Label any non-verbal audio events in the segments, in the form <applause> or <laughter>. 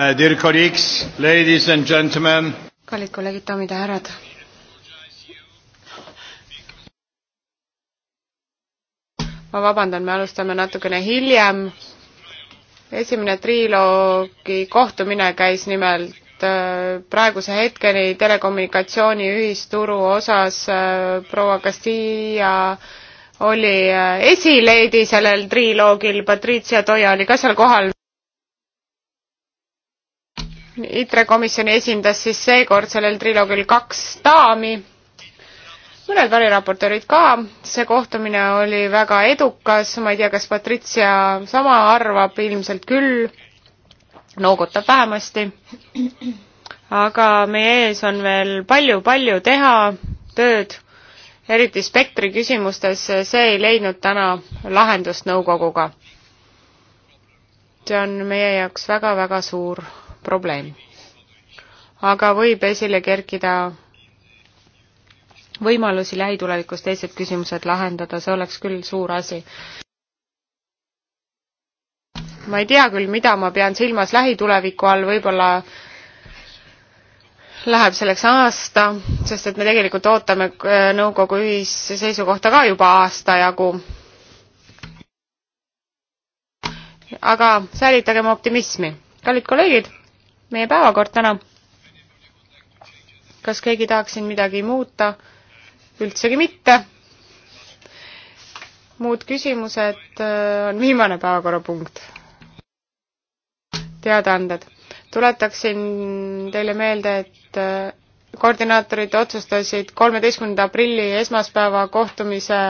Uh, dear colleagues, ladies and gentlemen. kallid kolleegid, daamid ja härrad. ma vabandan, me alustame natukene hiljem. esimene triloogi kohtumine käis nimelt uh, praeguse hetkeni telekommunikatsiooni ühisturu osas uh, proua Castilla oli esileedi sellel triloogil, Patricia Toia oli ka seal kohal. ITRE komisjoni esindas siis seekord sellel triloogil kaks daami, mõned variraportöörid ka, see kohtumine oli väga edukas, ma ei tea, kas Patricia sama arvab, ilmselt küll, noogutab vähemasti, aga meie ees on veel palju-palju teha, tööd, eriti spektri küsimustes, see ei leidnud täna lahendust nõukoguga. see on meie jaoks väga-väga suur probleem. aga võib esile kerkida võimalusi lähitulevikus teised küsimused lahendada, see oleks küll suur asi. ma ei tea küll, mida ma pean silmas lähituleviku all, võib-olla läheb selleks aasta, sest et me tegelikult ootame äh, nõukogu ühisseisukohta ka juba aasta jagu. aga säilitagem optimismi. kallid kolleegid meie päevakord täna. kas keegi tahaks siin midagi muuta? üldsegi mitte. muud küsimused äh, on viimane päevakorrapunkt. teadaanded. tuletaksin teile meelde, et äh, koordinaatorid otsustasid kolmeteistkümnenda aprilli esmaspäeva kohtumise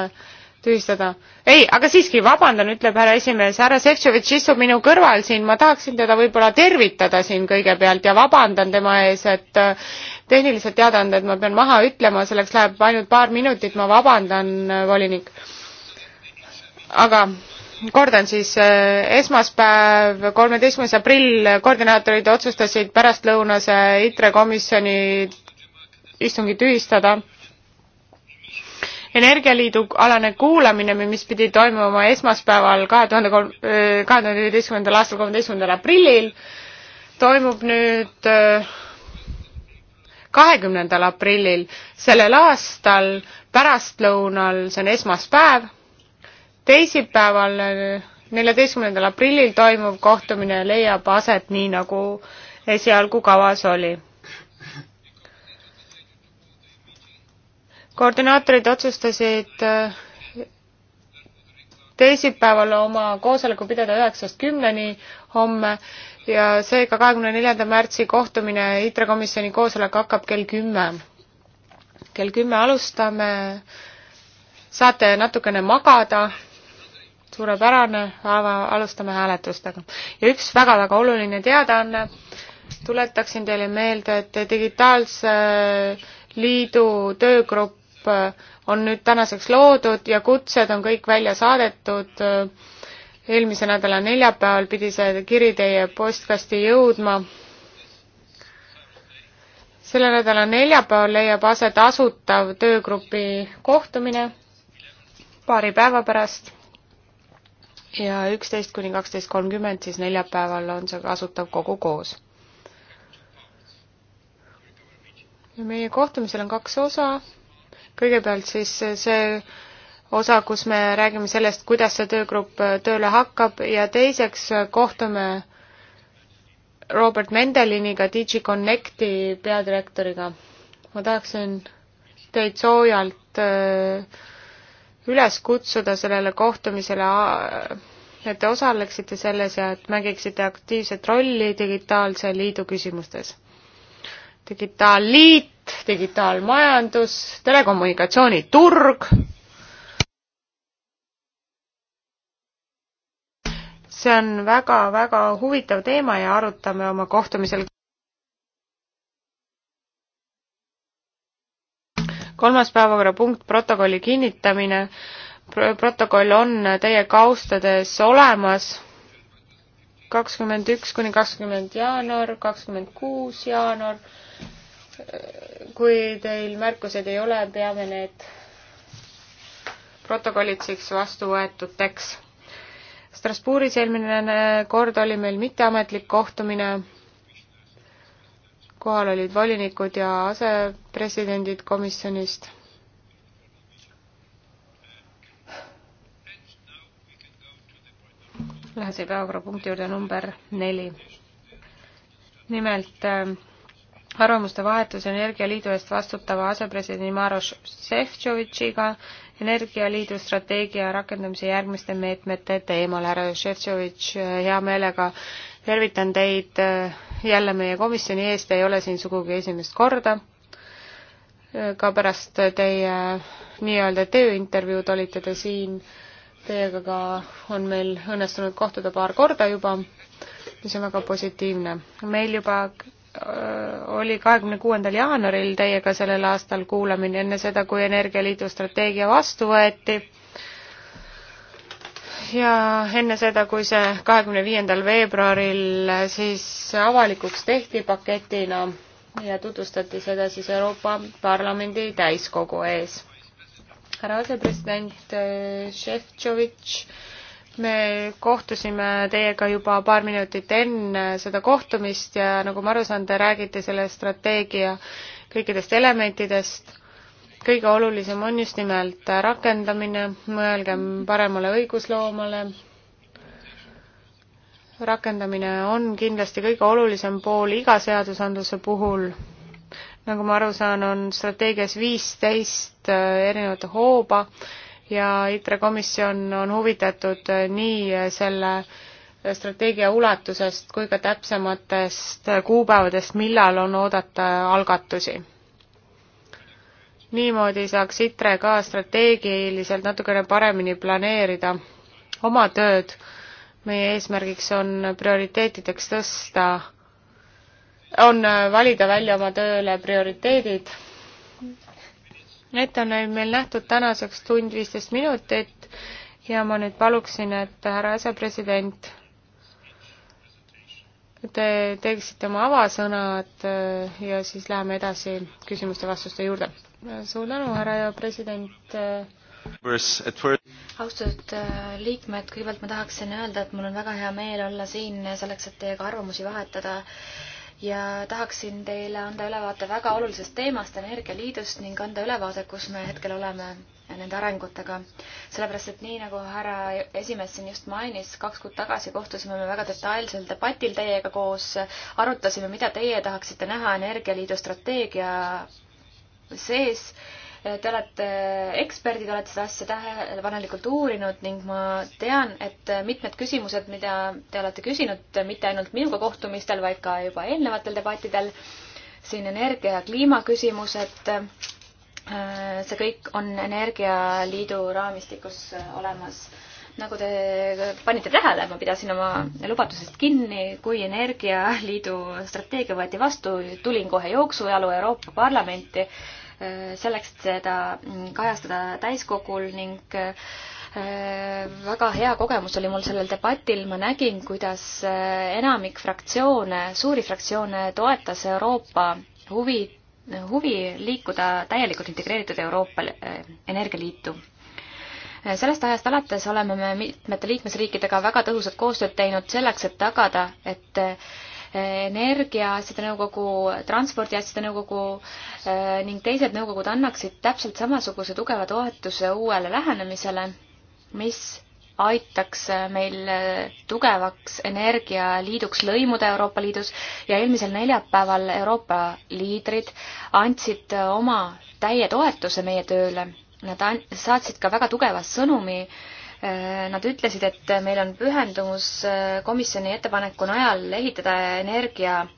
tühistada. ei, aga siiski, vabandan, ütleb härra esimees, härra Šefčovitš istub minu kõrval siin, ma tahaksin teda võib-olla tervitada siin kõigepealt ja vabandan tema ees, et äh, tehnilised teadaanded ma pean maha ütlema, selleks läheb ainult paar minutit, ma vabandan, äh, volinik. aga kordan siis, äh, esmaspäev, kolmeteistkümnes aprill, koordinaatorid otsustasid pärastlõunase ITRE komisjoni istungi tühistada energialiidu alane kuulamine, mis pidi toimuma esmaspäeval, kahe tuhande kolm, kahe tuhande üheteistkümnendal aastal, kolmeteistkümnendal aprillil, toimub nüüd kahekümnendal aprillil sellel aastal pärastlõunal, see on esmaspäev, teisipäeval, neljateistkümnendal aprillil toimuv kohtumine leiab aset nii, nagu esialgu kavas oli koordinaatorid otsustasid äh, teisipäeval oma koosoleku pidada üheksast kümneni homme ja seega kahekümne neljanda märtsi kohtumine, ITRE komisjoni koosolek hakkab kell kümme. kell kümme alustame, saate natukene magada, suurepärane, alustame hääletustega. ja üks väga-väga oluline teadaanne, tuletaksin teile meelde, et digitaalse liidu töögrupp grupp äh, on nüüd tänaseks loodud ja kutsed on kõik välja saadetud. eelmise nädala neljapäeval pidi see kiri teie postkasti jõudma. selle nädala neljapäeval leiab aset asutav töögrupi kohtumine paari päeva pärast ja üksteist kuni kaksteist kolmkümmend, siis neljapäeval on see asutav kogu koos ja meie kohtumisel on kaks osa kõigepealt siis see osa, kus me räägime sellest, kuidas see töögrupp tööle hakkab ja teiseks kohtume Robert Mendeliniga, DG Connecti peadirektoriga. ma tahaksin teid soojalt äh, üles kutsuda sellele kohtumisele, äh, et te osaleksite selles ja et mängiksite aktiivset rolli digitaalse liidu küsimustes digitaalliit, digitaalmajandus, telekommunikatsiooniturg. see on väga-väga huvitav teema ja arutame oma kohtumisel. kolmas päevakorrapunkt, protokolli kinnitamine. protokoll on teie kaustades olemas kakskümmend üks kuni kakskümmend jaanuar, kakskümmend kuus jaanuar, kui teil märkuseid ei ole, peame need protokollitseks vastu võetuteks. Strasbourgis eelmine kord oli meil mitteametlik kohtumine. kohal olid volinikud ja asepresidendid komisjonist lähese päevakorrapunkti juurde number neli. nimelt äh, arvamuste vahetus Energialiidu eest vastutava asepresidendi Maros Šefčovitšiga Energialiidu strateegia rakendamise järgmiste meetmete teemal. härra Šefčovitš, hea meelega tervitan teid eh, jälle meie komisjoni ees, te ei ole siin sugugi esimest korda. Eh, ka pärast teie nii-öelda tööintervjuud olite te siin teiega ka on meil õnnestunud kohtuda paar korda juba, mis on väga positiivne. meil juba oli kahekümne kuuendal jaanuaril teiega sellel aastal kuulamine, enne seda, kui Energialiidu strateegia vastu võeti. ja enne seda, kui see kahekümne viiendal veebruaril siis avalikuks tehti paketina ja tutvustati seda siis Euroopa Parlamendi täiskogu ees. härra asepresident Šeftšovitš äh, me kohtusime teiega juba paar minutit enne seda kohtumist ja nagu ma aru saan, te räägite selle strateegia kõikidest elementidest. kõige olulisem on just nimelt rakendamine, mõelgem paremale õigusloomale. rakendamine on kindlasti kõige olulisem pool iga seadusandluse puhul. nagu ma aru saan, on strateegias viisteist äh, erinevat hooba ja ITRE komisjon on huvitatud eh, nii eh, selle strateegia ulatusest kui ka täpsematest kuupäevadest, millal on oodata algatusi. niimoodi saaks ITRE ka strateegiliselt natukene paremini planeerida oma tööd. meie eesmärgiks on prioriteetideks tõsta, on valida välja oma tööle prioriteedid ette on meil nähtud tänaseks tund viisteist minutit ja ma nüüd paluksin, et härra asepresident, te teeksite oma avasõnad äh, ja siis läheme edasi küsimuste-vastuste juurde. suur tänu, härra ja president äh. austatud äh, liikmed, kõigepealt ma tahaksin öelda, et mul on väga hea meel olla siin selleks, et teiega arvamusi vahetada ja tahaksin teile anda ülevaate väga olulisest teemast, Energialiidust ning anda ülevaade, kus me hetkel oleme nende arengutega. sellepärast, et nii nagu härra esimees siin just mainis, kaks kuud tagasi kohtusime me väga detailsel debatil teiega koos, arutasime, mida teie tahaksite näha Energialiidu strateegia sees Te olete eksperdid, olete seda asja tähelepanelikult uurinud ning ma tean, et mitmed küsimused, mida te olete küsinud mitte ainult minuga kohtumistel, vaid ka juba eelnevatel debattidel, siin energia ja kliimaküsimused, see kõik on Energialiidu raamistikus olemas nagu te panite tähele, ma pidasin oma lubadusest kinni, kui Energialiidu strateegia võeti vastu, tulin kohe jooksujalu Euroopa Parlamenti selleks, et seda kajastada täiskogul ning äh, väga hea kogemus oli mul sellel debatil, ma nägin, kuidas äh, enamik fraktsioone, suuri fraktsioone toetas Euroopa huvi, huvi liikuda täielikult integreeritud Euroopa äh, Energialiitu sellest ajast alates oleme me mitmete liikmesriikidega väga tõhusat koostööd teinud selleks, et tagada, et energiaasjade nõukogu, transpordiasjade nõukogu eh, ning teised nõukogud annaksid täpselt samasuguse tugeva toetuse uuele lähenemisele, mis aitaks meil tugevaks energialiiduks lõimuda Euroopa Liidus ja eelmisel neljapäeval Euroopa liidrid andsid oma täie toetuse meie tööle. Nad saatsid ka väga tugeva sõnumi äh, Äh, nad ütlesid, et meil on pühendumus äh, komisjoni ettepaneku najal ehitada energialiit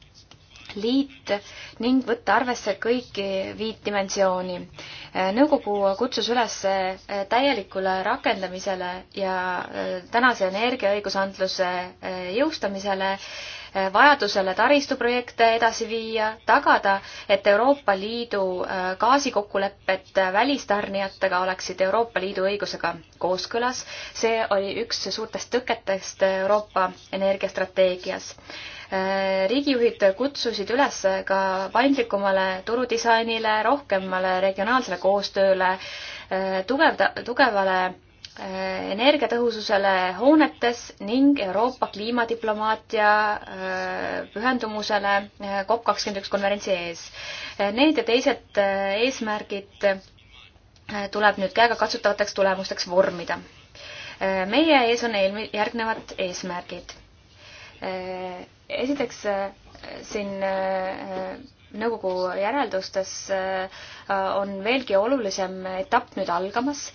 ning võtta arvesse kõiki viit dimensiooni. Äh, nõukogu kutsus üles täielikule rakendamisele ja tänase energiaõigusandluse jõustamisele Eh, vajadusele taristuprojekte edasi viia, tagada, et Euroopa Liidu eh, gaasikokkulepped välistarnijatega oleksid Euroopa Liidu õigusega kooskõlas. see oli üks suurtest tõketest Euroopa energiastrateegias eh, riigijuhid kutsusid üles ka paindlikumale turudisainile, rohkemale regionaalsele koostööle, tugevda-, tugevale Äh, energiatõhususele hoonetes ning Euroopa kliimadiplomaatia äh, pühendumusele äh, COP kakskümmend üks konverentsi ees. Need ja teised eesmärgid tuleb nüüd käegakatsutavateks tulemusteks vormida. meie ees on eelmi-, järgnevad eesmärgid. esiteks siin nõukogu järeldustes on veelgi olulisem etapp nüüd algamas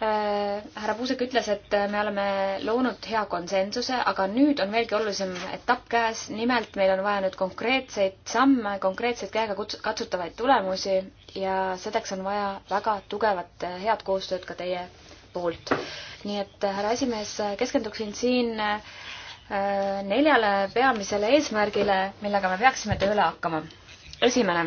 Äh, härra Puusek ütles, et me oleme loonud hea konsensuse, aga nüüd on veelgi olulisem etapp käes, nimelt meil on vaja nüüd konkreetseid samme, konkreetseid käega katsutavaid tulemusi ja selleks on vaja väga tugevat äh, head koostööd ka teie poolt. nii et äh, härra esimees, keskenduksin siin neljale peamisele eesmärgile, millega me peaksime tööle hakkama. esimene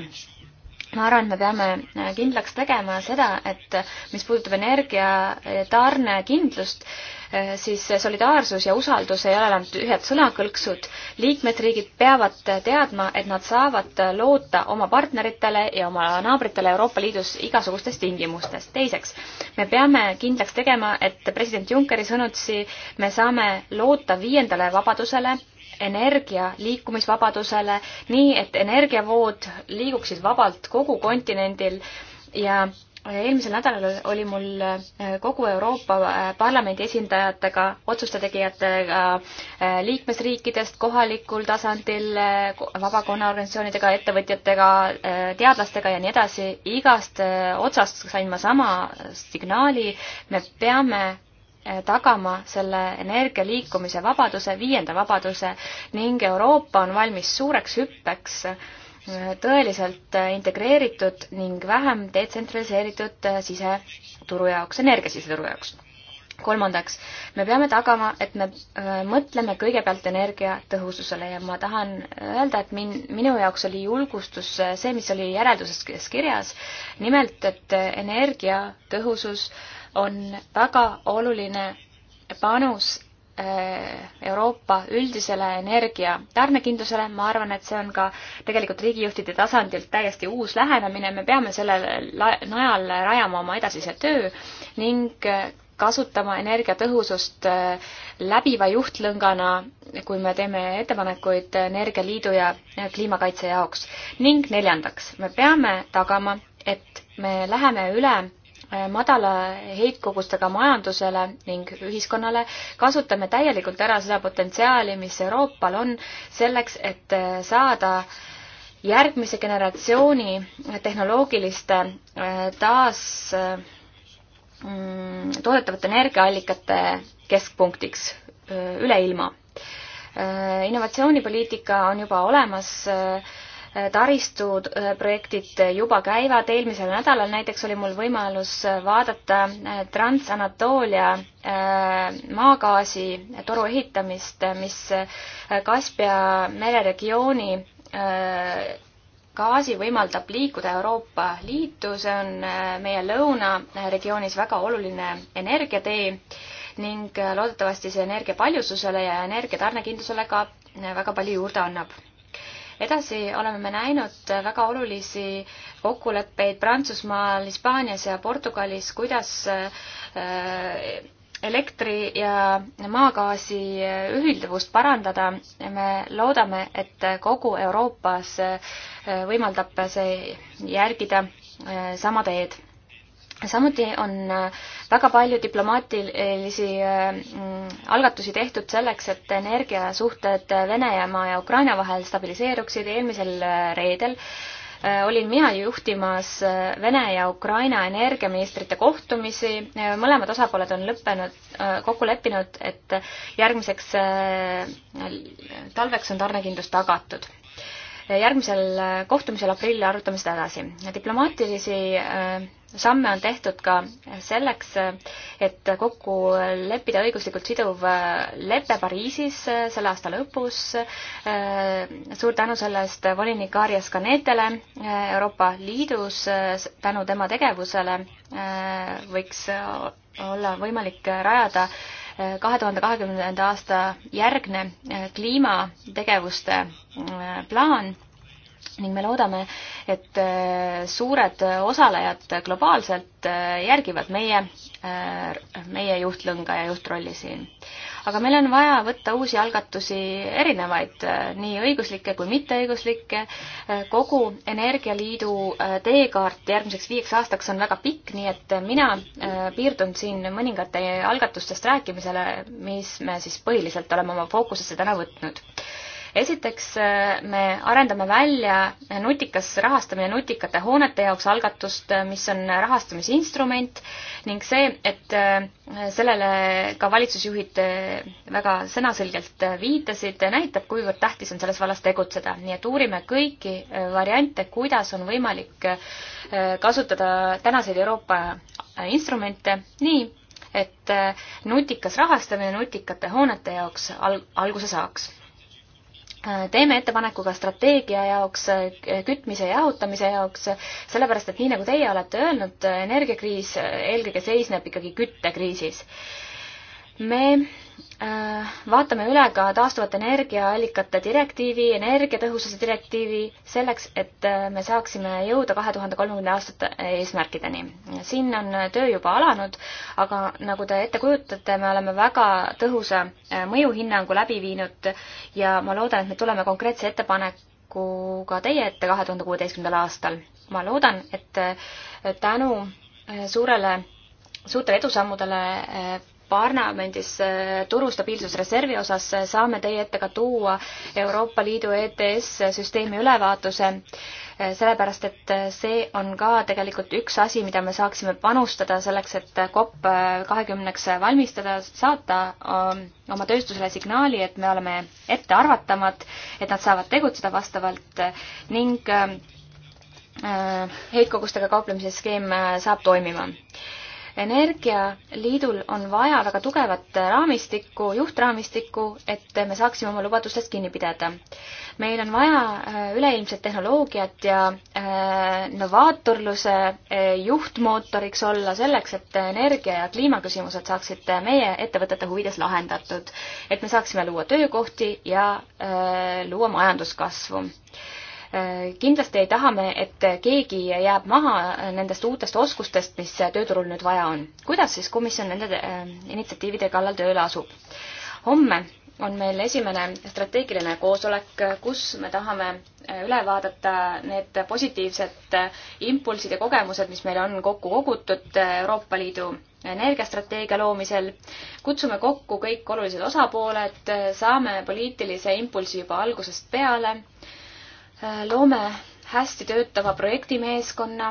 ma arvan, et me peame äh, kindlaks tegema seda, et mis puudutab energiatarnekindlust, äh, siis solidaarsus ja usaldus ei ole enam tühjad sõnakõlksud. liikmesriigid peavad teadma, et nad saavad loota oma partneritele ja oma naabritele Euroopa Liidus igasugustes tingimustes. teiseks, me peame kindlaks tegema, et president Junckeri sõnutsi me saame loota viiendale vabadusele energia liikumisvabadusele, nii et energiavood liiguksid vabalt kogu kontinendil ja eelmisel nädalal oli mul äh, kogu Euroopa äh, Parlamendi esindajatega, otsuste tegijatega äh, liikmesriikidest, kohalikul tasandil, vabakonnaorganisatsioonidega, ettevõtjatega, teadlastega ja nii edasi, igast otsast sain ma sama signaali, me peame Eh, tagama selle energia liikumise vabaduse, viienda vabaduse ning Euroopa on valmis suureks hüppeks eh, tõeliselt eh, integreeritud ning vähem detsentraliseeritud siseturu jaoks, energiasiseturu jaoks. kolmandaks, me peame tagama, et me mõtleme kõigepealt energiatõhususele ja ma tahan öelda, et min-, minu jaoks oli julgustus see, mis oli järelduses kirjas, nimelt, et energiatõhusus äh, on väga oluline panus äh, Euroopa üldisele energia tarnekindlusele, ma arvan, et see on ka tegelikult riigijuhtide tasandilt täiesti uus lähenemine, me peame sellel najal rajama oma edasise töö ning äh, kasutama energiatõhusust äh, läbiva juhtlõngana, kui me teeme ettepanekuid Energialiidu ja kliimakaitse jaoks. ning neljandaks, me peame tagama, et me läheme üle Äh, madala heitkogustega majandusele ning ühiskonnale, kasutame täielikult ära seda potentsiaali, mis Euroopal on selleks, et äh, saada järgmise generatsiooni tehnoloogiliste äh, taas mm, toodetavate energiaallikate keskpunktiks üle ilma. innovatsioonipoliitika on juba olemas äh, taristuprojektid äh, äh, juba käivad, eelmisel nädalal näiteks oli mul võimalus äh, vaadata Trans-Anatoolia maagaasi toru ehitamist, mis Kaspia mereregiooni gaasi võimaldab liikuda Euroopa Liitu, see on meie lõunaregioonis väga oluline energiatee ning loodetavasti see energia paljususele ja energia tarnekindlusele ka väga palju juurde annab edasi oleme me näinud väga olulisi kokkuleppeid Prantsusmaal, Hispaanias ja Portugalis, kuidas äh, elektri ja maagaasi ühilduvust parandada. me loodame, et kogu Euroopas äh, võimaldab see järgida äh, sama teed samuti on äh, väga palju diplomaatilisi äh, mm, algatusi tehtud selleks, et energiasuhted Venemaa ja Ukraina vahel stabiliseeruksid. eelmisel äh, reedel olin mina juhtimas Vene ja Ukraina energiaministrite kohtumisi. mõlemad osapooled on lõppenud, kokku leppinud, et järgmiseks talveks on tarnekindlus tagatud. järgmisel kohtumisel aprilli arutame seda edasi. diplomaatilisi samme on tehtud ka selleks, et kokku leppida õiguslikult siduv lepe Pariisis selle aasta lõpus. suur tänu selle eest volinik Arias Kanetele Euroopa Liidus, tänu tema tegevusele võiks olla võimalik rajada kahe tuhande kahekümnenda aasta järgne kliimategevuste plaan ning me loodame, et äh, suured osalejad globaalselt äh, järgivad meie, äh, meie juhtlõnga ja juhtrolli siin. aga meil on vaja võtta uusi algatusi, erinevaid, nii õiguslikke kui mitteõiguslikke. kogu Energialiidu teekaart järgmiseks viieks aastaks on väga pikk, nii et mina piirdun siin mõningate algatustest rääkimisele, mis me siis põhiliselt oleme oma fookusesse täna võtnud esiteks äh, me arendame välja nutikas rahastamine nutikate hoonete jaoks algatust, äh, mis on rahastamisinstrument ning see, et äh, sellele ka valitsusjuhid väga sõnaselgelt viitasid, näitab, kuivõrd tähtis on selles vallas tegutseda, nii et uurime kõiki variante, kuidas on võimalik kasutada tänaseid Euroopa instrumente nii, et nutikas rahastamine nutikate hoonete jaoks al-, alguse saaks teeme ettepaneku ka strateegia jaoks, kütmise ja jahutamise jaoks, sellepärast et nii, nagu teie olete öelnud, energiakriis eelkõige seisneb ikkagi küttekriisis. me Äh, vaatame üle ka taastuvate energiaallikate direktiivi, energiatõhususe direktiivi, selleks, et äh, me saaksime jõuda kahe tuhande kolmekümne aastate eesmärkideni. siin on töö juba alanud, aga nagu te ette kujutate, me oleme väga tõhusa äh, mõjuhinnangu läbi viinud ja ma loodan, et me tuleme konkreetse ettepanekuga teie ette kahe tuhande kuueteistkümnendal aastal. ma loodan, et tänu suurele, suurtele edusammudele parlamendis eh, turustabiilsusreservi osas eh, saame teie ette ka tuua Euroopa Liidu ETS-süsteemi ülevaatuse, eh, sellepärast et see on ka tegelikult üks asi, mida me saaksime panustada selleks, et COP kahekümneks valmistada, saata oma tööstusele signaali, et me oleme ettearvatamad, et nad saavad tegutseda vastavalt ning heitkogustega kauplemise skeem saab toimima energialiidul on vaja väga tugevat raamistikku, juhtraamistikku, et me saaksime oma lubadustest kinni pidada. meil on vaja äh, üleilmset tehnoloogiat ja äh, novaatorluse äh, juhtmootoriks olla selleks, et energia ja kliimaküsimused saaksid meie ettevõtete huvides lahendatud, et me saaksime luua töökohti ja luua majanduskasvu kindlasti ei taha me, et keegi jääb maha nendest uutest oskustest, mis tööturul nüüd vaja on. kuidas siis komisjon nende äh, initsiatiivide kallal tööle asub? homme on meil esimene strateegiline koosolek, kus me tahame äh, üle vaadata need positiivsed äh, impulsid ja kogemused, mis meil on kokku kogutud Euroopa Liidu energiastrateegia loomisel. kutsume kokku kõik olulised osapooled, saame poliitilise impulsi juba algusest peale Äh, loome hästi töötava projektimeeskonna,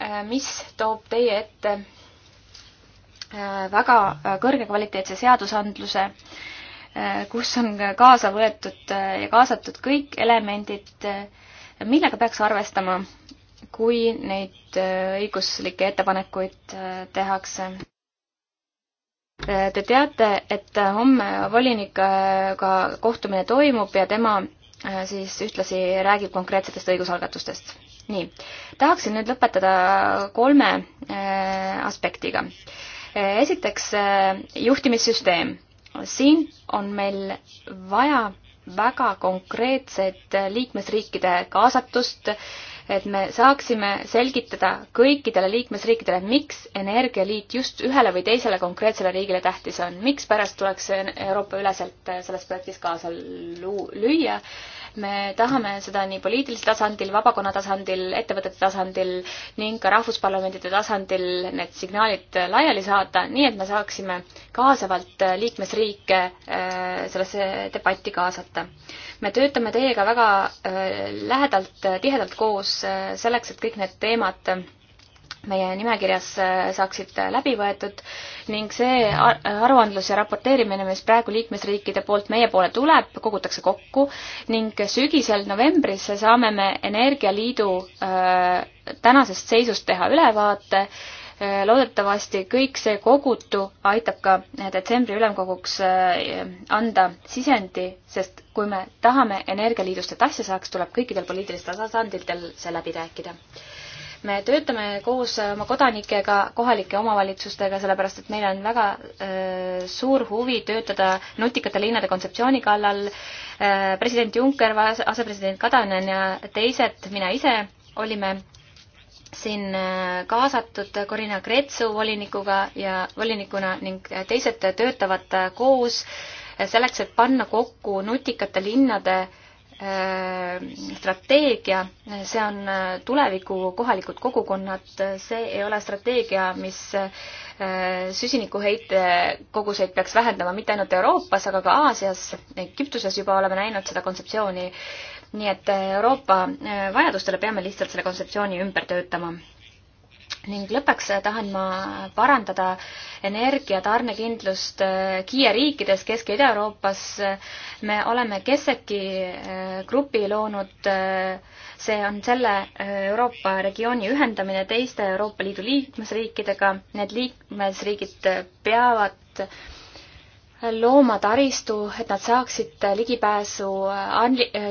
äh, mis toob teie ette äh, väga kõrgekvaliteetse seadusandluse, kus on kaasa võetud ja kaasatud kõik elemendid, millega peaks arvestama, kui neid õiguslikke ettepanekuid tehakse. Te teate, et homme volinikuga kohtumine toimub ja tema Äh, siis ühtlasi räägib konkreetsetest õigusalgatustest. nii, tahaksin nüüd lõpetada kolme äh, aspektiga. Äh, esiteks juhtimissüsteem. siin on meil vaja väga konkreetset liikmesriikide kaasatust äh, et me saaksime selgitada kõikidele liikmesriikidele, miks Energialiit just ühele või teisele konkreetsele riigile tähtis on, mikspärast tuleks Euroopa üleselt selles projektis kaasa lüüa. me tahame seda nii poliitilisel tasandil, vabakonna tasandil, ettevõtete tasandil ning ka rahvusparlamendide tasandil need signaalid laiali saata, nii et me saaksime kaasavalt liikmesriike äh, sellesse debatti kaasata. me töötame teiega väga äh, lähedalt, tihedalt koos koos äh, selleks, et kõik need teemad meie nimekirjas äh, saaksid äh, läbi võetud ning see aruandlus ja raporteerimine, mis praegu liikmesriikide poolt meie poole tuleb, kogutakse kokku ning sügisel novembris saame me Energialiidu tänasest seisust teha ülevaate äh, loodetavasti kõik see kogutu aitab ka detsembri ülemkoguks eh, anda sisendi, sest kui me tahame energialiidust, et asja saaks, tuleb kõikidel poliitilistel tasanditel see läbi rääkida. me töötame koos oma kodanikega, kohalike omavalitsustega, sellepärast et meil on väga äh, suur huvi töötada nutikate linnade kontseptsiooni kallal äh,. president Juncker, asepresident Kadanen ja teised, mina ise olime siin äh, kaasatud Corina Kretsu volinikuga ja volinikuna ning teised töötavad äh, koos äh, selleks, et panna kokku nutikate linnade strateegia, see on tuleviku kohalikud kogukonnad, see ei ole strateegia, mis süsinikuheite koguseid peaks vähendama mitte ainult Euroopas, aga ka Aasias, Egiptuses juba oleme näinud seda kontseptsiooni nii et äh, Euroopa äh, vajadustele peame lihtsalt selle kontseptsiooni ümber töötama. ning lõpuks äh, tahan ma parandada energia tarnekindlust Kiie riikides Kesk, Kesk- ja Ida-Euroopas. me oleme KESEC-i grupi loonud, see on selle Euroopa regiooni ühendamine teiste Euroopa Liidu liikmesriikidega, need liikmesriigid peavad loomataristu, et nad saaksid ligipääsu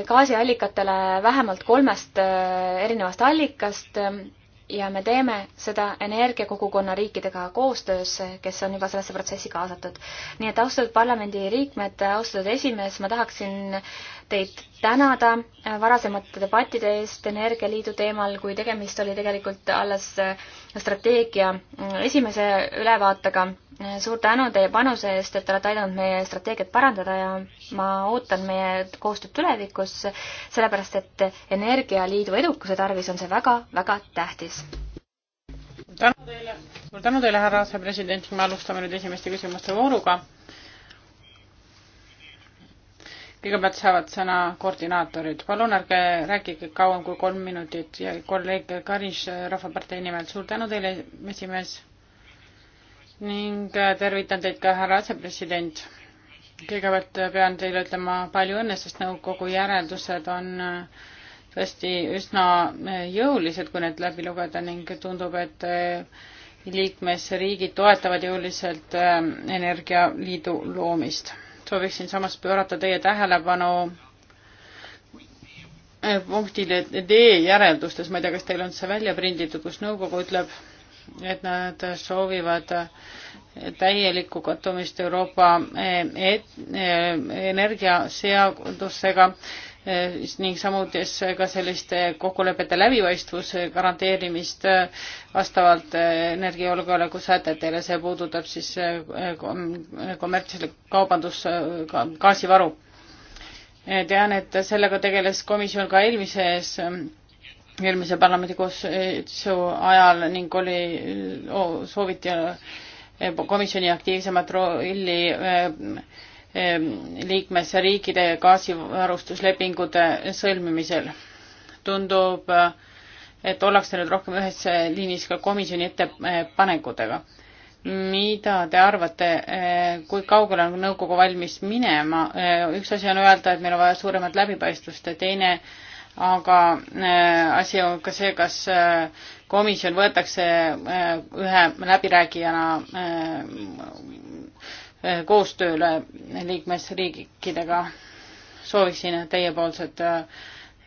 gaasiallikatele vähemalt kolmest äh, erinevast allikast ähm, ja me teeme seda energiakogukonna riikidega koostöös, kes on juba sellesse protsessi kaasatud. nii et austatud parlamendiliikmed, austatud esimees, ma tahaksin teid tänada äh, varasemate debattide eest Energialiidu teemal, kui tegemist oli tegelikult alles äh, strateegia mm, esimese ülevaatega. Äh, suur tänu teie panuse eest, et te olete aidanud meie strateegiat parandada ja ma ootan meie koostööd tulevikus, sellepärast et Energialiidu edukuse tarvis on see väga-väga tähtis. tänu teile, suur tänu teile, härra asepresident, me alustame nüüd esimeste küsimuste vooruga kõigepealt saavad sõna koordinaatorid. palun ärge rääkige kauem kui kolm minutit ja kolleeg Karis äh, Rahvapartei nimel, suur tänu teile, esimees. ning äh, tervitan teid ka, härra asepresident. kõigepealt äh, pean teile ütlema palju õnne, sest nõukogu järeldused on tõesti üsna jõulised, kui need läbi lugeda ning tundub, et liikmesriigid toetavad jõuliselt energialiidu loomist sooviksin samas pöörata teie tähelepanu eh, punktile D järeldustes, ma ei tea, kas teil on see välja prinditud, kus nõukogu ütleb, et nad soovivad täielikku kattumist Euroopa eh, eh, energiaseadusega Äh, ning samuti ka selliste kokkulepete läbipaistvuse äh, garanteerimist äh, vastavalt energiajulgeoleku sätetele, see puudutab siis kommertsile kaubandus, gaasivaru. tean, et sellega tegeles komisjon ka eelmises eelmise parlamendi koosseisu ajal ning oli oh,, sooviti komisjoni aktiivsemat rolli Ehm, liikmesriikide gaasivarustuslepingute sõlmimisel. tundub, eh, et ollakse nüüd rohkem ühes eh, liinis ka komisjoni ettepanekutega. mida te arvate, eh, kui kaugele on nõukogu valmis minema? üks asi on öelda, et meil on vaja suuremat läbipaistvust ja teine aga asi on ka see, kas komisjon võetakse ühe läbirääkijana Äh, koostööle liikmesriikidega. sooviksin teiepoolset äh,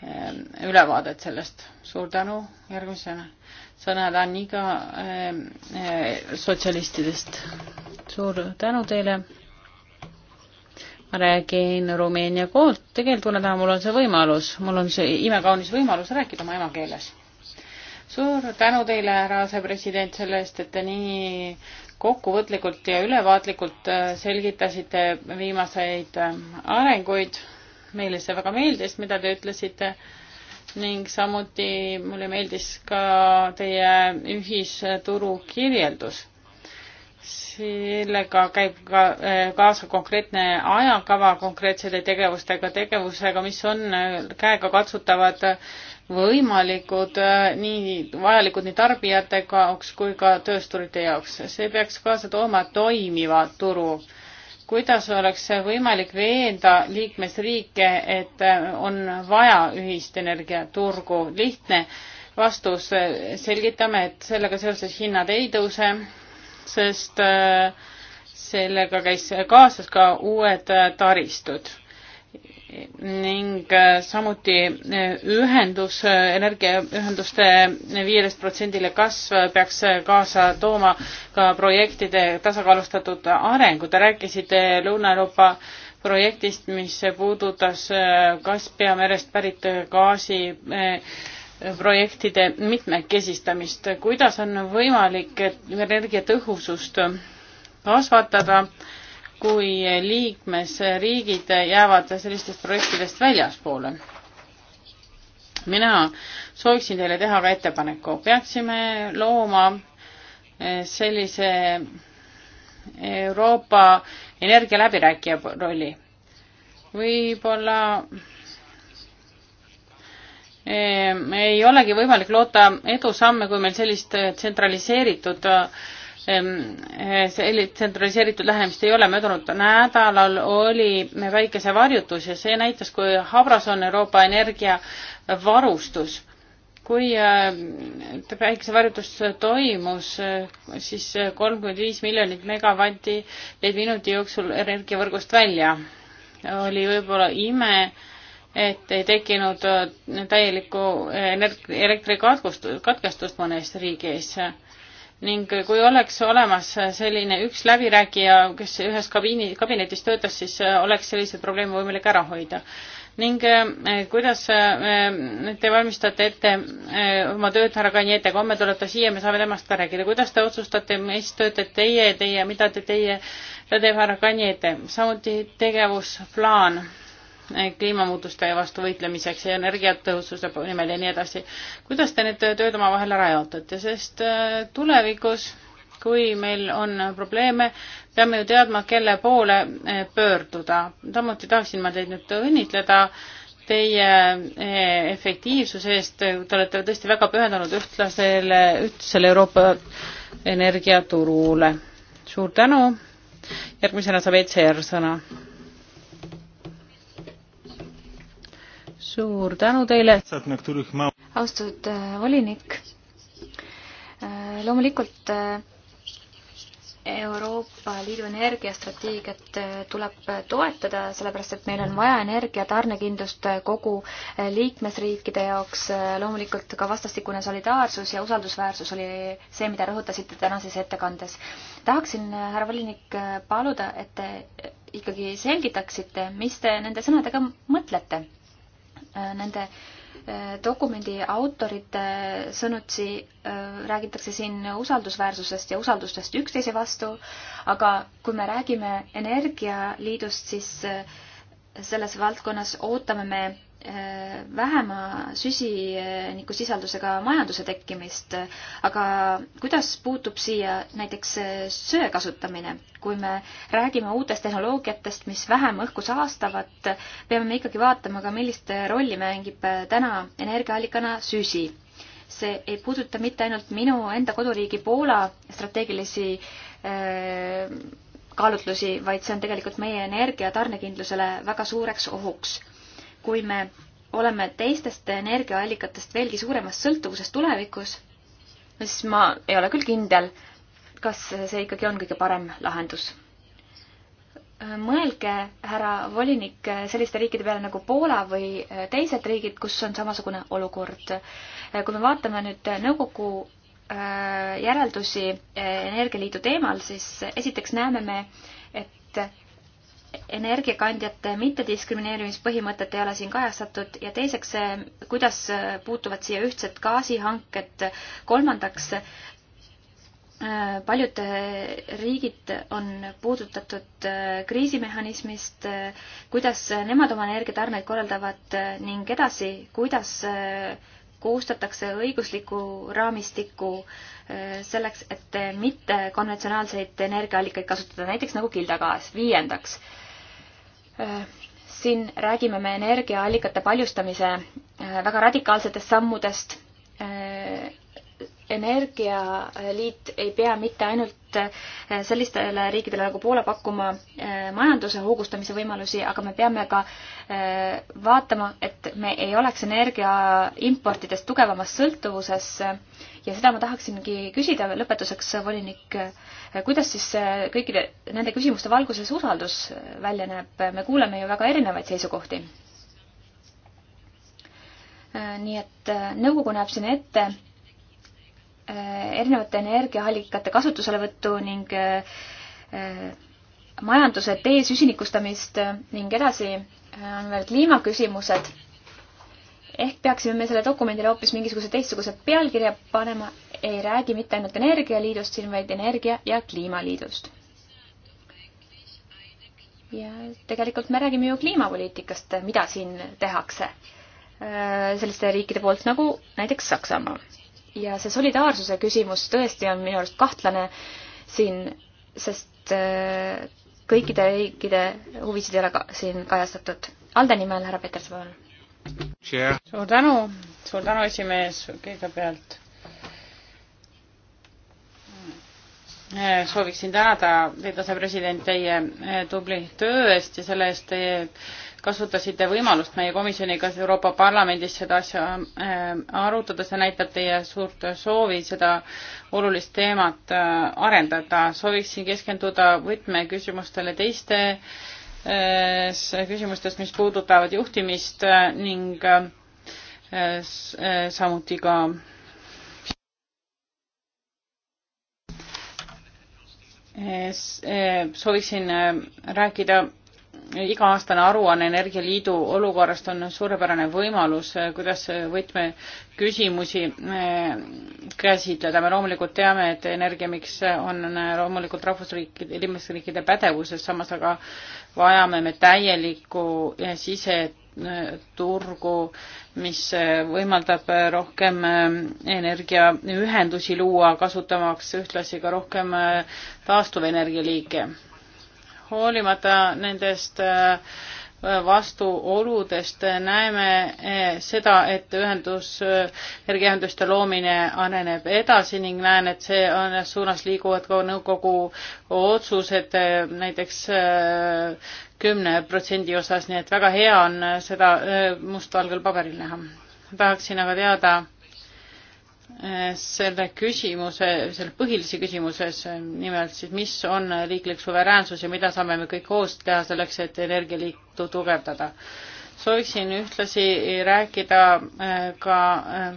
äh, ülevaadet sellest. suur tänu, järgmisena sõna Daniga sotsialistidest. suur tänu teile. ma räägin Rumeenia koolt, tegelikult kuna täna mul on see võimalus, mul on see imekaunis võimalus rääkida oma emakeeles. suur tänu teile, härra asepresident, selle eest, et te nii kokkuvõtlikult ja ülevaatlikult äh, selgitasite viimaseid äh, arenguid. meile see väga meeldis, mida te ütlesite ning samuti mulle meeldis ka teie ühisturu kirjeldus. sellega käib ka äh, kaasa konkreetne ajakava konkreetsete tegevustega, tegevusega, mis on käegakatsutavad võimalikud äh, nii vajalikud nii tarbijate jaoks kui ka töösturite jaoks. see peaks kaasa tooma toimiva turu. kuidas oleks võimalik veenda liikmesriike, et äh, on vaja ühist energiaturgu? lihtne vastus, selgitame, et sellega seoses hinnad ei tõuse, sest äh, sellega käis kaasas ka uued taristud ning äh, samuti äh, ühendus, äh, energiaühenduste viieteist protsendile kasv peaks kaasa tooma ka projektide tasakaalustatud arengu. Te rääkisite Lõuna-Euroopa projektist, mis puudutas Kaspia merest pärit gaasi projektide mitmekesistamist. kuidas on võimalik energiatõhusust kasvatada? kui liikmesriigid jäävad sellistest projektidest väljaspoole. mina sooviksin teile teha ka ettepaneku, peaksime looma eh, sellise Euroopa energialäbirääkija rolli. võib-olla eh, ei olegi võimalik loota edusamme, kui meil sellist tsentraliseeritud äh, Eh, tsentraliseeritud lähenemist ei ole. möödunud nädalal oli päikesevarjutus ja see näitas, kui habras on Euroopa energiavarustus. kui päikesevarjutus eh, toimus, eh, siis kolmkümmend viis miljonit megavatti jäid minuti jooksul energiavõrgust välja. oli võib-olla ime, et ei tekkinud täielikku elektrikatkestust mõnes riigis ning kui oleks olemas selline üks läbirääkija, kes ühes kabiini, kabinetis töötas, siis äh, oleks selliseid probleeme võimalik ära hoida. ning äh, kuidas äh, te valmistate ette oma tööd härra Kanjetega, homme tuleb ta siia, me saame temast ka rääkida, kuidas te otsustate, mis töötate teie, teie, mida te teie, ta teeb härra Kanjete, samuti tegevusplaan kliimamuutuste vastu võitlemiseks ja energiatõhususe nimel ja nii edasi. kuidas te need tööd omavahel ära jaotate, sest äh, tulevikus, kui meil on probleeme, peame ju teadma, kelle poole äh, pöörduda. samuti tahaksin ma teid nüüd õnnitleda teie äh, efektiivsuse eest, te olete tõesti väga pühendunud ühtlasele, ühtlasele Euroopa energiaturule. suur tänu, järgmisena saab ECR sõna suur tänu teile. austatud äh, volinik. Äh, loomulikult äh, Euroopa Liidu energiastrateegiat tuleb toetada, sellepärast et meil on vaja energiatarnekindlust kogu liikmesriikide jaoks. loomulikult ka vastastikune solidaarsus ja usaldusväärsus oli see, mida rõhutasite tänases ettekandes. tahaksin, härra volinik, paluda, et te ikkagi selgitaksite, mis te nende sõnadega mõtlete Äh, nende äh, dokumendi autorite sõnutsi äh, räägitakse siin usaldusväärsusest ja usaldustest üksteise vastu, aga kui me räägime energialiidust, siis selles valdkonnas ootame me Äh, vähema süsinikusisaldusega majanduse tekkimist, aga kuidas puutub siia näiteks äh, söe kasutamine? kui me räägime uutest tehnoloogiatest, mis vähem õhku saastavad, peame me ikkagi vaatama ka, millist rolli mängib äh, täna energiaallikana süsi. see ei puuduta mitte ainult minu enda koduriigi Poola strateegilisi kaalutlusi, vaid see on tegelikult meie energia tarnekindlusele väga suureks ohuks kui me oleme teistest energiaallikatest veelgi suuremas sõltuvuses tulevikus, siis ma ei ole küll kindel, kas see ikkagi on kõige parem lahendus. mõelge, härra volinik, selliste riikide peale nagu Poola või teised riigid, kus on samasugune olukord. kui me vaatame nüüd nõukogu äh, järeldusi Energialiidu teemal, siis esiteks näeme me, et energiakandjate mittediskrimineerimispõhimõtet ei ole siin kajastatud ja teiseks see, kuidas puutuvad siia ühtsed gaasihanked, kolmandaks paljud riigid on puudutatud kriisimehhanismist, kuidas nemad oma energiatarneid korraldavad ning edasi, kuidas koostatakse õigusliku raamistiku selleks, et mitte konventsionaalseid energiaallikaid kasutada, näiteks nagu kildagaas. viiendaks Äh, siin räägime me energiaallikate paljustamise äh, väga radikaalsetest sammudest. Äh, energialiit ei pea mitte ainult sellistele riikidele nagu Poola pakkuma majanduse hoogustamise võimalusi, aga me peame ka vaatama, et me ei oleks energia importidest tugevamas sõltuvuses ja seda ma tahaksingi küsida lõpetuseks, volinik, kuidas siis kõikide nende küsimuste valguses usaldus välja näeb, me kuuleme ju väga erinevaid seisukohti. nii et äh, nõukogu näeb siin ette äh, erinevate energiaallikate kasutuselevõttu ning äh, majanduse desüsinikustamist ning edasi on veel kliimaküsimused ehk peaksime me selle dokumendile hoopis mingisuguse teistsuguse pealkirja panema, ei räägi mitte ainult Energialiidust siin, vaid Energia- ja Kliimaliidust. ja tegelikult me räägime ju kliimapoliitikast, mida siin tehakse äh, selliste riikide poolt nagu näiteks Saksamaa. ja see solidaarsuse küsimus tõesti on minu arust kahtlane siin, sest äh, kõikide riikide huvisid ei ole ka siin kajastatud. Alde nimel härra Peterson, palun suur tänu, suur tänu, esimees, kõigepealt eh, sooviksin tänada teid, asepresident, teie eh, tubli töö eest ja selle eest te kasutasite võimalust meie komisjoniga Euroopa Parlamendis seda asja eh, arutada, see näitab teie suurt soovi seda olulist teemat arendada. sooviksin keskenduda võtmeküsimustele teiste Äh, küsimustes, mis puudutavad juhtimist äh, ning äh, samuti ka sooviksin rääkida iga-aastane aruanne Energialiidu olukorrast on suurepärane võimalus, eh, kuidas võtmeküsimusi eh, käsitleda. me loomulikult teame, et energiamiks on eh, loomulikult rahvusriikide, liikmesriikide pädevuses, samas aga vajame me täielikku siseturgu, mis võimaldab rohkem energiaühendusi luua, kasutamaks ühtlasi ka rohkem taastuvenergialiike hoolimata nendest äh, vastuoludest äh, näeme äh, seda, et ühendus, energiaühenduste loomine areneb edasi ning näen, et see on suunas liiguvad ka nõukogu otsused näiteks kümne protsendi osas, nii et väga hea on seda mustvalgel paberil näha. tahaksin aga teada selle küsimuse, selle põhilise küsimuses, nimelt siis mis on riiklik suveräänsus ja mida saame me kõik koos teha selleks, et energialiitu tugevdada. sooviksin ühtlasi rääkida äh, ka äh,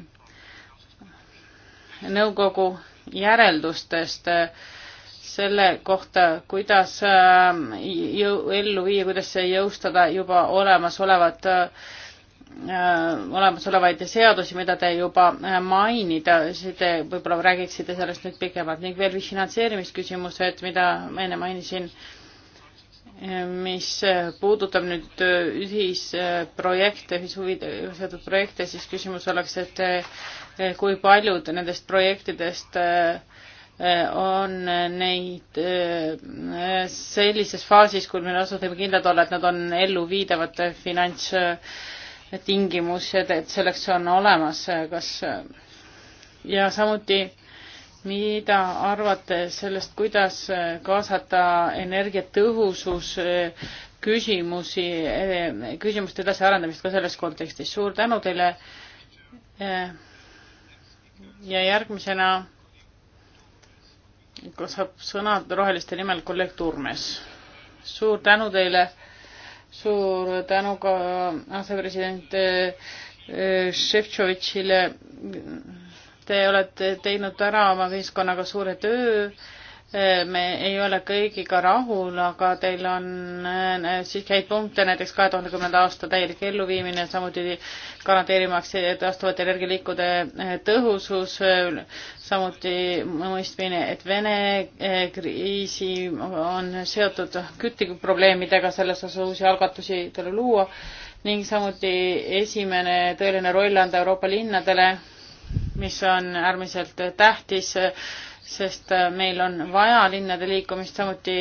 nõukogu järeldustest äh, selle kohta, kuidas jõu, ellu viia, kuidas jõustada juba olemasolevat äh, Äh, olemasolevaid seadusi, mida te juba äh, mainida, te võib-olla räägiksite sellest nüüd pikemalt ning veel finantseerimisküsimused, mida ma enne mainisin, äh, mis puudutab nüüd ühisprojekte, ühishuvide, ühisetud projekte, siis küsimus oleks, et kui paljud nendest projektidest on neid sellises faasis, kui me ausalt võime kindlad olla, et nad on elluviidavad finants tingimused, et selleks on olemas, kas ja samuti, mida arvate sellest, kuidas kaasata energiatõhusus küsimusi, küsimuste edasiarendamist ka selles kontekstis. suur tänu teile. ja järgmisena saab sõna roheliste nimel kolleeg Turmes. suur tänu teile suur tänu ka asepresident eh, eh, Šefčovitšile. Te olete teinud ära oma ühiskonnaga suure töö me ei ole kõigiga rahul, aga teil on äh, siiski häid punkte, näiteks kahe tuhande kümnenda aasta täielik elluviimine, samuti garanteerimaks taastuvate energialiikude äh, tõhusus, äh, samuti mõistmine, et Vene kriisi on seotud kütteprobleemidega, selles osas uusi algatusi talle luua ning samuti esimene tõeline roll anda Euroopa linnadele, mis on äärmiselt tähtis äh, sest äh, meil on vaja linnade liikumist, samuti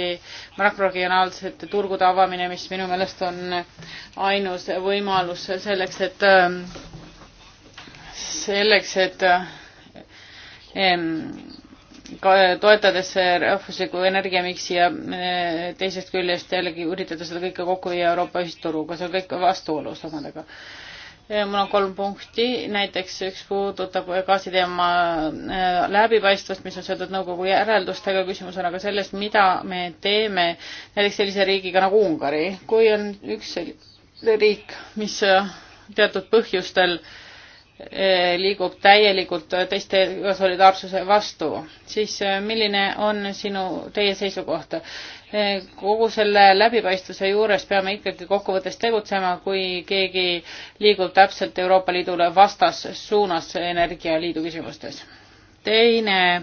makroregionaalsete turgude avamine, mis minu meelest on ainus võimalus selleks, et ähm, selleks, et äh, ka toetades rahvusliku energiamiksi ja äh, teisest küljest jällegi üritada seda kõike kokku viia Euroopa ühisturuga, see on kõik vastuolus omadega mul on kolm punkti, näiteks üks puudutab gaasiteema äh, läbipaistvust, mis on seotud nõukogu järeldustega, küsimus on aga selles, mida me teeme näiteks sellise riigiga nagu Ungari, kui on üks riik, mis äh, teatud põhjustel äh, liigub täielikult teistega solidaarsuse vastu, siis milline on sinu, teie seisukoht? kogu selle läbipaistvuse juures peame ikkagi kokkuvõttes tegutsema, kui keegi liigub täpselt Euroopa Liidule vastassuunas energialiidu küsimustes. teine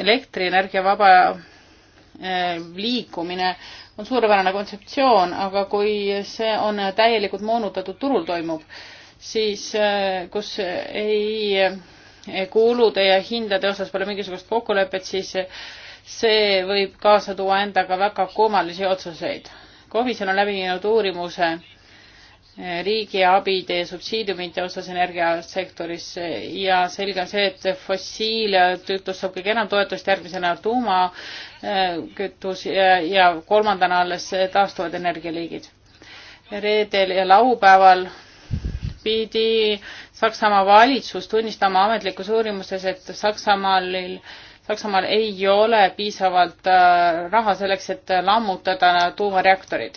elektrienergia vaba eh, liikumine on suurepärane kontseptsioon, aga kui see on täielikult moonutatud turul toimub, siis eh, kus ei eh, kulude ja hindade osas pole mingisugust kokkulepet, siis see võib kaasa tuua endaga väga kummalisi otsuseid. komisjon on läbi viinud uurimuse eh, riigiabide ja subsiidiumite osas energiasektoris eh, ja selge on see, et fossiilkütus saab kõige enam toetust, järgmisena tuumakütus ja, eh, ja kolmandana alles taastuvad energialiigid. reedel ja laupäeval pidi Saksamaa valitsus tunnistama ametlikus uurimuses, et Saksamaal Saksamaal ei ole piisavalt äh, raha selleks, et äh, lammutada tuumareaktorid.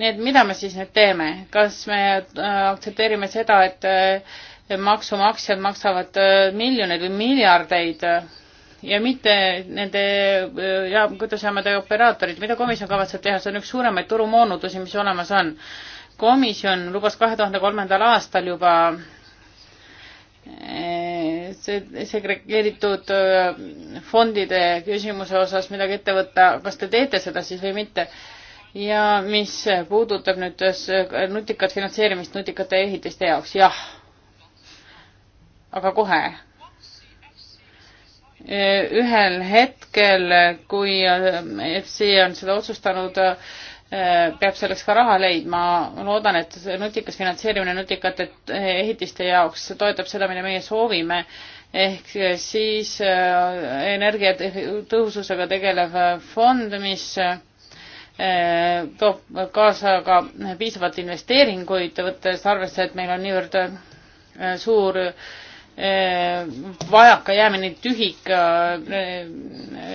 nii et mida me siis nüüd teeme, kas me äh, aktsepteerime seda, et maksumaksjad maksavad miljoneid või miljardeid ja mitte nende ja kütusejaamade operaatorid, mida komisjon kavatseb teha, see on üks suuremaid turumoonutusi, mis olemas on. komisjon lubas kahe tuhande kolmandal aastal juba Eh, see segregeeritud eh, fondide küsimuse osas midagi ette võtta, kas te teete seda siis või mitte? ja mis puudutab nüüd eh, nutikat finantseerimist nutikate ehitiste jaoks, jah. aga kohe. ühel hetkel, kui FC on seda otsustanud, Äh, peab selleks ka raha leidma. ma loodan, et nutikas finantseerimine nutikate äh, ehitiste jaoks toetab seda, mida meie soovime, ehk äh, siis energiatõhususega tegelev fond, mis toob kaasa ka piisavalt investeeringuid, võttes arvesse, et meil on niivõrd suur Eh, vajaka jäämine tühik eh,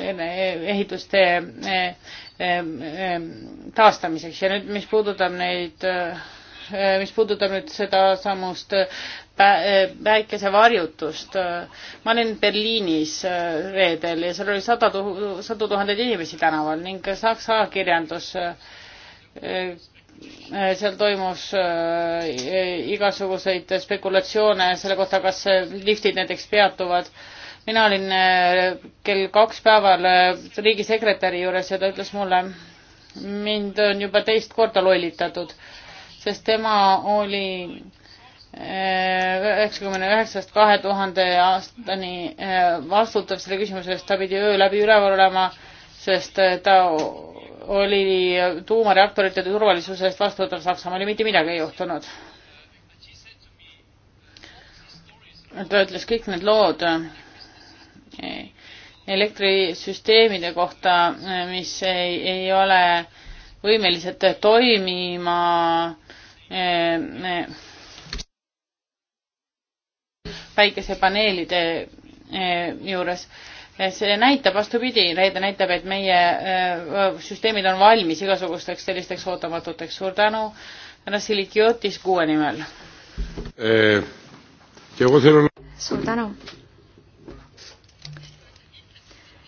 eh, ehituste taastamiseks ja nüüd, mis puudutab neid, mis puudutab nüüd sedasamust päikesevarjutust. ma olin Berliinis reedel ja seal oli sada tuhandeid, sadu tuhandeid inimesi tänaval ning Saksa ajakirjandus Äh, seal toimus äh, igasuguseid spekulatsioone selle kohta, kas liftid näiteks peatuvad. mina olin äh, kell kaks päeval riigisekretäri juures ja ta ütles mulle, mind on juba teist korda lollitatud, sest tema oli üheksakümne üheksast kahe tuhande aastani vastutav selle küsimuse eest, ta pidi öö läbi üleval olema, sest ta oli tuumareaktorite turvalisuse eest vastutav Saksamaal ja mitte midagi ei juhtunud. ta ütles kõik need lood e, elektrisüsteemide kohta, e, mis ei, ei ole võimelised toimima e, päikesepaneelide juures see näitab vastupidi, reede näitab, et meie äh, süsteemid on valmis igasugusteks sellisteks ootamatuteks. suur tänu, härra Silikiotis kuue nimel. Eh, suur tänu.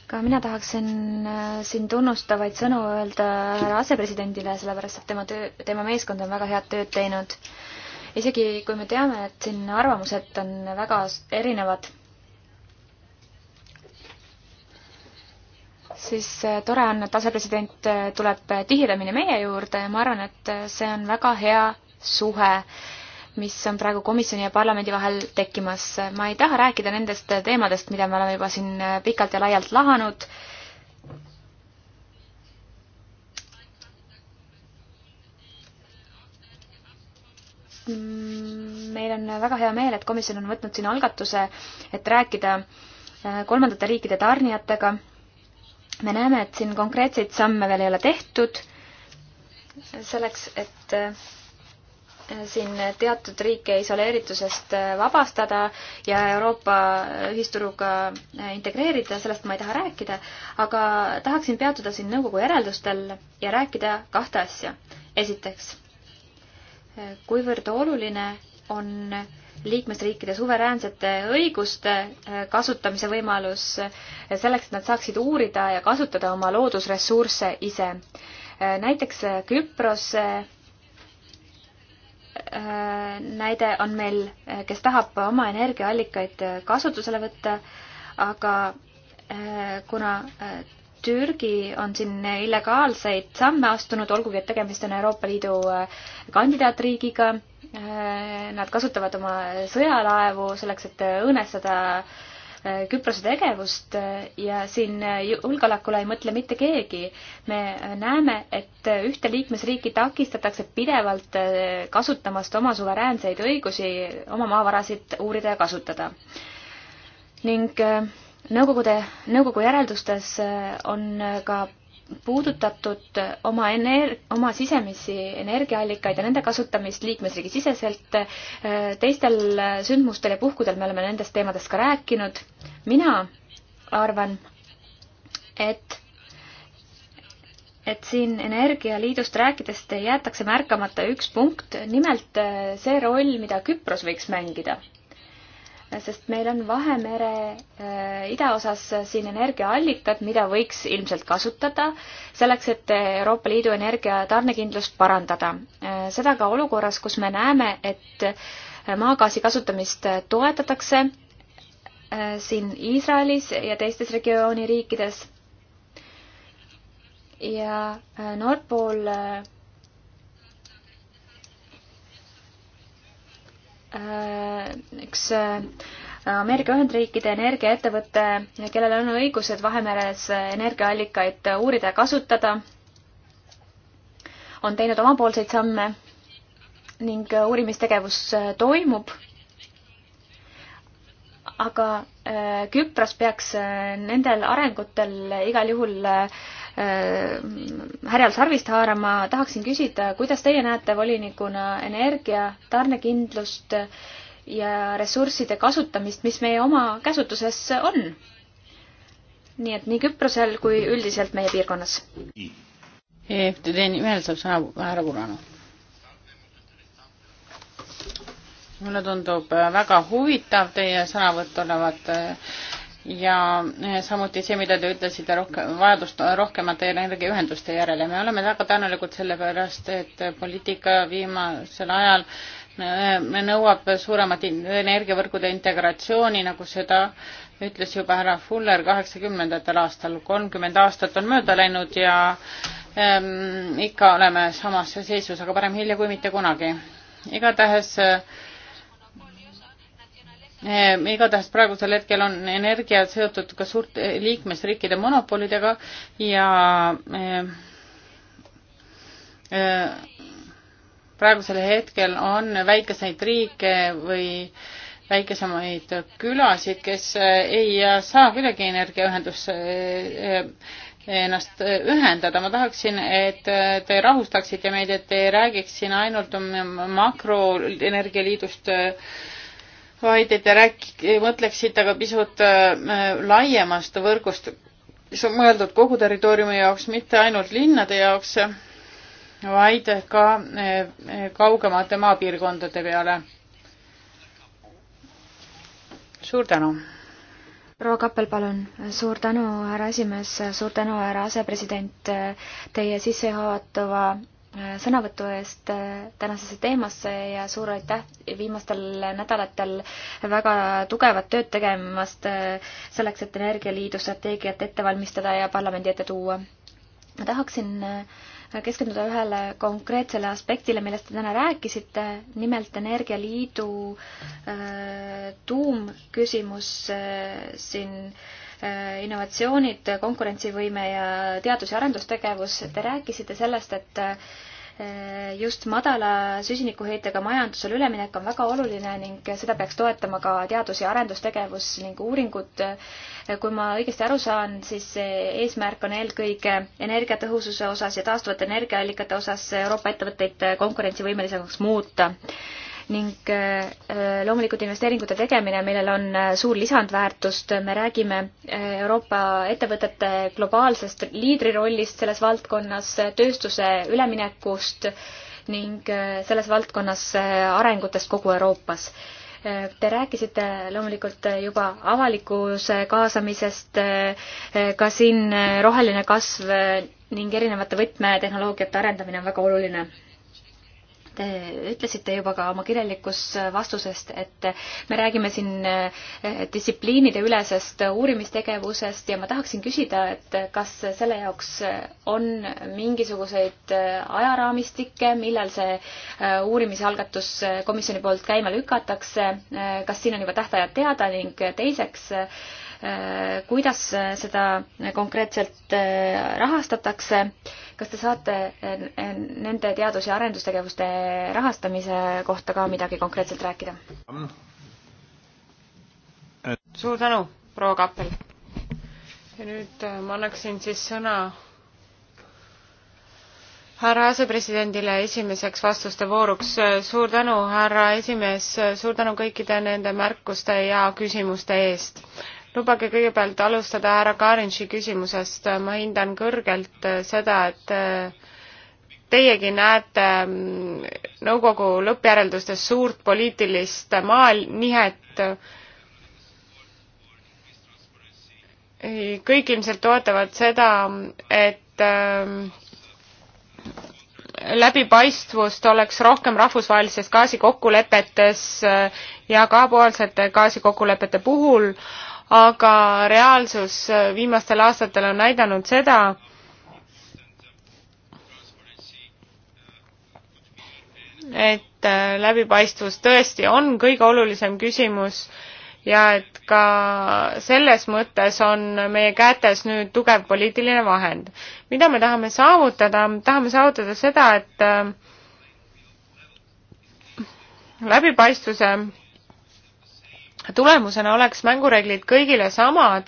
ka mina tahaksin äh, siin tunnustavaid sõnu öelda härra asepresidendile, sellepärast et tema töö, tema meeskond on väga head tööd teinud. isegi kui me teame, et siin arvamused on väga erinevad siis äh, tore on, et asepresident äh, tuleb äh, tihedamini meie juurde ja ma arvan, et see on väga hea suhe, mis on praegu komisjoni ja parlamendi vahel tekkimas. ma ei taha rääkida nendest teemadest, mida me oleme juba siin pikalt ja laialt lahanud. Mm, meil on väga hea meel, et komisjon on võtnud siin algatuse, et rääkida kolmandate riikide tarnijatega me näeme, et siin konkreetseid samme veel ei ole tehtud selleks, et äh, siin teatud riike isoleeritusest äh, vabastada ja Euroopa ühisturuga äh, integreerida, sellest ma ei taha rääkida, aga tahaksin peatuda siin nõukogu järeldustel ja rääkida kahte asja. esiteks, kuivõrd oluline on äh, liikmesriikide suveräänsete õiguste äh, kasutamise võimalus äh, selleks, et nad saaksid uurida ja kasutada oma loodusressursse ise. Äh, näiteks Küprose näide on meil, kes tahab oma energiaallikaid kasutusele võtta, aga kuna Türgi on siin illegaalseid samme astunud, olgugi et tegemist on Euroopa Liidu kandidaatriigiga, Äh, nad kasutavad oma sõjalaevu selleks, et äh, õõnestada äh, Küprose tegevust ja siin julgeolekule ei mõtle mitte keegi. me näeme, et ühte liikmesriiki takistatakse pidevalt kasutamast oma suveräänseid õigusi, oma maavarasid uurida ja kasutada. ning nõukogude, nõukogu järeldustes on ka puudutatud oma ener-, oma sisemisi energiaallikaid ja nende kasutamist liikmesriigi siseselt. Äh, teistel sündmustel ja puhkudel me oleme nendest teemadest ka rääkinud. mina arvan, et et siin Energialiidust rääkides jäetakse märkamata üks punkt, nimelt äh, see roll, mida Küpros võiks mängida sest meil on Vahemere äh, idaosas siin energiaallikad, mida võiks ilmselt kasutada selleks, et Euroopa Liidu energia tarnekindlust parandada. Äh, seda ka olukorras, kus me näeme, et maagaasi kasutamist toetatakse äh, siin Iisraelis ja teistes regiooni riikides. ja Nord Pool Äh, üks äh, Ameerika Ühendriikide energiaettevõte, kellel on õigused Vahemeres energiaallikaid uurida ja kasutada, on teinud omapoolseid samme ning uurimistegevus äh, toimub. aga Küpros peaks nendel arengutel igal juhul Äh, härjal sarvist haarama, tahaksin küsida, kuidas teie näete volinikuna energia tarnekindlust ja ressursside kasutamist, mis meie oma käsutuses on? nii et nii Küprosel kui üldiselt meie piirkonnas. EFTD nimel saab sõna härra Purano. mulle tundub äh, väga huvitav teie sõnavõtt olevat äh, ja eh, samuti see, mida te ütlesite rohkem, vajadust rohkemate energiaühenduste järele. me oleme väga tänulikud selle pärast, et poliitika viimasel ajal eh, nõuab suuremat energiavõrgude integratsiooni, nagu seda ütles juba härra Fuller kaheksakümnendatel aastal. kolmkümmend aastat on mööda läinud ja ähm, ikka oleme samas seisus, aga parem hilja kui mitte kunagi. igatahes äh, Ehm, igatahes praegusel hetkel on energia seotud ka suurte liikmesriikide monopolidega ja ehm, ehm, praegusel hetkel on väikeseid riike või väikesemaid külasid, kes eh, ei eh, saa kuidagi energiaühendusse eh, ennast ühendada, ma tahaksin, et te rahustaksite meid, et te ei räägiks siin ainult makroenergialiidust äh, vaid et te rääk-, mõtleksite ka pisut äh, laiemast võrgust, mis on mõeldud kogu territooriumi jaoks, mitte ainult linnade jaoks, vaid ka äh, kaugemate maapiirkondade peale. suur tänu! proua Kappel, palun. suur tänu, härra esimees, suur tänu, härra asepresident, teie sissejuhatava sõnavõtu eest äh, tänasesse teemasse ja suur aitäh viimastel nädalatel väga tugevat tööd tegemast äh, selleks, et Energialiidu strateegiat ette valmistada ja parlamendi ette tuua. ma tahaksin äh, keskenduda ühele konkreetsele aspektile, millest te täna rääkisite, nimelt Energialiidu tuumküsimus siin innovatsioonid, konkurentsivõime ja teadus- ja arendustegevus. Te rääkisite sellest, et Eh, just madala süsinikuheitega majandusele üleminek on väga oluline ning seda peaks toetama ka teadus- ja arendustegevus ning uuringud. Eh, kui ma õigesti aru saan, siis eesmärk on eelkõige energiatõhususe osas ja taastuvate energiaallikate osas Euroopa ettevõtteid konkurentsivõimelisemaks muuta ning äh, äh, loomulikult investeeringute tegemine, millel on äh, suur lisandväärtust, me räägime Euroopa ettevõtete globaalsest liidrirollist selles valdkonnas, tööstuse üleminekust ning selles valdkonnas arengutest kogu Euroopas Te rääkisite loomulikult juba avalikkuse kaasamisest, ka siin roheline kasv ning erinevate võtmetehnoloogiate arendamine on väga oluline. Te ütlesite juba ka oma kirjalikus äh, vastusest, et äh, me räägime siin äh, distsipliinide ülesest uurimistegevusest ja ma tahaksin küsida, et kas selle jaoks on mingisuguseid ajaraamistikke, millal see uurimisalgatus komisjoni poolt käima lükatakse, kas siin on juba tähtajad teada ning teiseks, Äh, kuidas äh, seda konkreetselt äh, rahastatakse, kas te saate nende teadus- ja arendustegevuste rahastamise kohta ka midagi konkreetselt rääkida? suur tänu, proua Kappel. ja nüüd ma annaksin siis sõna härra asepresidendile esimeseks vastuste vooruks. suur tänu, härra esimees, suur tänu kõikide nende märkuste ja küsimuste eest lubage kõigepealt alustada härra Karinši küsimusest, ma hindan kõrgelt seda, et äh, teiegi näete mm, nõukogu lõppjäreldustes suurt poliitilist maalnihet, kõik ilmselt toetavad seda, et äh, läbipaistvust oleks rohkem rahvusvahelistes gaasikokkulepetes äh, ja kahepoolsete gaasikokkulepete puhul, aga reaalsus viimastel aastatel on näidanud seda, et äh, läbipaistvus tõesti on kõige olulisem küsimus ja et ka selles mõttes on meie kätes nüüd tugev poliitiline vahend. mida me tahame saavutada, tahame saavutada seda, et äh, läbipaistvuse tulemusena oleks mängureeglid kõigile samad,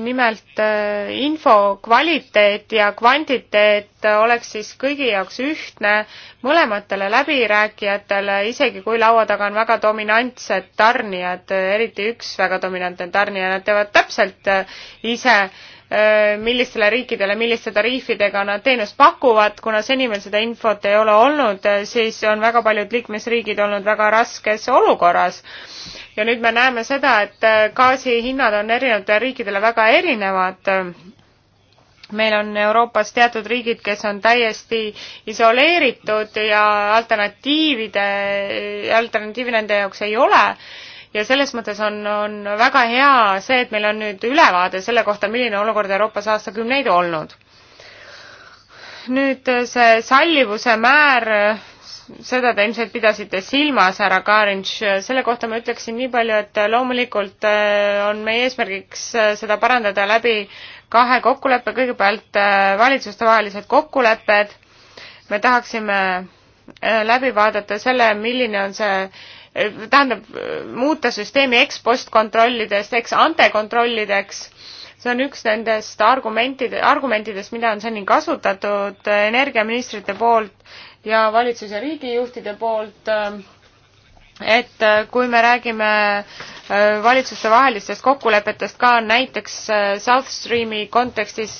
nimelt äh, info kvaliteet ja kvantiteet oleks siis kõigi jaoks ühtne mõlematele läbirääkijatele, isegi kui laua taga on väga dominantsed tarnijad, eriti üks väga dominantne tarnija, nad teavad täpselt äh, ise, äh, millistele riikidele, milliste tariifidega nad teenust pakuvad, kuna seni meil seda infot ei ole olnud, siis on väga paljud liikmesriigid olnud väga raskes olukorras ja nüüd me näeme seda, et äh, gaasi hinnad on erinevatele riikidele väga erinevad. meil on Euroopas teatud riigid, kes on täiesti isoleeritud ja alternatiivide, alternatiivi nende jaoks ei ole ja selles mõttes on, on väga hea see, et meil on nüüd ülevaade selle kohta, milline olukord Euroopas aastakümneid olnud. nüüd äh, see sallivuse määr seda te ilmselt pidasite silmas, härra Kaarinš, selle kohta ma ütleksin nii palju, et loomulikult äh, on meie eesmärgiks äh, seda parandada läbi kahe kokkuleppe, kõigepealt äh, valitsustevahelised kokkulepped, me tahaksime läbi vaadata selle, milline on see tähendab, muuta süsteemi ex-post kontrollidest ex-ante kontrollideks, see on üks nendest argumentide, argumentidest, mida on seni kasutatud energiaministrite poolt ja valitsuse riigijuhtide poolt, äh, et äh, kui me räägime äh, valitsustevahelistest kokkulepetest ka näiteks South Streami kontekstis,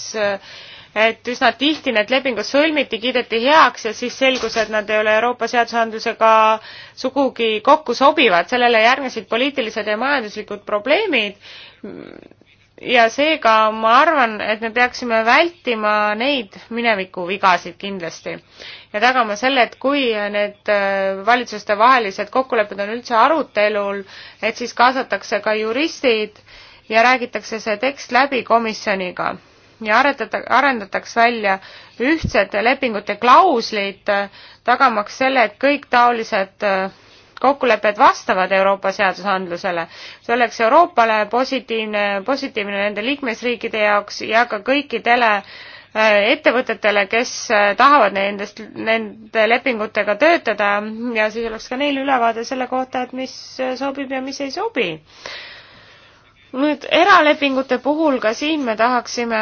et üsna tihti need lepingud sõlmiti, kiideti heaks ja siis selgus, et nad ei ole Euroopa seadusandlusega sugugi kokku sobivad. sellele järgnesid poliitilised ja majanduslikud probleemid ja seega ma arvan, et me peaksime vältima neid minevikuvigasid kindlasti ja tagama selle, et kui need äh, valitsustevahelised kokkulepped on üldse arutelul, et siis kaasatakse ka juristid ja räägitakse see tekst läbi komisjoniga ja aretada, arendataks välja ühtsed lepingute klauslid, äh, tagamaks selle, et kõik taolised äh, kokkulepped vastavad Euroopa seadusandlusele. see oleks Euroopale positiivne, positiivne nende liikmesriikide jaoks ja ka kõikidele äh, ettevõtetele, kes äh, tahavad nendest, nende lepingutega töötada ja siis oleks ka neil ülevaade selle kohta, et mis äh, sobib ja mis ei sobi. nüüd eralepingute puhul ka siin me tahaksime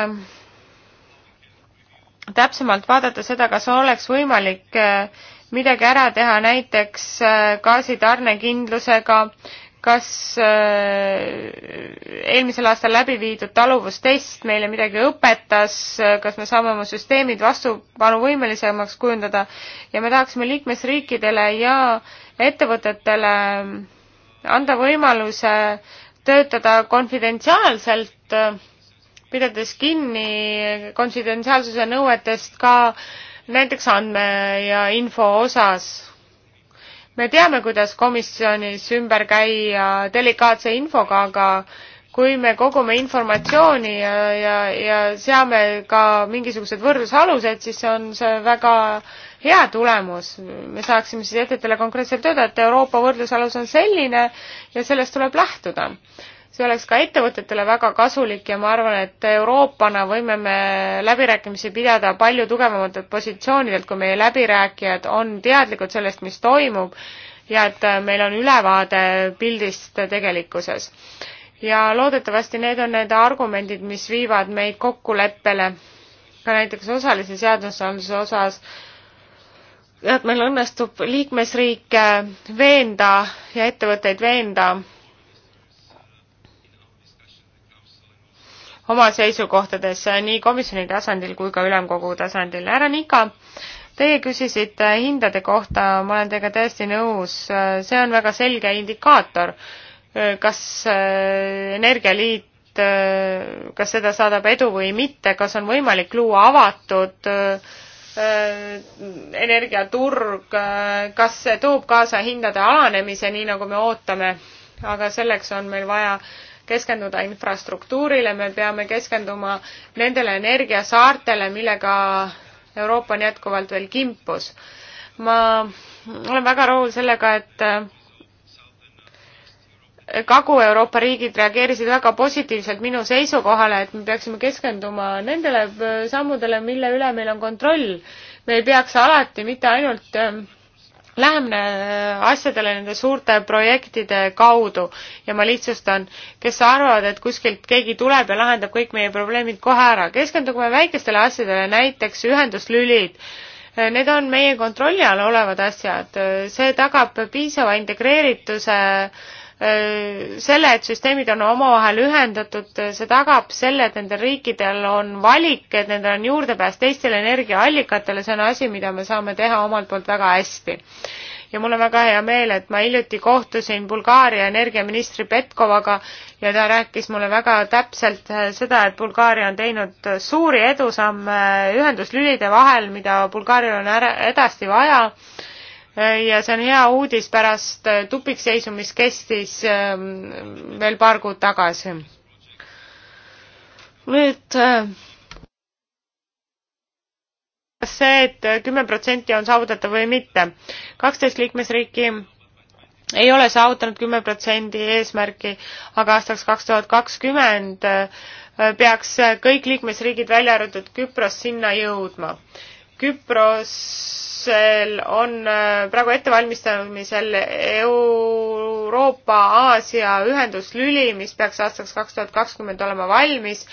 täpsemalt vaadata seda, kas oleks võimalik äh, midagi ära teha näiteks äh, gaasitarnekindlusega, kas äh, eelmisel aastal läbi viidud taluvustest meile midagi õpetas, äh, kas me saame oma süsteemid vastupanuvõimelisemaks kujundada ja me tahaksime liikmesriikidele ja ettevõtetele anda võimaluse töötada konfidentsiaalselt, pidades kinni konfidentsiaalsuse nõuetest ka äh, näiteks andme ja info osas. me teame, kuidas komisjonis ümber käia delikaatse infoga, aga kui me kogume informatsiooni ja, ja, ja seame ka mingisugused võrdlusalused, siis on see väga hea tulemus. me saaksime siis ettevõttele konkreetselt öelda, et Euroopa võrdlusalus on selline ja sellest tuleb lähtuda see oleks ka ettevõtetele väga kasulik ja ma arvan, et Euroopana võime me läbirääkimisi pidada palju tugevamatelt positsioonidelt, kui meie läbirääkijad on teadlikud sellest, mis toimub ja et äh, meil on ülevaade pildist tegelikkuses. ja loodetavasti need on need argumendid, mis viivad meid kokkuleppele ka näiteks osalise seadusandluse osas, et meil õnnestub liikmesriike veenda ja ettevõtteid veenda oma seisukohtades äh, nii komisjoni tasandil kui ka ülemkogu tasandil. härra Nika, teie küsisite hindade kohta, ma olen teiega täiesti nõus, äh, see on väga selge indikaator, äh, kas Energialiit kas seda saadab edu või mitte, kas on võimalik luua avatud energiaturg, kas see toob kaasa hindade alanemise, nii nagu me ootame, aga selleks on meil vaja äh, keskenduda infrastruktuurile, me peame keskenduma nendele energiasaartele, millega Euroopa on jätkuvalt veel kimpus. ma olen väga rahul sellega, et Kagu-Euroopa riigid reageerisid väga positiivselt minu seisukohale, et me peaksime keskenduma nendele sammudele, mille üle meil on kontroll. me ei peaks alati mitte ainult lähemine äh, asjadele nende suurte projektide kaudu ja ma lihtsustan, kes arvavad, et kuskilt keegi tuleb ja lahendab kõik meie probleemid kohe ära. keskendume väikestele asjadele, näiteks ühenduslülid. Äh, need on meie kontrolli all olevad asjad, äh, see tagab piisava integreerituse äh, Äh, selle, et süsteemid on omavahel ühendatud, äh, see tagab selle, et nendel riikidel on valik, et nendel on juurdepääs teistele energiaallikatele, see on asi, mida me saame teha omalt poolt väga hästi. ja mul on väga hea meel, et ma hiljuti kohtusin Bulgaaria energiaministri Petkovaga ja ta rääkis mulle väga täpselt äh, seda, et Bulgaaria on teinud suuri edusamme ühenduslülide vahel, mida Bulgaarial on ära, hädasti vaja Äh, ja see on hea uudis pärast äh, tupikseisu, mis kestis ähm, veel paar kuud tagasi. nüüd äh, see et, et kümme protsenti on saavutatav või mitte. kaksteist liikmesriiki ei ole saavutanud kümme protsendi eesmärki, aga aastaks kaks tuhat kakskümmend peaks kõik liikmesriigid, välja arvatud Küpros, sinna jõudma. Küpros Brüssel on äh, praegu ettevalmistamisel Euroopa-Aasia ühenduslüli, mis peaks aastaks kaks tuhat kakskümmend olema valmis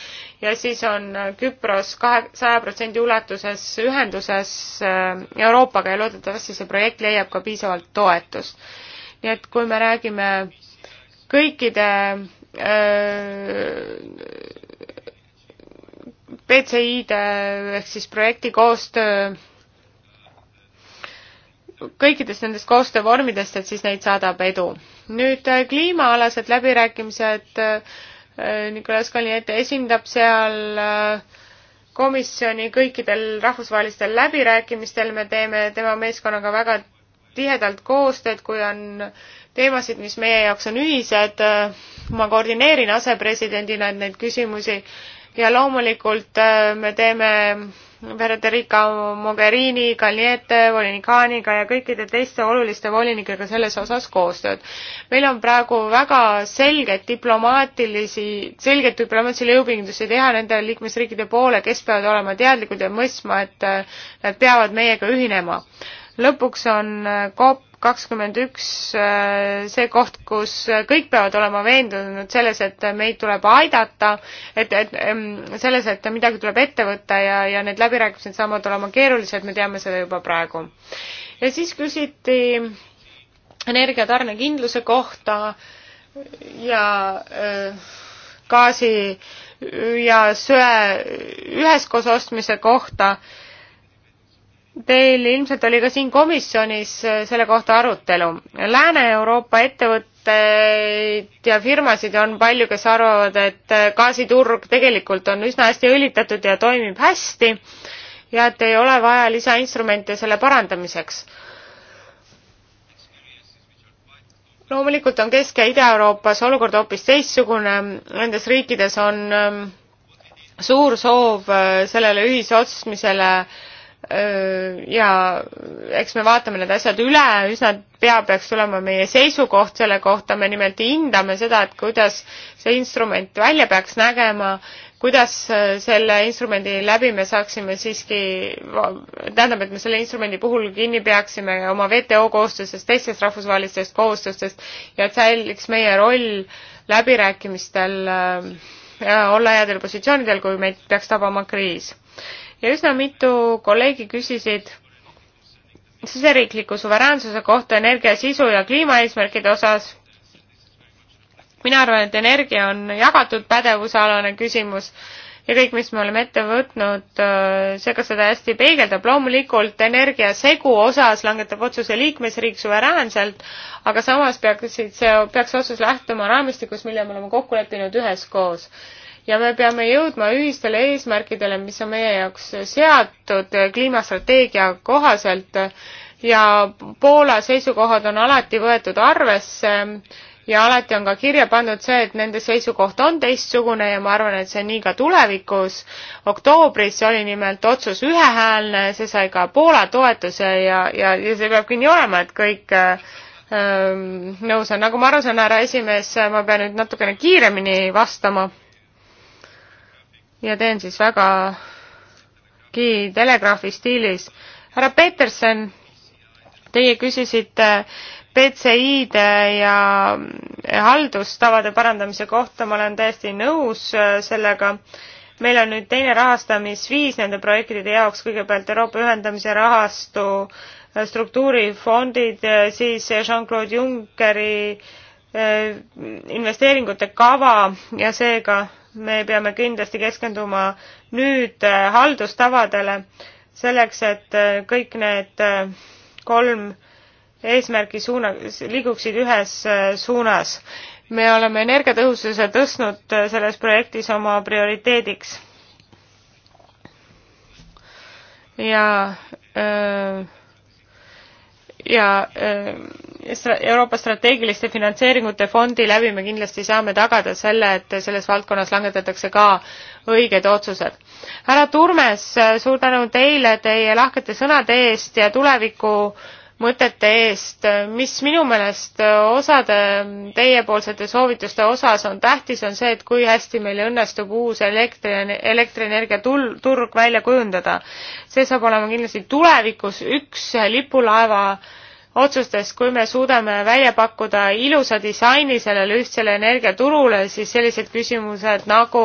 ja siis on äh, Küpros kahe, saja protsendi ulatuses ühenduses äh, Euroopaga ja loodetavasti see projekt leiab ka piisavalt toetust. nii et kui me räägime kõikide öö, PCI-de ehk siis projekti koostöö kõikidest nendest koostöövormidest, et siis neid saadab edu. nüüd äh, kliimaalased läbirääkimised, äh, äh, Nicolas Kalinete esindab seal komisjoni kõikidel rahvusvahelistel läbirääkimistel, me teeme tema meeskonnaga väga tihedalt koostööd, kui on teemasid, mis meie jaoks on ühised, ma koordineerin asepresidendina neid küsimusi ja loomulikult me teeme Federica Mogherini, Galliete, volinik Haaniga ja kõikide teiste oluliste volinikega selles osas koostööd. meil on praegu väga selged diplomaatilisi, selget diplomaatilisi jõupingutusi teha nende liikmesriikide poole, kes peavad olema teadlikud ja mõistma, et nad peavad meiega ühinema. lõpuks on COP kakskümmend üks äh, see koht, kus kõik peavad olema veendunud selles, et meid tuleb aidata, et, et selles, et midagi tuleb ette võtta ja, ja need läbirääkimised saavad olema keerulised, me teame seda juba praegu. ja siis küsiti energiatarnekindluse kohta ja äh, gaasi ja söe üheskoos ostmise kohta Teil ilmselt oli ka siin komisjonis äh, selle kohta arutelu. Lääne-Euroopa ettevõtteid ja firmasid on palju, kes arvavad, et äh, gaasiturg tegelikult on üsna hästi õlitatud ja toimib hästi ja et ei ole vaja lisainstrumente selle parandamiseks. loomulikult on Kesk- ja Ida-Euroopas olukord hoopis teistsugune, nendes riikides on ähm, suur soov äh, sellele ühisotsusmisele äh, ja eks me vaatame need asjad üle, üsna pea peaks tulema meie seisukoht selle kohta, me nimelt hindame seda, et kuidas see instrument välja peaks nägema, kuidas äh, selle instrumendi läbi me saaksime siiski, tähendab, et me selle instrumendi puhul kinni peaksime oma WTO kohustustest, teistest rahvusvahelistest kohustustest ja et säiliks meie roll läbirääkimistel äh, olla headel positsioonidel, kui meid peaks tabama kriis ja üsna mitu kolleegi küsisid siseriikliku suveräänsuse kohta energia sisu ja kliimaeesmärkide osas. mina arvan, et energia on jagatud pädevusealane küsimus ja kõik, mis me oleme ette võtnud, äh, see ka seda hästi peegeldab. loomulikult energiasegu osas langetab otsuse liikmesriik suveräänselt, aga samas peaksid see, peaks otsus lähtuma raamistikust, mille me oleme kokku leppinud üheskoos ja me peame jõudma ühistele eesmärkidele, mis on meie jaoks seatud kliimastrateegia kohaselt ja Poola seisukohad on alati võetud arvesse ja alati on ka kirja pandud see, et nende seisukoht on teistsugune ja ma arvan, et see on nii ka tulevikus. oktoobris oli nimelt otsus ühehäälne, see sai ka Poola toetuse ja, ja, ja see peabki nii olema, et kõik ähm, nõus on. nagu ma aru saan, härra esimees, ma pean nüüd natukene kiiremini vastama ja teen siis vägagi telegraafi stiilis. härra Peterson, teie küsisite BCI-de ja haldustavade parandamise kohta, ma olen täiesti nõus äh, sellega. meil on nüüd teine rahastamisviis nende projektide jaoks, kõigepealt Euroopa ühendamise rahastu äh, struktuurifondid, äh, siis Jean-Claude Junckeri investeeringute kava ja seega me peame kindlasti keskenduma nüüd äh, haldustavadele, selleks et äh, kõik need äh, kolm eesmärgi suuna, liiguksid ühes suunas. me oleme energiatõhususe tõstnud selles projektis oma prioriteediks. ja öö, ja äh, Euroopa strateegiliste finantseeringute fondi läbi me kindlasti saame tagada selle, et selles valdkonnas langetatakse ka õiged otsused. härra Turmes, suur tänu teile teie lahkete sõnade eest ja tuleviku äh, mõtete eest, mis minu meelest osade teiepoolsete soovituste osas on tähtis, on see, et kui hästi meil õnnestub uus elektri, elektrienergia tul-, turg välja kujundada. see saab olema kindlasti tulevikus üks lipulaeva otsustes, kui me suudame välja pakkuda ilusa disaini sellele ühtsele energiaturule, siis sellised küsimused nagu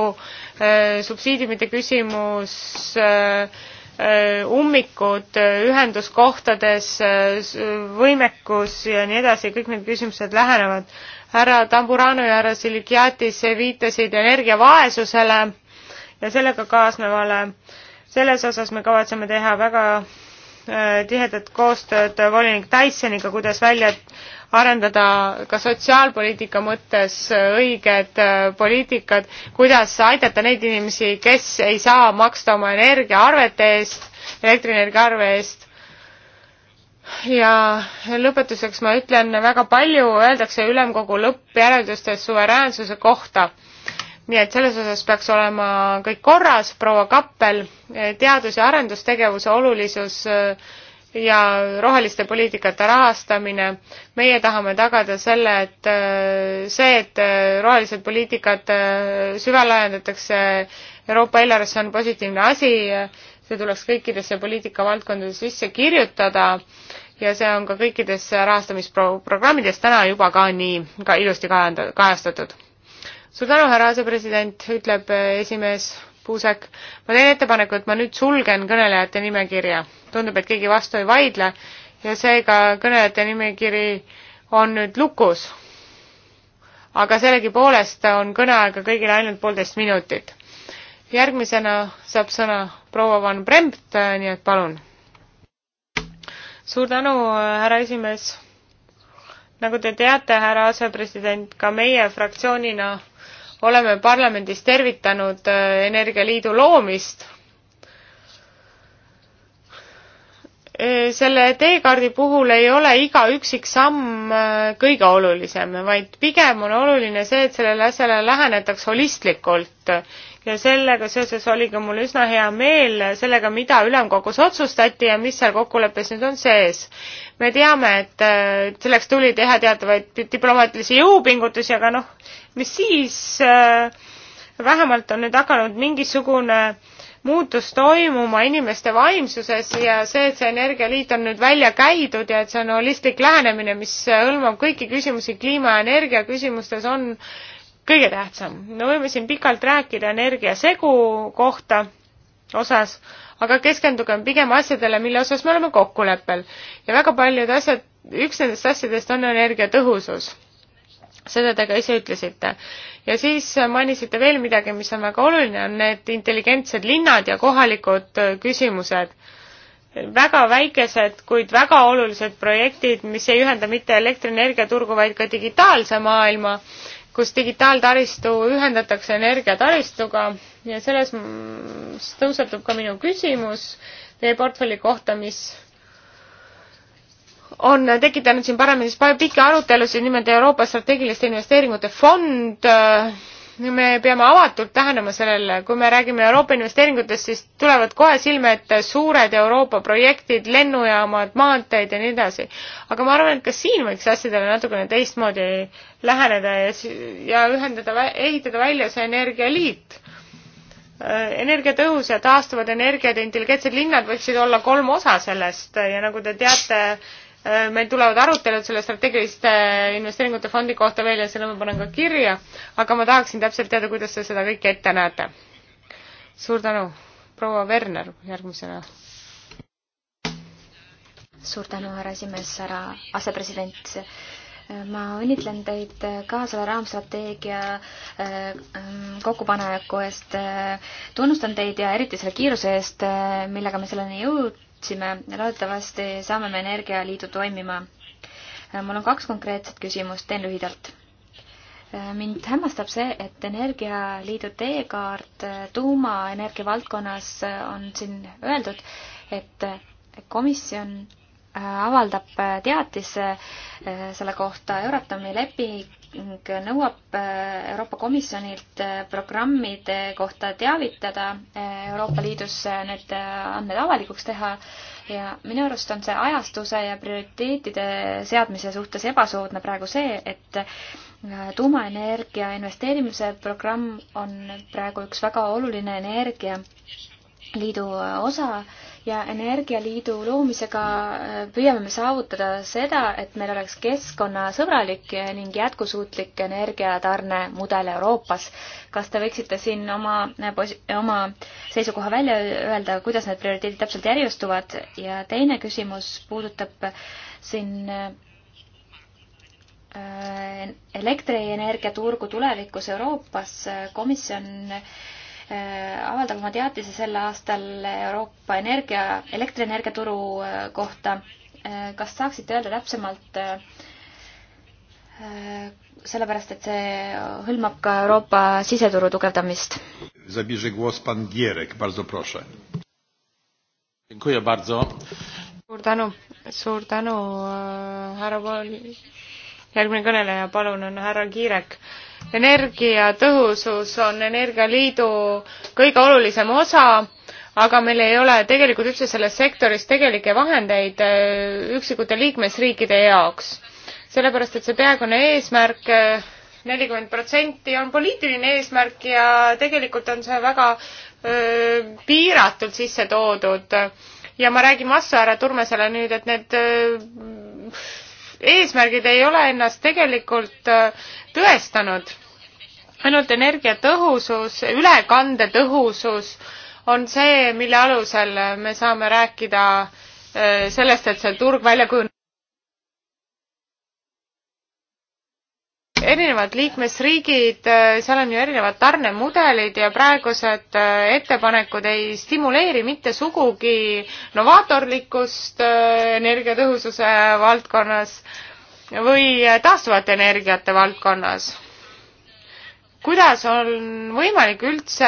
äh, subsiidiumide küsimus äh,, Äh, ummikud äh, ühenduskohtades, äh, võimekus ja nii edasi, kõik need küsimused lähenevad. härra Tamburano ja härra Silikiatis viitasid energiavaesusele ja sellega kaasnevale. selles osas me kavatseme teha väga tihedat koostööd volinik Tysoniga, kuidas välja arendada ka sotsiaalpoliitika mõttes õiged äh, poliitikad, kuidas aidata neid inimesi, kes ei saa maksta oma energiaarvete eest, elektrienergia arve eest. ja lõpetuseks ma ütlen, väga palju öeldakse ülemkogu lõppjäreldustes suveräänsuse kohta nii et selles osas peaks olema kõik korras, proua Kappel, teadus- ja arendustegevuse olulisus äh, ja roheliste poliitikate rahastamine. meie tahame tagada selle, et äh, see, et äh, rohelised poliitikad äh, süvelaiendatakse Euroopa eelarvesse, on positiivne asi, see tuleks kõikidesse poliitikavaldkondadesse sisse kirjutada ja see on ka kõikides rahastamisprogrammidest täna juba ka nii ka ilusti kajastatud. suur tänu, härra asepresident, ütleb esimees Kuusek. ma teen ettepaneku, et ma nüüd sulgen kõnelejate nimekirja. tundub, et keegi vastu ei vaidle ja seega kõnelejate nimekiri on nüüd lukus. aga sellegipoolest on kõneaega kõigil ainult poolteist minutit. järgmisena saab sõna proua Van Brempt, nii et palun. suur tänu, härra esimees. nagu te teate, härra asepresident, ka meie fraktsioonina oleme parlamendis tervitanud äh, Energialiidu loomist. Äh, selle teekaardi puhul ei ole iga üksik samm äh, kõige olulisem, vaid pigem on oluline see, et sellele asjale lähenetaks holistlikult ja sellega seoses oli ka mul üsna hea meel sellega, mida ülemkogus otsustati ja mis seal kokkuleppes nüüd on sees. me teame, et selleks tuli teha teatavaid diplomaatilisi jõupingutusi, aga noh, mis siis äh, vähemalt on nüüd hakanud mingisugune muutus toimuma inimeste vaimsuses ja see, et see energialiit on nüüd välja käidud ja et see on holistlik lähenemine, mis hõlmab kõiki küsimusi kliima ja energia küsimustes, on kõige tähtsam. me võime siin pikalt rääkida energiasegu kohta osas, aga keskendugem pigem asjadele, mille osas me oleme kokkuleppel. ja väga paljud asjad, üks nendest asjadest on energiatõhusus seda te ka ise ütlesite. ja siis mainisite veel midagi, mis on väga oluline, on need intelligentsed linnad ja kohalikud äh, küsimused. väga väikesed, kuid väga olulised projektid, mis ei ühenda mitte elektrienergiaturgu, vaid ka digitaalse maailma, kus digitaaltaristu ühendatakse energiataristuga ja selles tõusetub ka minu küsimus teie portfelli kohta, mis on tekitanud siin parlamendis pikki arutelusid, nimelt Euroopa strateegiliste investeeringute fond. Äh, me peame avatult lähenema sellele, kui me räägime Euroopa investeeringutest, siis tulevad kohe silme ette suured Euroopa projektid, lennujaamad, maanteed ja nii edasi. aga ma arvan, et ka siin võiks asjadele natukene teistmoodi läheneda ja, ja ühendada, ehitada välja see energialiit äh, energiatõhus ja taastuvad energiad ja intelligentsed linnad võiksid olla kolm osa sellest ja nagu te teate, Äh, meil tulevad arutelud selle strateegiliste äh, investeeringute fondi kohta veel ja selle ma panen ka kirja, aga ma tahaksin täpselt teada, kuidas te seda kõike ette näete. suur tänu, proua Werner järgmisena. suur tänu, härra esimees, härra asepresident. ma õnnitlen teid ka selle raamstrateegia äh, mm, kokkupaneku eest. tunnustan teid ja eriti selle kiiruse eest, millega me selleni jõud-, võtsime. loodetavasti saame me Energialiidu toimima. mul on kaks konkreetset küsimust, teen lühidalt. mind hämmastab see, et Energialiidu teekaart tuumaenergia valdkonnas on siin öeldud, et komisjon avaldab teatise selle kohta Euratomi leping ning nõuab äh, Euroopa Komisjonilt äh, programmide kohta teavitada, äh, Euroopa Liidus need andmed avalikuks teha ja minu arust on see ajastuse ja prioriteetide seadmise suhtes ebasoodne praegu see, et tuumaenergia investeerimise programm on praegu üks väga oluline energialiidu osa ja Energialiidu loomisega äh, püüame me saavutada seda, et meil oleks keskkonnasõbralik ning jätkusuutlik energiatarnemudel Euroopas. kas te võiksite siin oma, äh, oma seisukoha välja öelda, kuidas need prioriteedid täpselt järjestuvad ja teine küsimus puudutab äh, siin elektrienergia turgu tulevikus Euroopas. komisjon Äh, avaldab oma teatise sel aastal Euroopa energia, elektrienergiaturu äh, kohta. Äh, kas saaksite öelda täpsemalt, sellepärast et see hõlmab ka Euroopa siseturu tugevdamist? suur tänu, suur tänu, härra Paul. järgmine kõneleja, palun, on härra Kiirek energiatõhusus on Energialiidu kõige olulisem osa, aga meil ei ole tegelikult üldse selles sektoris tegelikke vahendeid äh, üksikute liikmesriikide jaoks. sellepärast, et see peaaegune eesmärk äh, nelikümmend protsenti on poliitiline eesmärk ja tegelikult on see väga öö, äh, piiratult sisse toodud. ja ma räägin vastu härra Turmesele nüüd, et need öö, eesmärgid ei ole ennast tegelikult äh, tõestanud. ainult energiatõhusus, ülekande tõhusus on see, mille alusel me saame rääkida äh, sellest, et see turg välja kujuneb. erinevad liikmesriigid, äh, seal on ju erinevad tarnemudelid ja praegused äh, ettepanekud ei stimuleeri mitte sugugi novaatorlikkust äh, energiatõhususe valdkonnas või taastuvate energiate valdkonnas. kuidas on võimalik üldse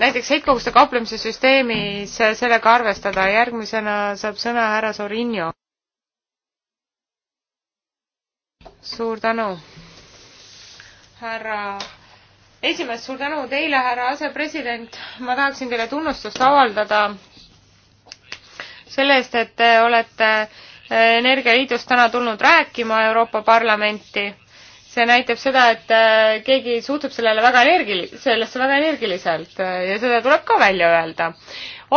näiteks heitkoguste kauplemise süsteemis sellega arvestada, järgmisena saab sõna härra Sorinio. suur tänu, härra esimees, suur tänu teile, härra asepresident. ma tahaksin teile tunnustust avaldada selle eest, et te olete Energialiidust täna tulnud rääkima Euroopa Parlamenti. see näitab seda, et keegi suhtub sellele väga energili-, sellesse väga energiliselt ja seda tuleb ka välja öelda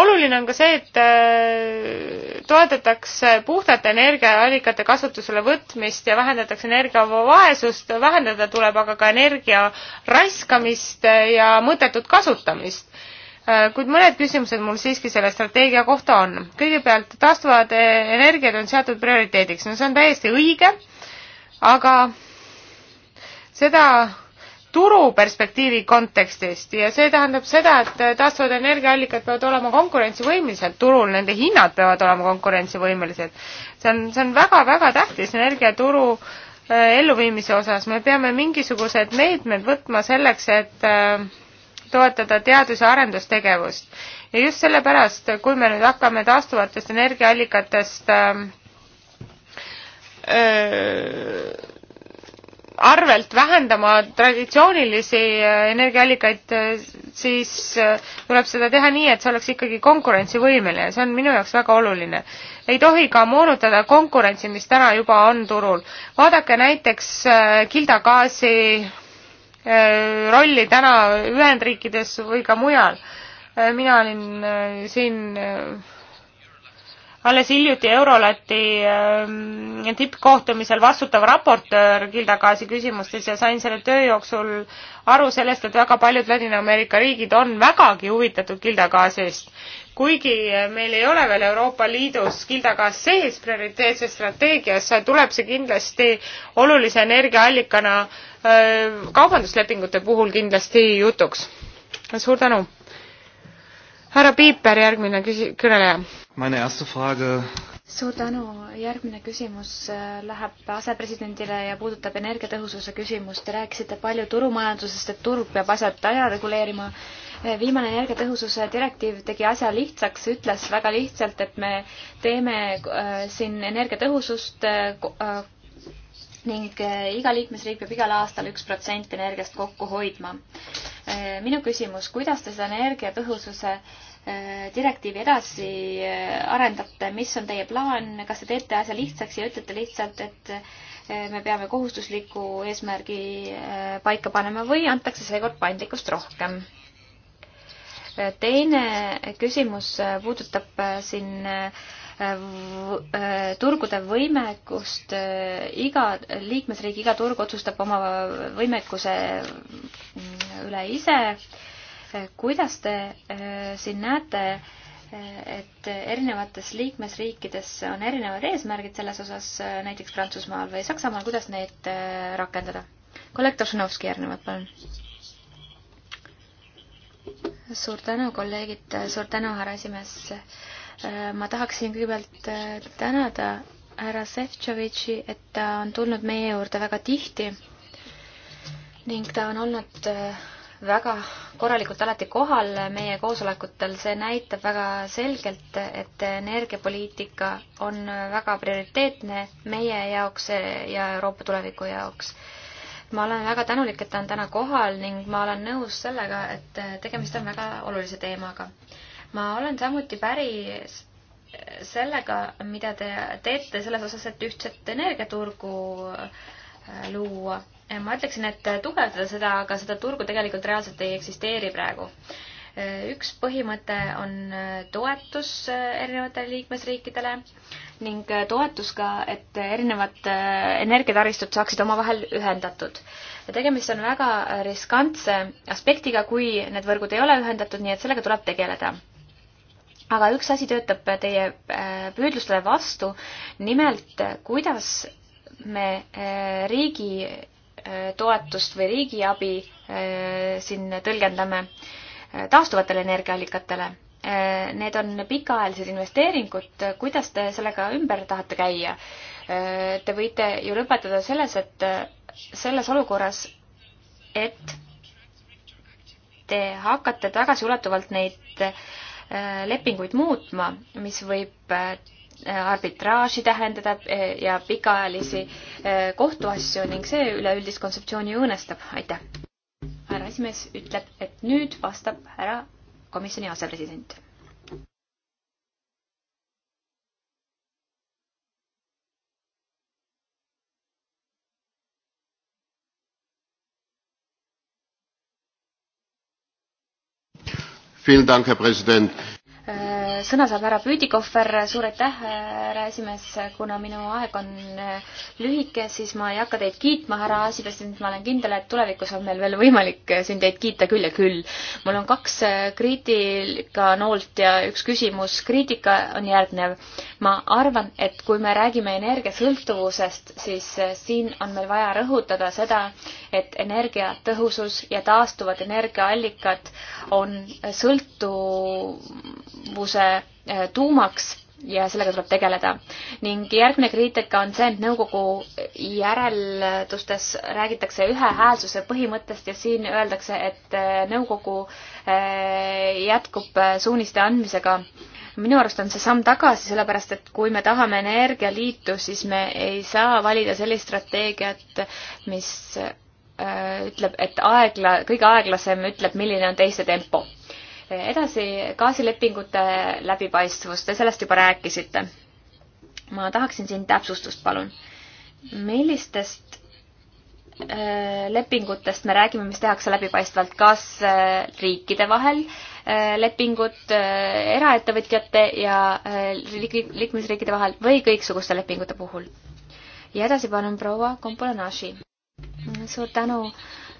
oluline on ka see, et äh, toetatakse puhtate energiaallikate kasutusele võtmist ja vähendatakse energiavaesust, vähendada tuleb aga ka energia raiskamist ja mõttetut kasutamist äh, kuid mõned küsimused mul siiski selle strateegia kohta on. kõigepealt taastuvad e-, energiad on seatud prioriteediks, no see on täiesti õige, aga seda turuperspektiivi kontekstist ja see tähendab seda, et taastuvad energiaallikad peavad olema konkurentsivõimelised turul, nende hinnad peavad olema konkurentsivõimelised. see on, see on väga-väga tähtis energiaturu äh, elluviimise osas, me peame mingisugused meetmed võtma selleks, et äh, toetada teadus- ja arendustegevust. ja just sellepärast, kui me nüüd hakkame taastuvatest energiaallikatest öö, äh, äh arvelt vähendama traditsioonilisi äh, energiaallikaid, äh, siis äh, tuleb seda teha nii, et see oleks ikkagi konkurentsivõimeline, see on minu jaoks väga oluline. ei tohi ka moonutada konkurentsi, mis täna juba on turul. vaadake näiteks kildagaasi rolli täna Ühendriikides või ka mujal. mina olin siin alles hiljuti Eurolati äh, tippkohtumisel vastutav raportöör Gilda Kaasi küsimustes ja sain selle töö jooksul aru sellest, et väga paljud Ladina-Ameerika riigid on vägagi huvitatud Gilda Kaasist. kuigi meil ei ole veel Euroopa Liidus Gilda Kaas sees prioriteetses strateegias, tuleb see kindlasti olulise energiaallikana äh, kaubanduslepingute puhul kindlasti jutuks. suur tänu! härra Piiper, järgmine küsi-, kõneleja suur tänu, järgmine küsimus äh, läheb asepresidendile ja puudutab energiatõhususe küsimust. Te rääkisite palju turumajandusest, et turg peab asjad ära reguleerima. Äh, viimane energiatõhususe direktiiv tegi asja lihtsaks, ütles väga lihtsalt, et me teeme äh, siin energiatõhusust ning iga liikmesriik peab igal aastal üks protsent energiast kokku hoidma. minu küsimus, kuidas te seda energiatõhususe Äh, direktiivi edasi äh, arendate, mis on teie plaan, kas te teete asja lihtsaks ja ütlete lihtsalt, et äh, me peame kohustusliku eesmärgi paika panema või antakse seekord paindlikkust rohkem? teine küsimus puudutab siin turgude võimekust, iga liikmesriik, iga turg otsustab oma võimekuse mm, üle ise Eh, kuidas te eh, siin näete, eh, et erinevates liikmesriikides on erinevad eesmärgid selles osas, näiteks Prantsusmaal või Saksamaal, kuidas neid rakendada? kolleeg Tošinovski järgnevalt, palun. suur tänu, kolleegid, suur tänu, härra esimees. ma tahaksin kõigepealt tänada härra Sefcovitši, et ta on tulnud meie juurde väga tihti ning ta on olnud äh, väga korralikult alati kohal meie koosolekutel, see näitab väga selgelt, et energiapoliitika on väga prioriteetne meie jaoks ja Euroopa tuleviku jaoks. ma olen väga tänulik, et ta on täna kohal ning ma olen nõus sellega, et tegemist on väga olulise teemaga. ma olen samuti päri sellega, mida te teete selles osas, et ühtset energiaturgu luua ma ütleksin, et tugevdada seda, aga seda turgu tegelikult reaalselt ei eksisteeri praegu. üks põhimõte on toetus erinevatele liikmesriikidele ning toetus ka, et erinevad energiataristud saaksid omavahel ühendatud. tegemist on väga riskantse aspektiga, kui need võrgud ei ole ühendatud, nii et sellega tuleb tegeleda aga üks asi töötab teie äh, püüdlustele vastu, nimelt kuidas me äh, riigi toetust või riigiabi eh, siin tõlgendame eh, taastuvatele energiaallikatele. Eh, need on pikaajalised investeeringud, kuidas te sellega ümber tahate käia? Te võite ju lõpetada selles, et selles olukorras, et te hakkate tagasiulatuvalt neid lepinguid muutma, mis võib arbitraaži tähendada eh, ja pikaajalisi eh, kohtuasju ning see üleüldist kontseptsiooni õõnestab. aitäh. härra esimees ütleb, et nüüd vastab härra komisjoni asepresident. Vielen Dank, Herr Präsident sõna saab härra Püüdikohver, suur aitäh, härra esimees, kuna minu aeg on eh, lühike, siis ma ei hakka teid kiitma, härra asepresident, ma olen kindel, et tulevikus on meil veel võimalik eh, siin teid kiita küll ja küll. mul on kaks eh, kriitikanoolt ja üks küsimus. kriitika on järgnev. ma arvan, et kui me räägime energiasõltuvusest, siis siin on meil vaja rõhutada seda, et energiatõhusus ja taastuvad energiaallikad on sõltuvuse Äh, tuumaks ja sellega tuleb tegeleda. ning järgmine kriitika on see, et nõukogu järeldustes räägitakse ühehäälsuse põhimõttest ja siin öeldakse, et äh, nõukogu äh, jätkub suuniste andmisega. minu arust on see samm tagasi, sellepärast et kui me tahame energialiitu, siis me ei saa valida sellist strateegiat, mis ütleb, et aegla-, kõige aeglasem ütleb, milline on teiste tempo edasi, gaasilepingute läbipaistvus, te sellest juba rääkisite. ma tahaksin siin täpsustust, palun. millistest äh, lepingutest me räägime, mis tehakse läbipaistvalt, kas äh, riikide vahel äh, lepingud eraettevõtjate ja liikmesriikide vahel või kõiksuguste lepingute puhul? ja edasi palun proua Kompolanaši. suur tänu äh,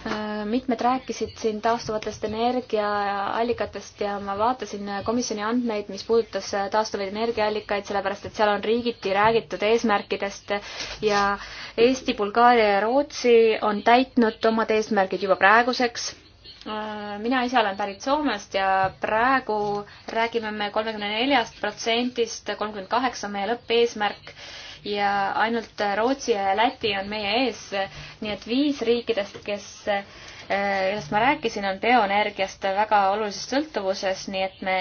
Äh, mitmed rääkisid siin taastuvatest energiaallikatest ja ma vaatasin äh, komisjoni andmeid, mis puudutas äh, taastuvaid energiaallikaid, sellepärast et seal on riigiti räägitud eesmärkidest ja Eesti, Bulgaaria ja Rootsi on täitnud omad eesmärgid juba praeguseks mina ise olen pärit Soomest ja praegu räägime me kolmekümne neljast protsendist, kolmkümmend kaheksa on meie lõppeesmärk ja ainult Rootsi ja Läti on meie ees, nii et viis riikidest, kes millest eh, ma rääkisin, on bioenergiast väga olulises sõltuvuses, nii et me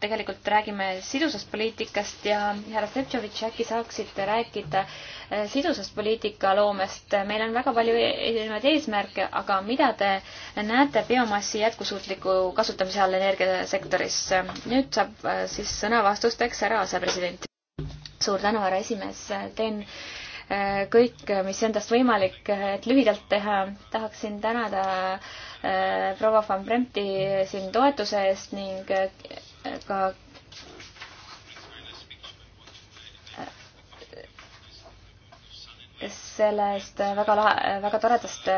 tegelikult räägime sidusast poliitikast ja härra Stepšovitš, äkki saaksite rääkida eh, sidusast poliitikaloomest. meil on väga palju erinevaid eesmärke, aga mida te näete biomassi jätkusuutliku kasutamise all energiasektoris? nüüd saab eh, siis sõna vastusteks härra asepresident suur tänu, härra esimees, teen äh, kõik, äh, mis endast võimalik, äh, et lühidalt teha, tahaksin tänada proua Van Bremti siin toetuse eest ning ka sellest väga lahe, väga toredast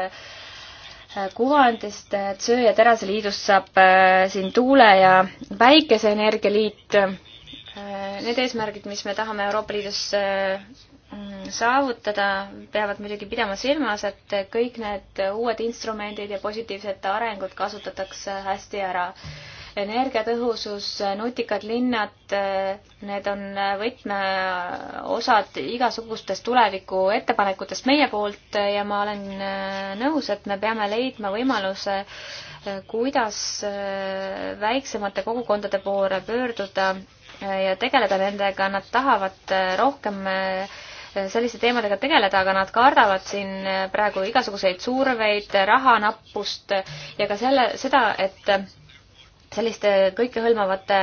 kuvandist, et söö- ja teraseliidust saab siin tuule- ja päikeseenergia liit Äh, need eesmärgid, mis me tahame Euroopa Liidus äh, mm, saavutada, peavad muidugi pidama silmas, et kõik need uued instrumendid ja positiivsed arengud kasutatakse hästi ära. energiatõhusus, nutikad linnad, äh, need on võtmeosad igasugustest tuleviku ettepanekutest meie poolt ja ma olen nõus, et me peame leidma võimaluse kuidas väiksemate kogukondade poole pöörduda ja tegeleda nendega, nad tahavad äh, rohkem äh, selliste teemadega tegeleda, aga nad kardavad siin äh, praegu igasuguseid surveid, rahanappust ja ka selle, seda, et selliste kõikehõlmavate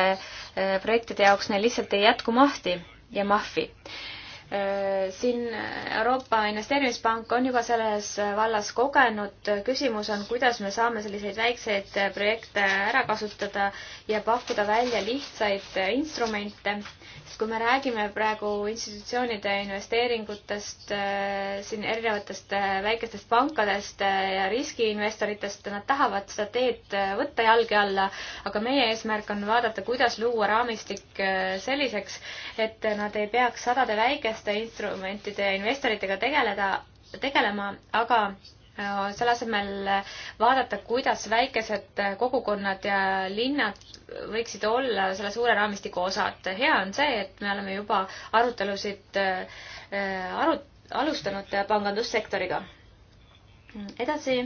projektide jaoks neil lihtsalt ei jätku mahti ja mahvi. Äh, siin Euroopa Investeerimispank on juba selles vallas kogenud. küsimus on, kuidas me saame selliseid väikseid projekte ära kasutada ja pakkuda välja lihtsaid instrumente. sest kui me räägime praegu institutsioonide investeeringutest, äh, siin erinevatest äh, väikestest pankadest ja riskiinvestoritest, nad tahavad seda teed võtta jalge alla, aga meie eesmärk on vaadata, kuidas luua raamistik selliseks, et nad ei peaks sadade väikeste salaste instrumentide ja investoritega tegeleda, tegelema, aga äh, selle asemel vaadata, kuidas väikesed kogukonnad ja linnad võiksid olla selle suure raamistiku osad. hea on see, et me oleme juba arutelusid äh, aru-, alustanud pangandussektoriga. edasi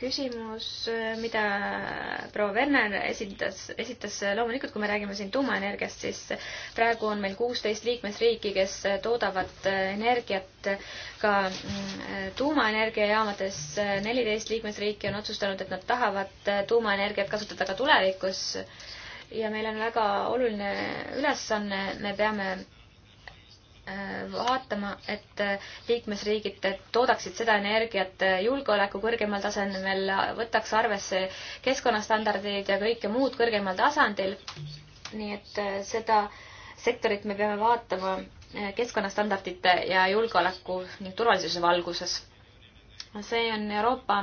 küsimus, mida proua Werner esitas, esitas loomulikult, kui me räägime siin tuumaenergiast, siis praegu on meil kuusteist liikmesriiki, kes toodavad energiat ka mm, tuumaenergiajaamades. neliteist liikmesriiki on otsustanud, et nad tahavad tuumaenergiat kasutada ka tulevikus. ja meil on väga oluline ülesanne, me peame Äh, vaatama, et äh, liikmesriigid toodaksid seda energiat äh, julgeoleku kõrgemal tasemel, võtaks arvesse keskkonnastandardeid ja kõike muud kõrgemal tasandil. nii et seda sektorit me peame vaatama keskkonnastandardite ja julgeoleku ning turvalisuse valguses. see on Euroopa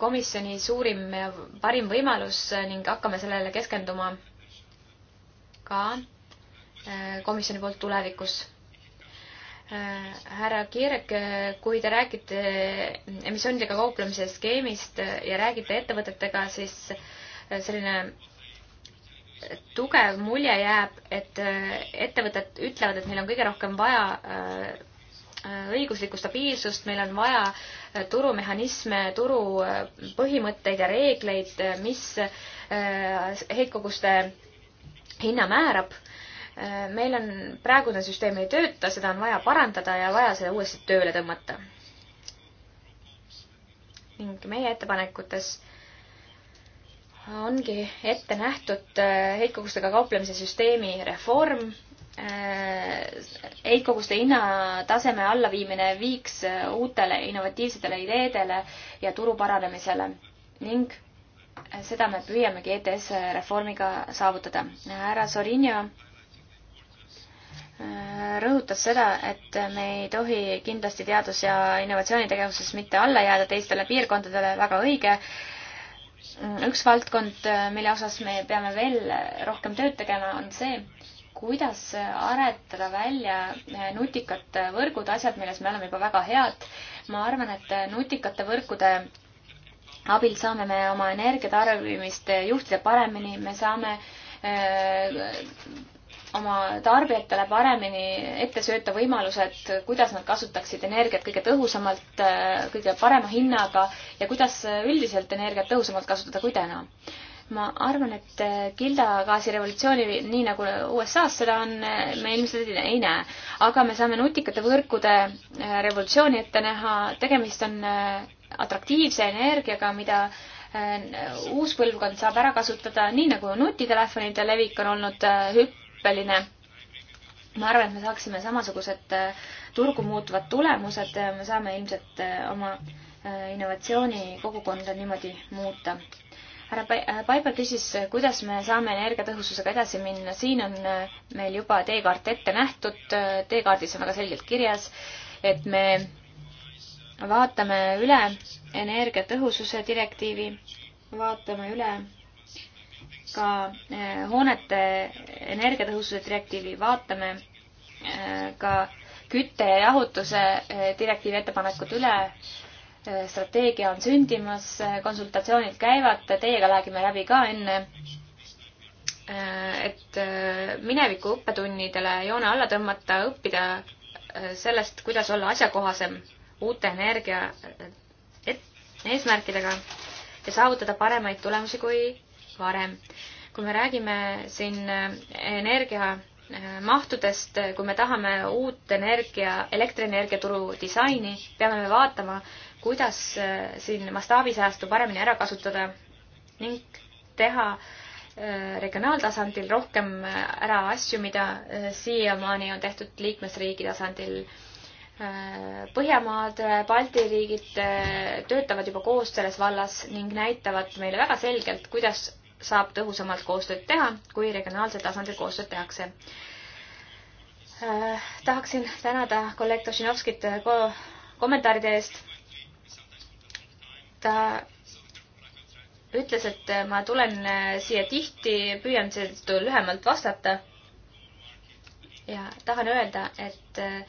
Komisjoni suurim ja parim võimalus ning hakkame sellele keskenduma ka komisjoni poolt tulevikus Äh, härra Kirk, äh, kui te räägite äh, emissioonidega kauplemise skeemist ja räägite ettevõtetega, siis selline tugev mulje jääb, et ettevõtted ütlevad, et meil on kõige rohkem vaja õiguslikku stabiilsust, meil on vaja turumehhanisme, turu põhimõtteid ja reegleid, mis heitkoguste hinna määrab Äh, meil on, praegune süsteem ei tööta, seda on vaja parandada ja vaja see uuesti tööle tõmmata. ning meie ettepanekutes ongi ette nähtud äh, heitkogustega kauplemise süsteemi reform, äh, heitkoguste hinnataseme allaviimine viiks uutele innovatiivsetele ideedele ja turu paranemisele ning seda me püüamegi ETS reformiga saavutada. härra Sorinio rõhutas seda, et me ei tohi kindlasti teadus- ja innovatsioonitegevuses mitte alla jääda teistele piirkondadele, väga õige. üks valdkond, mille osas me peame veel rohkem tööd tegema, on see, kuidas aretada välja nutikad võrgud, asjad, milles me oleme juba väga head. ma arvan, et nutikate võrkude abil saame me oma energiatarbimist juhtida paremini, me saame äh, oma tarbijatele paremini ette sööta võimalused, kuidas nad kasutaksid energiat kõige tõhusamalt, äh, kõige parema hinnaga ja kuidas äh, üldiselt energiat tõhusamalt kasutada kui täna. ma arvan, et Gilda äh, gaasirevolutsiooni, nii nagu USA-s seda on, me ilmselt ei näe. aga me saame nutikate võrkude revolutsiooni ette näha, tegemist on atraktiivse energiaga, mida uus põlvkond saab ära kasutada, nii nagu nutitelefonide levik on olnud hüpp, hüppeline. ma arvan, et me saaksime samasugused äh, turgu muutvad tulemused, äh, me saame ilmselt äh, oma innovatsioonikogukonda niimoodi muuta. härra Paiber küsis, kuidas me saame energiatõhususega edasi minna, siin on meil juba teekaart ette nähtud, teekaardis on väga selgelt kirjas, et me vaatame üle energiatõhususe direktiivi, vaatame üle ka eh, hoonete energiatõhususe direktiivi, vaatame eh, ka kütte ja jahutuse eh, direktiivi ettepanekud üle. strateegia on sündimas, konsultatsioonid käivad, teiega räägime läbi ka enne. et mineviku õppetunnidele joone alla tõmmata, õppida sellest, kuidas olla asjakohasem uute energia eesmärkidega ja saavutada paremaid tulemusi kui varem. kui me räägime siin äh, energia äh, mahtudest, äh, kui me tahame uut energia, elektrienergiaturu disaini, peame me vaatama, kuidas siin mastaabisäästu paremini ära kasutada ning teha regionaaltasandil rohkem ära asju, mida siiamaani on tehtud liikmesriigi tasandil. Põhjamaad, Balti riigid töötavad juba koos selles vallas ning näitavad meile väga selgelt, kuidas saab tõhusamalt koostööd teha, kui regionaalsel tasandil koostööd tehakse äh,. tahaksin tänada kolleeg Tošinovskit äh, ko kommentaaride eest. ta ütles, et äh, ma tulen äh, siia tihti, püüan seetõttu lühemalt vastata. ja tahan öelda, et äh,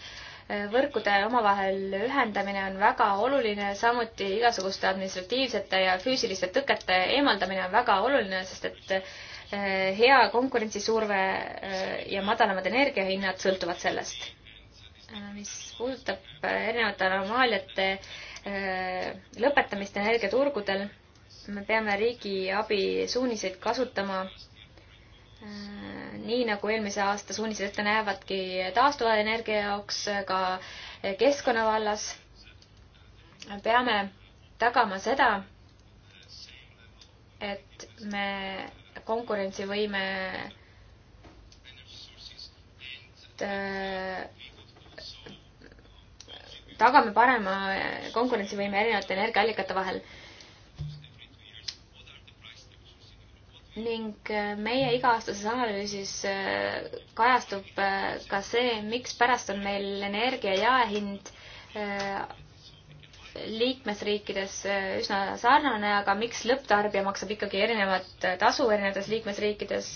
võrkude omavahel ühendamine on väga oluline, samuti igasuguste administratiivsete ja füüsiliste tõkete eemaldamine on väga oluline, sest et eh, hea konkurentsisurve eh, ja madalamad energiahinnad sõltuvad sellest. Eh, mis puudutab erinevate anomaaliate lõpetamist energiaturgudel, me peame riigi abisuuniseid kasutama nii nagu eelmise aasta suunised ette näevadki taastuva energia jaoks ka keskkonna vallas. peame tagama seda, et me konkurentsivõime äh, tagame parema konkurentsivõime erinevate energiaallikate vahel ning äh, meie iga-aastases analüüsis äh, kajastub äh, ka see, mikspärast on meil energia jaehind liikmesriikides üsna sarnane, aga miks lõpptarbija maksab ikkagi erinevat tasu erinevates liikmesriikides.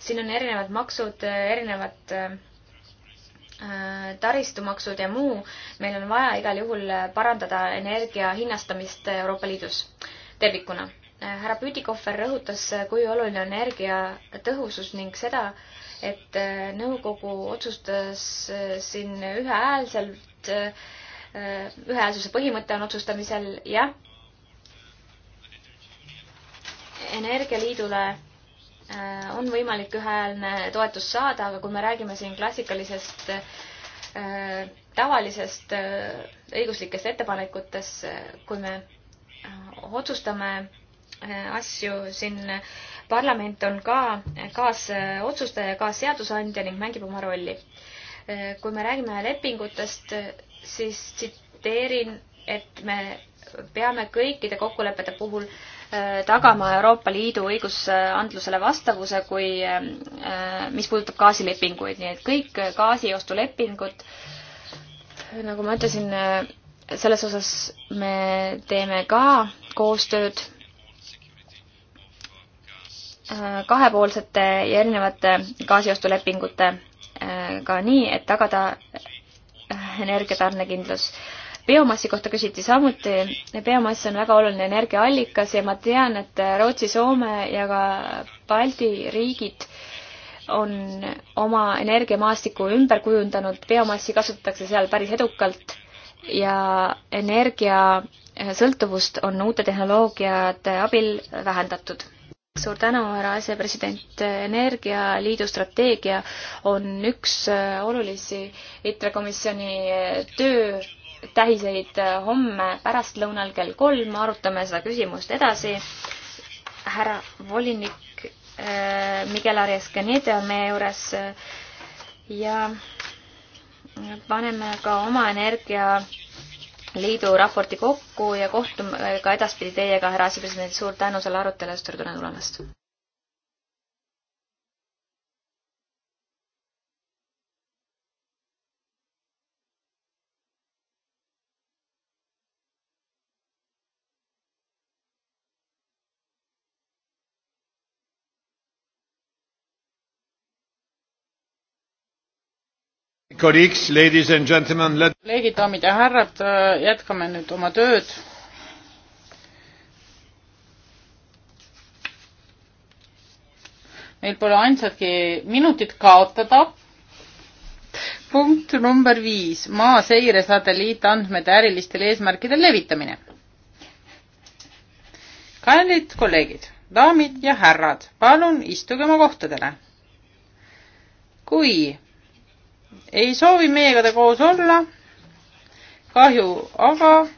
siin on erinevad maksud, erinevad taristumaksud ja muu. meil on vaja igal juhul parandada energia hinnastamist Euroopa Liidus tervikuna härra Püdikohver rõhutas, kui oluline on energiatõhusus ning seda, et äh, nõukogu otsustas äh, siin ühehäälselt, äh, ühehäälsuse põhimõte on otsustamisel jah, energialiidule on võimalik ühehäälne toetus saada, aga kui me räägime siin klassikalisest tavalisest õiguslikest ettepanekutest, kui me otsustame Äh, asju siin parlament on ka kaasotsustaja, kaasseadusandja ning mängib oma rolli. Äh, kui me räägime lepingutest, siis tsiteerin, et me peame kõikide kokkulepete puhul äh, tagama Euroopa Liidu õigusandlusele vastavuse, kui, mis puudutab gaasilepinguid, nii et kõik gaariostulepingud, nagu ma ütlesin, selles osas me teeme ka koostööd Äh, kahepoolsete ja erinevate gaasiostulepingutega äh, nii, et tagada äh, energiatarnekindlus. biomassi kohta küsiti samuti, biomass on väga oluline energiaallikas ja ma tean, et Rootsi, Soome ja ka Balti riigid on oma energiamaastiku ümber kujundanud, biomassi kasutatakse seal päris edukalt ja energia sõltuvust on uute tehnoloogiate abil vähendatud suur tänu, härra asepresident. energialiidu strateegia on üks äh, olulisi ITRE komisjoni äh, töö tähiseid äh, homme pärastlõunal kell kolm. arutame seda küsimust edasi. härra volinik äh, Miguel Arias Canete on meie juures ja paneme ka oma energia Liidu raporti kokku ja kohtume ka edaspidi teiega, härra asepresident, suur tänu selle arutelu eest, tere tulemast! kolleegid, daamid ja härrad, jätkame nüüd oma tööd. meil pole ainsatki minutit kaotada. punkt number viis, maaseire satelliitandmete ärilistel eesmärkidel levitamine. kallid kolleegid, daamid ja härrad, palun istuge oma kohtadele. kui ei soovi meiega ta koos olla. kahju, aga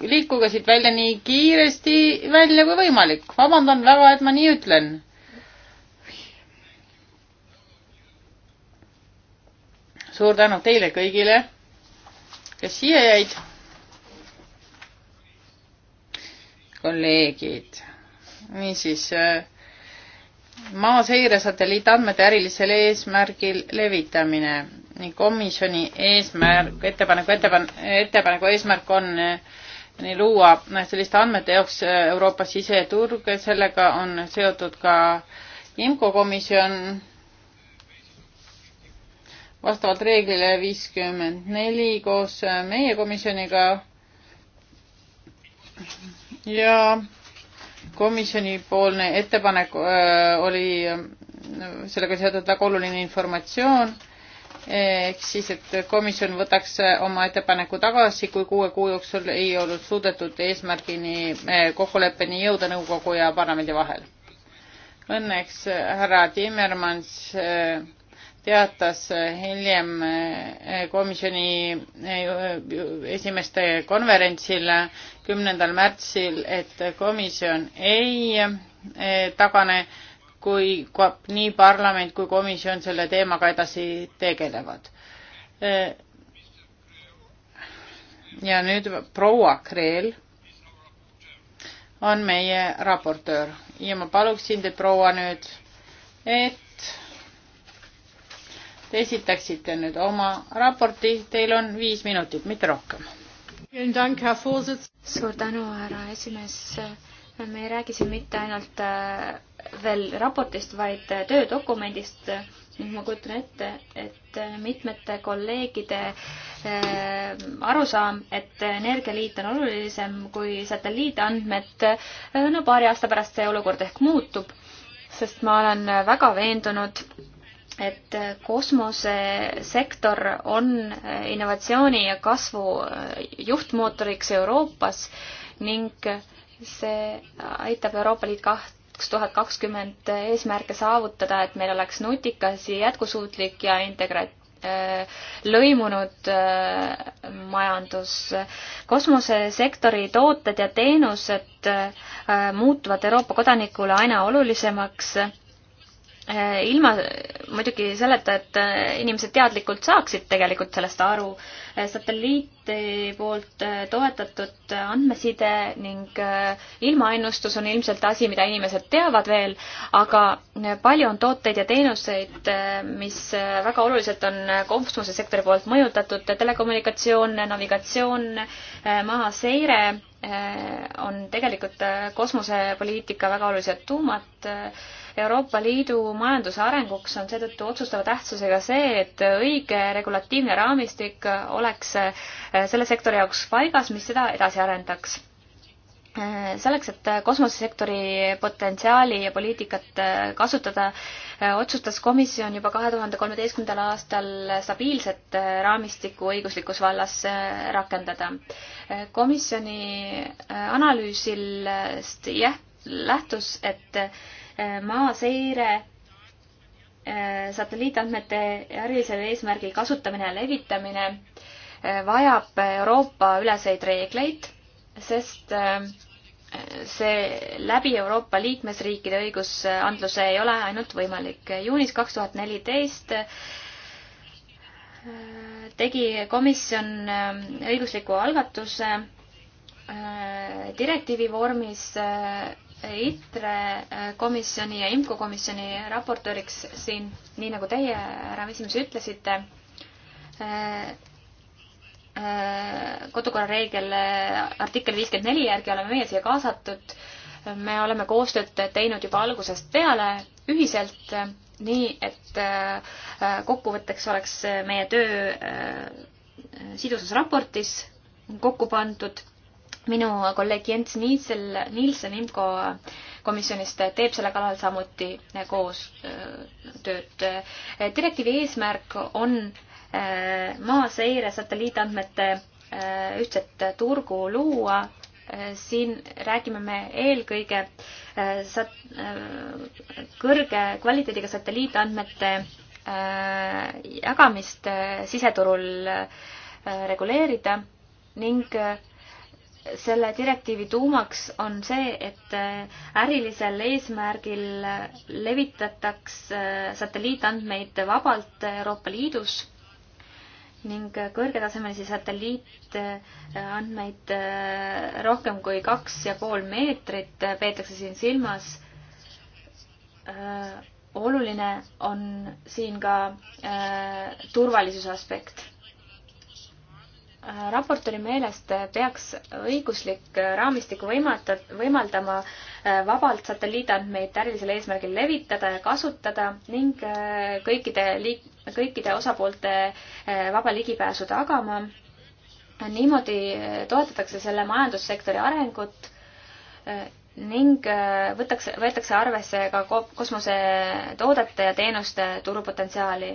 liikuge siit välja nii kiiresti välja kui võimalik. vabandan väga, et ma nii ütlen. suur tänu teile kõigile, kes siia jäid. kolleegid, niisiis äh, maaseire satelliitandmete ärilisel eesmärgil levitamine ning komisjoni eesmärk, ettepaneku, ettepaneku eesmärk on nii eh, luua selliste andmete jaoks eh, Euroopa siseturg, sellega on seotud ka IMCO komisjon vastavalt reeglile viiskümmend neli koos eh, meie komisjoniga ja komisjonipoolne ettepanek äh, oli äh, sellega seotud väga oluline informatsioon, ehk siis, et komisjon võtaks äh, oma ettepaneku tagasi, kui kuue kuu jooksul ei olnud suudetud eesmärgini, kokkuleppeni jõuda nõukogu ja parlamendi vahel. Õnneks härra Timmermans teatas hiljem eh, komisjoni eh, esimeste konverentsil kümnendal märtsil, et komisjon ei eh, tagane, kui nii parlament kui komisjon selle teemaga edasi tegelevad. ja nüüd proua Kreel on meie raportöör ja ma paluksin teid, proua, nüüd, et esitaksite nüüd oma raporti, teil on viis minutit, mitte rohkem. suur tänu, härra esimees. me ei räägi siin mitte ainult äh, veel raportist, vaid äh, töödokumendist ning ma kujutan ette, et äh, mitmete kolleegide arusaam, et energialiit on olulisem kui satelliidandmed, no paari aasta pärast see olukord ehk muutub, sest ma olen väga veendunud, et äh, kosmosesektor on äh, innovatsiooni ja kasvu äh, juhtmootoriks Euroopas ning see aitab Euroopa Liit kaks tuhat kakskümmend eesmärke saavutada, et meil oleks nutikas ja jätkusuutlik ja integra-, lõimunud majandus. kosmosesektori tooted ja teenused muutuvad Euroopa kodanikule aina olulisemaks Äh, ilma muidugi selleta, et äh, inimesed teadlikult saaksid tegelikult sellest aru, äh, satelliiti poolt toetatud andmeside ning ilmaennustus on ilmselt asi, mida inimesed teavad veel, aga palju on tooteid ja teenuseid, mis väga oluliselt on kosmosesektori poolt mõjutatud, telekommunikatsioon, navigatsioon, maaseire on tegelikult kosmosepoliitika väga olulised tuumad Euroopa Liidu majanduse arenguks on seetõttu otsustava tähtsusega see, et õige regulatiivne raamistik oleks eh, selle sektori jaoks paigas, mis seda edasi arendaks eh, selleks, et kosmosesektori potentsiaali ja poliitikat eh, kasutada, otsustas komisjon juba kahe tuhande kolmeteistkümnendal aastal stabiilset raamistikku õiguslikus vallas rakendada. komisjoni analüüsil lähtus, et maaseire, äh, satelliitandmete ärilisel eesmärgil kasutamine ja levitamine äh, vajab Euroopa üleseid reegleid, sest äh, see läbi Euroopa liikmesriikide õigusandluse ei ole ainult võimalik. juunis kaks tuhat neliteist tegi komisjon õigusliku algatuse direktiivi vormis ITRE eh, komisjoni ja IMCO komisjoni raportööriks siin, nii nagu teie, härra esimees, ütlesite eh, eh, kodukorra reegel artikkel viiskümmend neli järgi oleme meie siia kaasatud. me oleme koostööd teinud juba algusest peale ühiselt, nii et kokkuvõtteks oleks meie töö sidususraportis kokku pandud minu kolleeg Jens Niisel, Nielsen IMCO komisjonist teeb selle kallal samuti äh, koos äh, tööd. Äh, direktiivi eesmärk on maaseire satelliitandmete ühtset turgu luua. siin räägime me eelkõige sat-, kõrge kvaliteediga satelliitandmete jagamist siseturul reguleerida ning selle direktiivi tuumaks on see, et äh, ärilisel eesmärgil levitataks äh, satelliitandmeid vabalt Euroopa Liidus ning kõrgetasemelisi satelliitandmeid äh, rohkem kui kaks ja pool meetrit peetakse siin silmas. oluline on siin ka turvalisuse aspekt raportori meelest peaks õiguslik raamistik võimata, võimaldama äh, vabalt satelliitandmeid ärilisel eesmärgil levitada ja kasutada ning äh, kõikide liik-, kõikide osapoolte äh, vaba ligipääsu tagama. niimoodi toetatakse selle majandussektori arengut ning võtakse, võetakse arvesse ka kosmosetoodete ja teenuste turupotentsiaali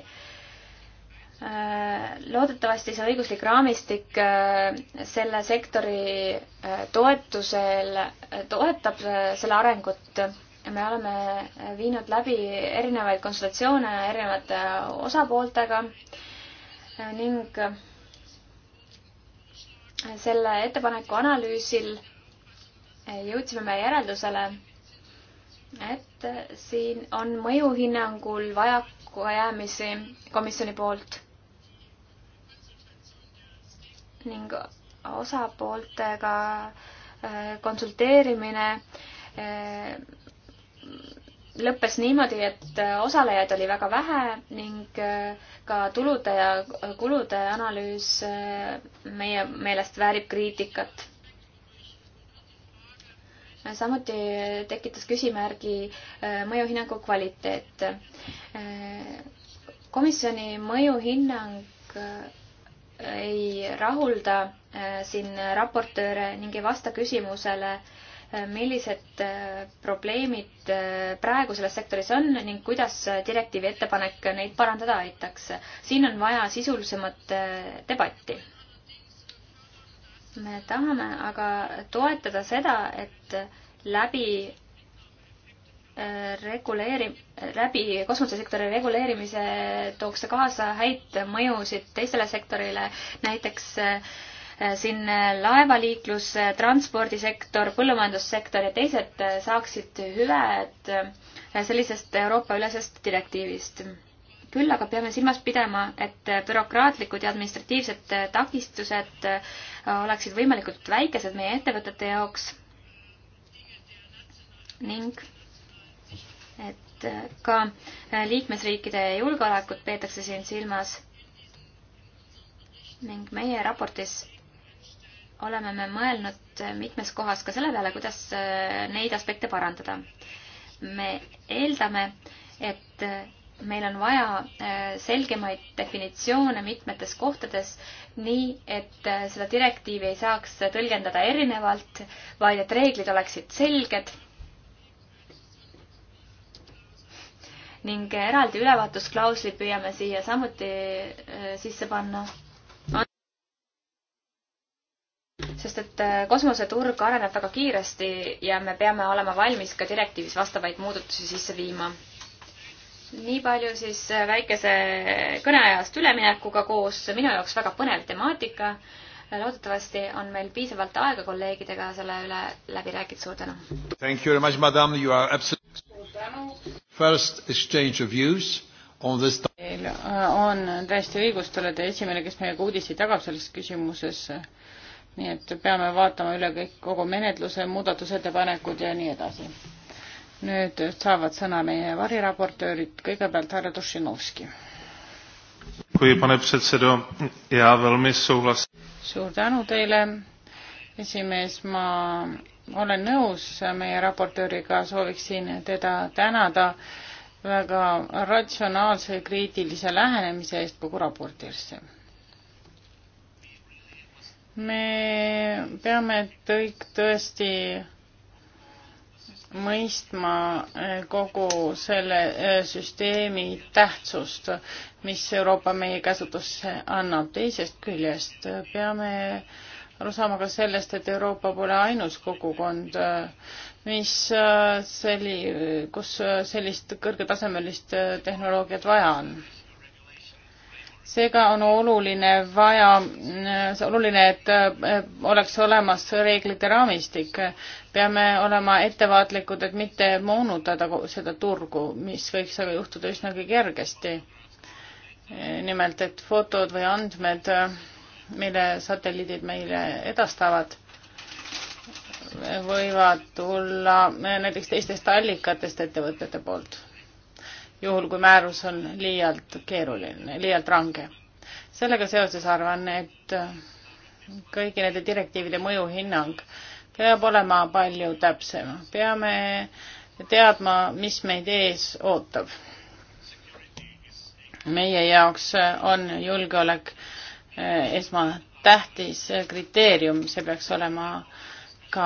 loodetavasti see õiguslik raamistik äh, selle sektori äh, toetusel äh, toetab selle arengut. me oleme viinud läbi erinevaid konsultatsioone erinevate osapooltega ning selle ettepaneku analüüsil jõudsime me järeldusele, et siin on mõjuhinnangul vajakajäämisi komisjoni poolt ning osapooltega äh, konsulteerimine äh, lõppes niimoodi, et äh, osalejaid oli väga vähe ning ka tulude ja kulude analüüs meie meelest väärib kriitikat. samuti tekitas küsimärgi mõjuhinnangu kvaliteet. komisjoni mõjuhinnang ei rahulda äh, siin raportööre ning ei vasta küsimusele, äh, millised äh, probleemid praegu selles sektoris on ning kuidas direktiivi ettepanek neid parandada aitaks. siin on vaja sisulisemat debatti. me tahame aga toetada seda, et läbi reguleeri-, läbi kosmosesektori reguleerimise tooks see kaasa häid mõjusid teistele sektorile, näiteks äh, siin laevaliiklus, transpordisektor, põllumajandussektor ja teised saaksid hüved äh, sellisest Euroopa-ülesest direktiivist. küll aga peame silmas pidama, et bürokraatlikud ja administratiivsed takistused äh, oleksid võimalikult väikesed meie ettevõtete jaoks ning et ka liikmesriikide julgeolekut peetakse siin silmas ning meie raportis oleme me mõelnud mitmes kohas ka selle peale, kuidas äh, neid aspekte parandada. me eeldame, et äh, meil on vaja äh, selgemaid definitsioone mitmetes kohtades, nii et seda direktiivi ei saaks tõlgendada erinevalt, vaid et reeglid oleksid selged ning eraldi ülevaatusklausli püüame siia samuti äh, sisse panna. sest et äh, kosmoseturg areneb väga kiiresti ja me peame olema valmis ka direktiivis vastavaid muudatusi sisse viima. nii palju siis äh, väikese kõneajast üleminekuga koos minu jaoks väga põnev temaatika loodetavasti on meil piisavalt aega kolleegidega selle üle läbi rääkida, suur tänu! suur tänu! first exchange of views on this Teil äh, on täiesti õigus, te olete esimene, kes meiega uudiseid jagab selles küsimuses. nii et peame vaatama üle kõik, kogu menetluse, muudatusettepanekud ja nii edasi. nüüd saavad sõna meie variraportöörid, kõigepealt härra Dušinovski. suur tänu teile, esimees, ma olen nõus meie raportööriga, sooviksin teda tänada väga ratsionaalse kriitilise lähenemise eest kogu raportisse. me peame kõik tõesti mõistma kogu selle eh, süsteemi tähtsust, mis Euroopa meie käsutusse annab. teisest küljest peame äh, aru saama ka sellest, et Euroopa pole ainus kogukond, mis äh, selli-, kus äh, sellist kõrgetasemelist äh, tehnoloogiat vaja on. seega on oluline vaja, oluline, et oleks olemas reeglite raamistik. peame olema ettevaatlikud, et mitte moonutada seda turgu, mis võiks aga juhtuda üsnagi kergesti. nimelt, et fotod või andmed mille satelliidid meile edastavad, võivad tulla näiteks teistest allikatest ettevõtete poolt, juhul kui määrus on liialt keeruline, liialt range. sellega seoses arvan, et kõigi nende direktiivide mõjuhinnang peab olema palju täpsem. peame teadma, mis meid ees ootab. meie jaoks on julgeolek Eh, esmatähtis kriteerium, see peaks olema ka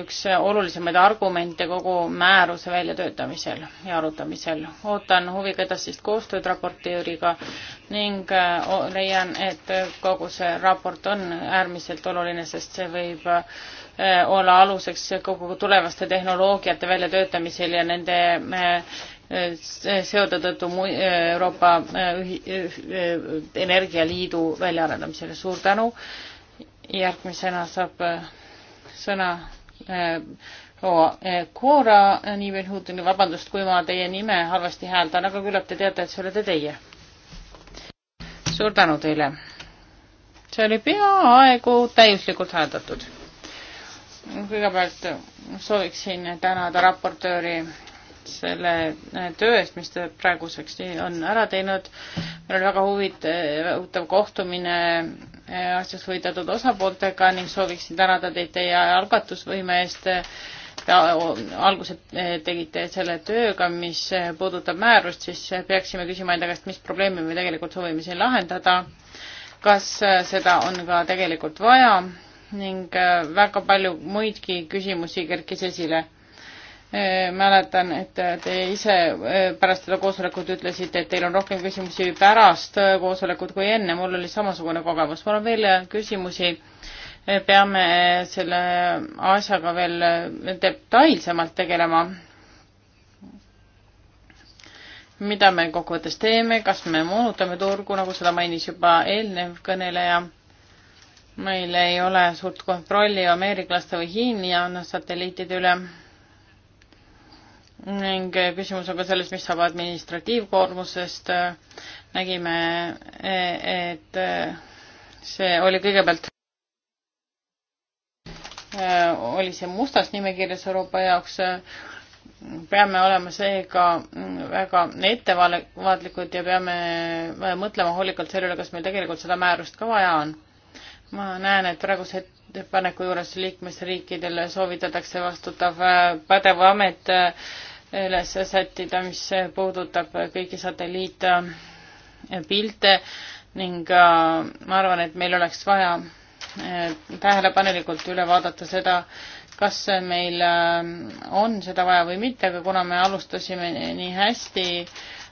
üks olulisemaid argumente kogu määruse väljatöötamisel ja arutamisel. ootan huviga edasist koostööd raportööriga ning eh, leian, et kogu see raport on äärmiselt oluline, sest see võib eh, olla aluseks kogu tulevaste tehnoloogiate väljatöötamisel ja nende Eh, seoda tõttu eh, Euroopa eh, Energialiidu väljaarendamisele. suur tänu. järgmisena saab sõna proua Koora Niivel-Hutini, vabandust, kui ma teie nime halvasti hääldan, aga küllap te teate, et see olete teie. suur tänu teile. see oli peaaegu täiuslikult hääldatud. kõigepealt sooviksin tänada raportööri selle äh, töö eest, mis te praeguseks on ära teinud. meil oli väga huvitav, äh, huvitav kohtumine äh, asjast huvitatud osapooltega ning sooviksin tänada teid teie algatusvõime eest. Te alguse tegite selle tööga, mis puudutab määrust, siis peaksime küsima enda käest, mis probleemi me tegelikult soovime siin lahendada. kas seda on ka tegelikult vaja ning väga palju muidki küsimusi kerkis esile Äh, mäletan, et äh, te ise äh, pärast seda koosolekut ütlesite, et teil on rohkem küsimusi pärast koosolekut kui enne, mul oli samasugune kogemus, mul on veel küsimusi, peame selle asjaga veel detailsemalt tegelema. mida me kokkuvõttes teeme, kas me moonutame turgu, nagu seda mainis juba eelnev kõneleja meil ei ole suurt kontrolli ameeriklaste või Hiina satelliitide üle ning küsimus on ka selles, mis saab administratiivkoormusest. nägime, et see oli kõigepealt, oli see mustas nimekirjas Euroopa jaoks. peame olema seega väga ettevaatlikud ja peame mõtlema hoolikalt selle üle, kas meil tegelikult seda määrust ka vaja on. ma näen, et praeguse ettepaneku juures liikmesriikidele soovitatakse vastutav pädev amet äh, üles sättida, mis puudutab kõiki satelliitpilte eh, ning äh, ma arvan, et meil oleks vaja äh, tähelepanelikult üle vaadata seda, kas meil äh, on seda vaja või mitte, aga kuna me alustasime nii hästi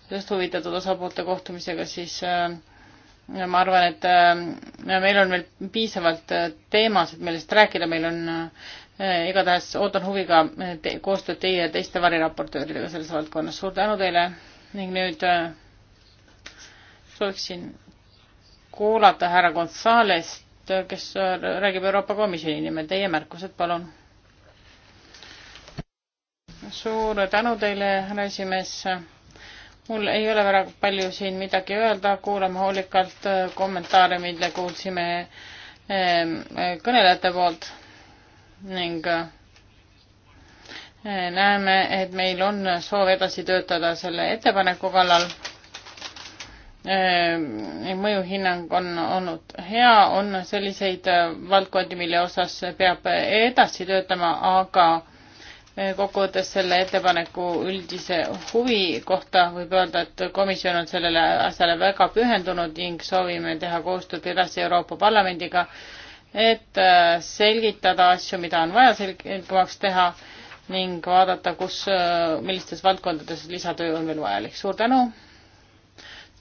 sellest huvitatud osapoolte kohtumisega, siis ma arvan, et meil on veel piisavalt teemasid, millest rääkida, meil on Eh, igatahes ootan huviga eh, te, koostööd teie ja teiste variraportööridega selles valdkonnas. suur tänu teile ning nüüd eh, sooviksin kuulata härra Gonzalest, kes räägib Euroopa Komisjoni nimel. Teie märkused, palun. suur tänu teile, härra esimees. mul ei ole väga palju siin midagi öelda, kuulame hoolikalt kommentaare, mille kuulsime kõnelejate poolt ning äh, näeme, et meil on soov edasi töötada selle ettepaneku kallal. Äh, mõjuhinnang on olnud hea, on selliseid äh, valdkondi, mille osas peab edasi töötama, aga kokkuvõttes selle ettepaneku üldise huvi kohta võib öelda, et komisjon on sellele asjale väga pühendunud ning soovime teha koostööd edasi Euroopa Parlamendiga et äh, selgitada asju, mida on vaja selgemaks teha ning vaadata, kus, äh, millistes valdkondades lisatöö on veel vajalik. suur tänu!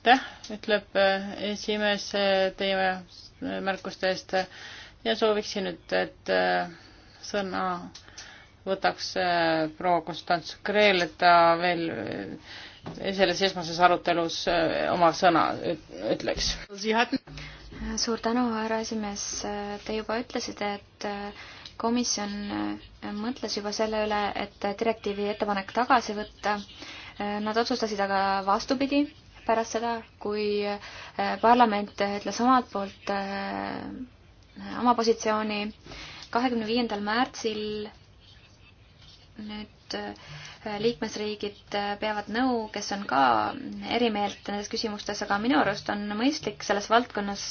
aitäh, ütleb äh, esimees teie märkuste eest ja sooviksin nüüd, et sõna võtaks proua Konstants Kreel, et ta veel selles esmases arutelus oma sõna ütleks suur tänu, härra esimees. Te juba ütlesite, et äh, komisjon äh, mõtles juba selle üle, et äh, direktiivi ettepanek tagasi võtta. Nad otsustasid aga vastupidi pärast seda, kui parlament ütles omalt poolt oma positsiooni kahekümne viiendal märtsil nüüd paljud äh, liikmesriigid äh, peavad nõu, kes on ka eri meelt nendes küsimustes, aga minu arust on mõistlik selles valdkonnas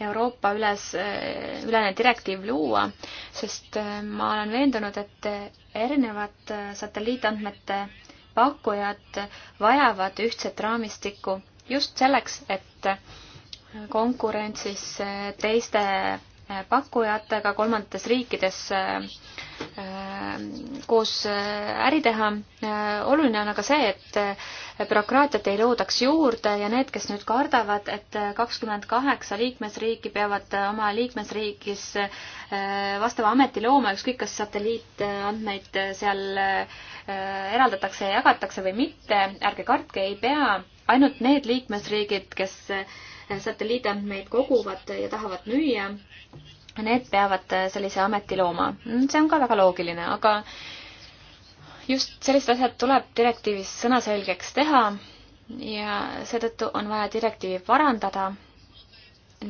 Euroopa üles, äh, ülene direktiiv luua, sest ma olen veendunud, et erinevad satelliitandmete pakkujad vajavad ühtset raamistikku just selleks, et konkurentsis teiste pakkujatega kolmandates riikides äh, koos äh, äri teha. Äh, oluline on aga see, et bürokraatiat ei loodaks juurde ja need, kes nüüd kardavad, et kakskümmend kaheksa liikmesriiki peavad oma liikmesriigis vastava ameti looma, ükskõik kas satelliitandmeid seal eraldatakse ja jagatakse või mitte, ärge kartke, ei pea ainult need liikmesriigid, kes satelliidandmeid koguvad ja tahavad müüa, need peavad sellise ameti looma. see on ka väga loogiline, aga just sellised asjad tuleb direktiivis sõnaselgeks teha ja seetõttu on vaja direktiivi parandada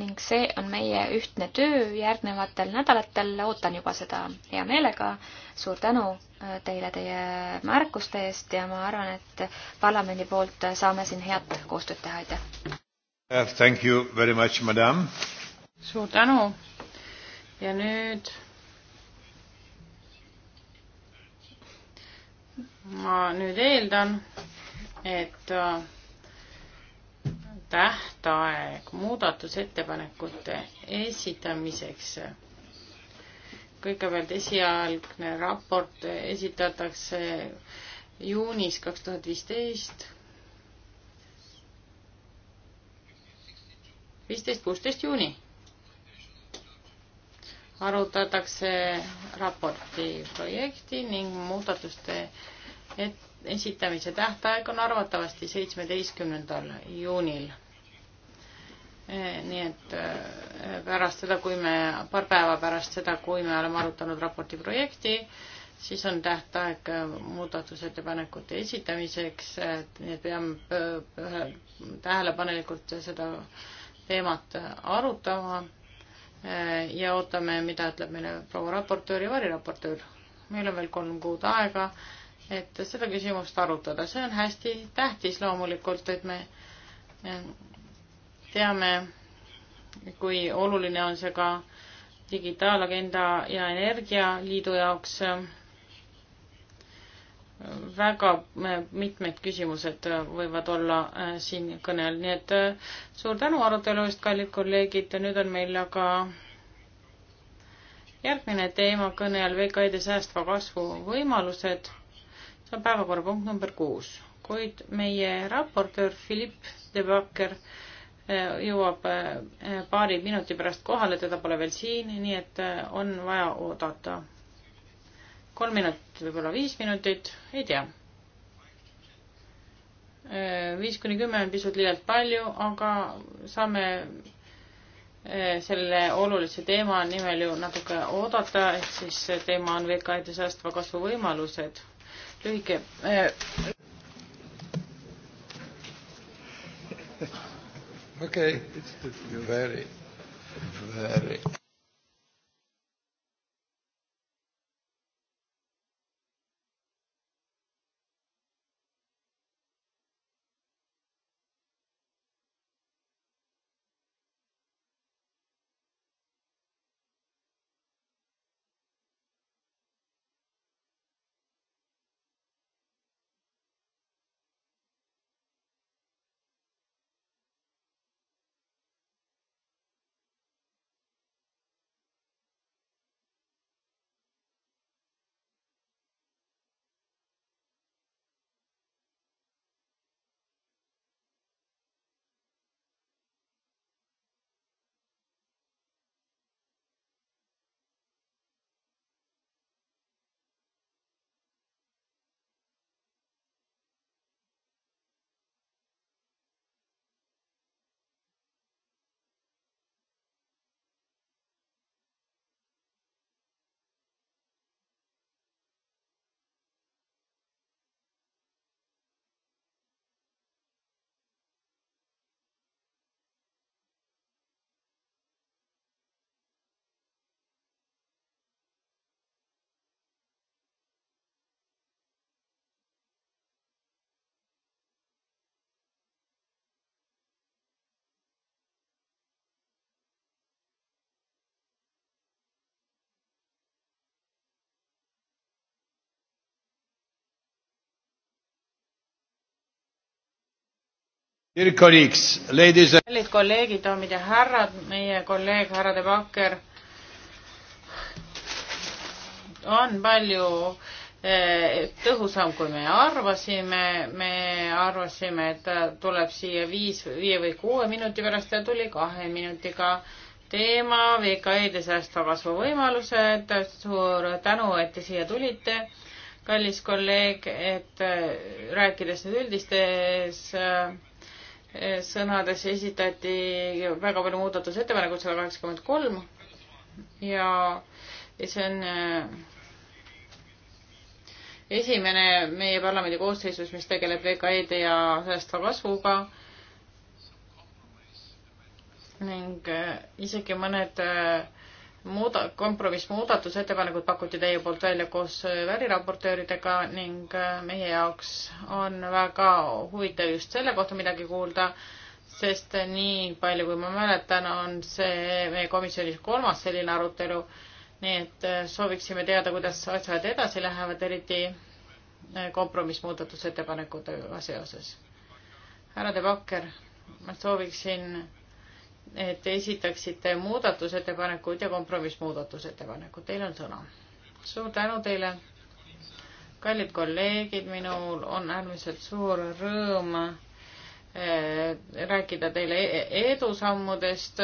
ning see on meie ühtne töö järgnevatel nädalatel, ootan juba seda hea meelega. suur tänu äh, teile teie märkuste eest ja ma arvan, et parlamendi poolt saame siin head koostööd teha, aitäh! Uh, thank you very much, madam. suur tänu ja nüüd ma nüüd eeldan, et äh, tähtaeg muudatusettepanekute esitamiseks. kõigepealt esialgne raport esitatakse juunis kaks tuhat viisteist viisteist, kuusteist juuni arutatakse raporti projekti ning muudatuste et esitamise tähtaeg on arvatavasti seitsmeteistkümnendal juunil. Eh, nii et eh, pärast seda, kui me, paar päeva pärast seda, kui me oleme arutanud raporti projekti, siis on tähtaeg eh, muudatusettepanekute esitamiseks, nii et peame tähelepanelikult seda teemat äh, arutama äh, ja ootame, mida ütleb meile proua raportöör ja variraportöör. meil on veel kolm kuud aega, et seda küsimust arutada. see on hästi tähtis loomulikult, et me äh, teame, kui oluline on see ka digitaalagenda ja energialiidu jaoks väga äh, mitmed küsimused äh, võivad olla äh, siin kõne all, nii et suur tänu arutelu eest, kallid kolleegid, nüüd on meil aga järgmine teema kõne all VKD säästva kasvu võimalused. see on päevakorrapunkt number kuus, kuid meie raportöör Philipp de Backer jõuab paari minuti pärast kohale, teda pole veel siin, nii et on vaja oodata kolm minutit, võib-olla viis minutit, ei tea. Äh, viis kuni kümme on pisut liialt palju, aga saame äh, selle olulise teema nimel ju natuke oodata, ehk siis teema on VKD säästva kasvu võimalused. lühike okei äh. <laughs> okay.. Very, very. kallid kolleegid, daamid ja härrad, meie kolleeg härra De Backer on palju eh, tõhusam, kui me arvasime. me arvasime, et ta tuleb siia viis, viie või kuue minuti pärast ja tuli kahe minutiga. teema VKE-de säästva kasvu võimalused. suur tänu, et te siia tulite, kallis kolleeg, et eh, rääkides nüüd üldistes äh, sõnades esitati väga palju muudatusettepanekuid, sada kaheksakümmend kolm ja see on äh, esimene meie parlamendi koosseisus, mis tegeleb VKE-de ja säästva kasvuga ning äh, isegi mõned äh, muuda-, kompromissmuudatusettepanekud pakuti teie poolt välja koos äh, väliraportööridega ning äh, meie jaoks on väga huvitav just selle kohta midagi kuulda, sest nii palju, kui ma mäletan, on see meie komisjonis kolmas selline arutelu, nii et äh, sooviksime teada, kuidas asjad edasi lähevad, eriti kompromissmuudatusettepanekutega seoses. härra De Backer, ma sooviksin et esitaksite muudatusettepanekuid ja kompromissmuudatusettepanekud. Teil on sõna. suur tänu teile. kallid kolleegid, minul on äärmiselt suur rõõm eh, rääkida teile e-, edusammudest.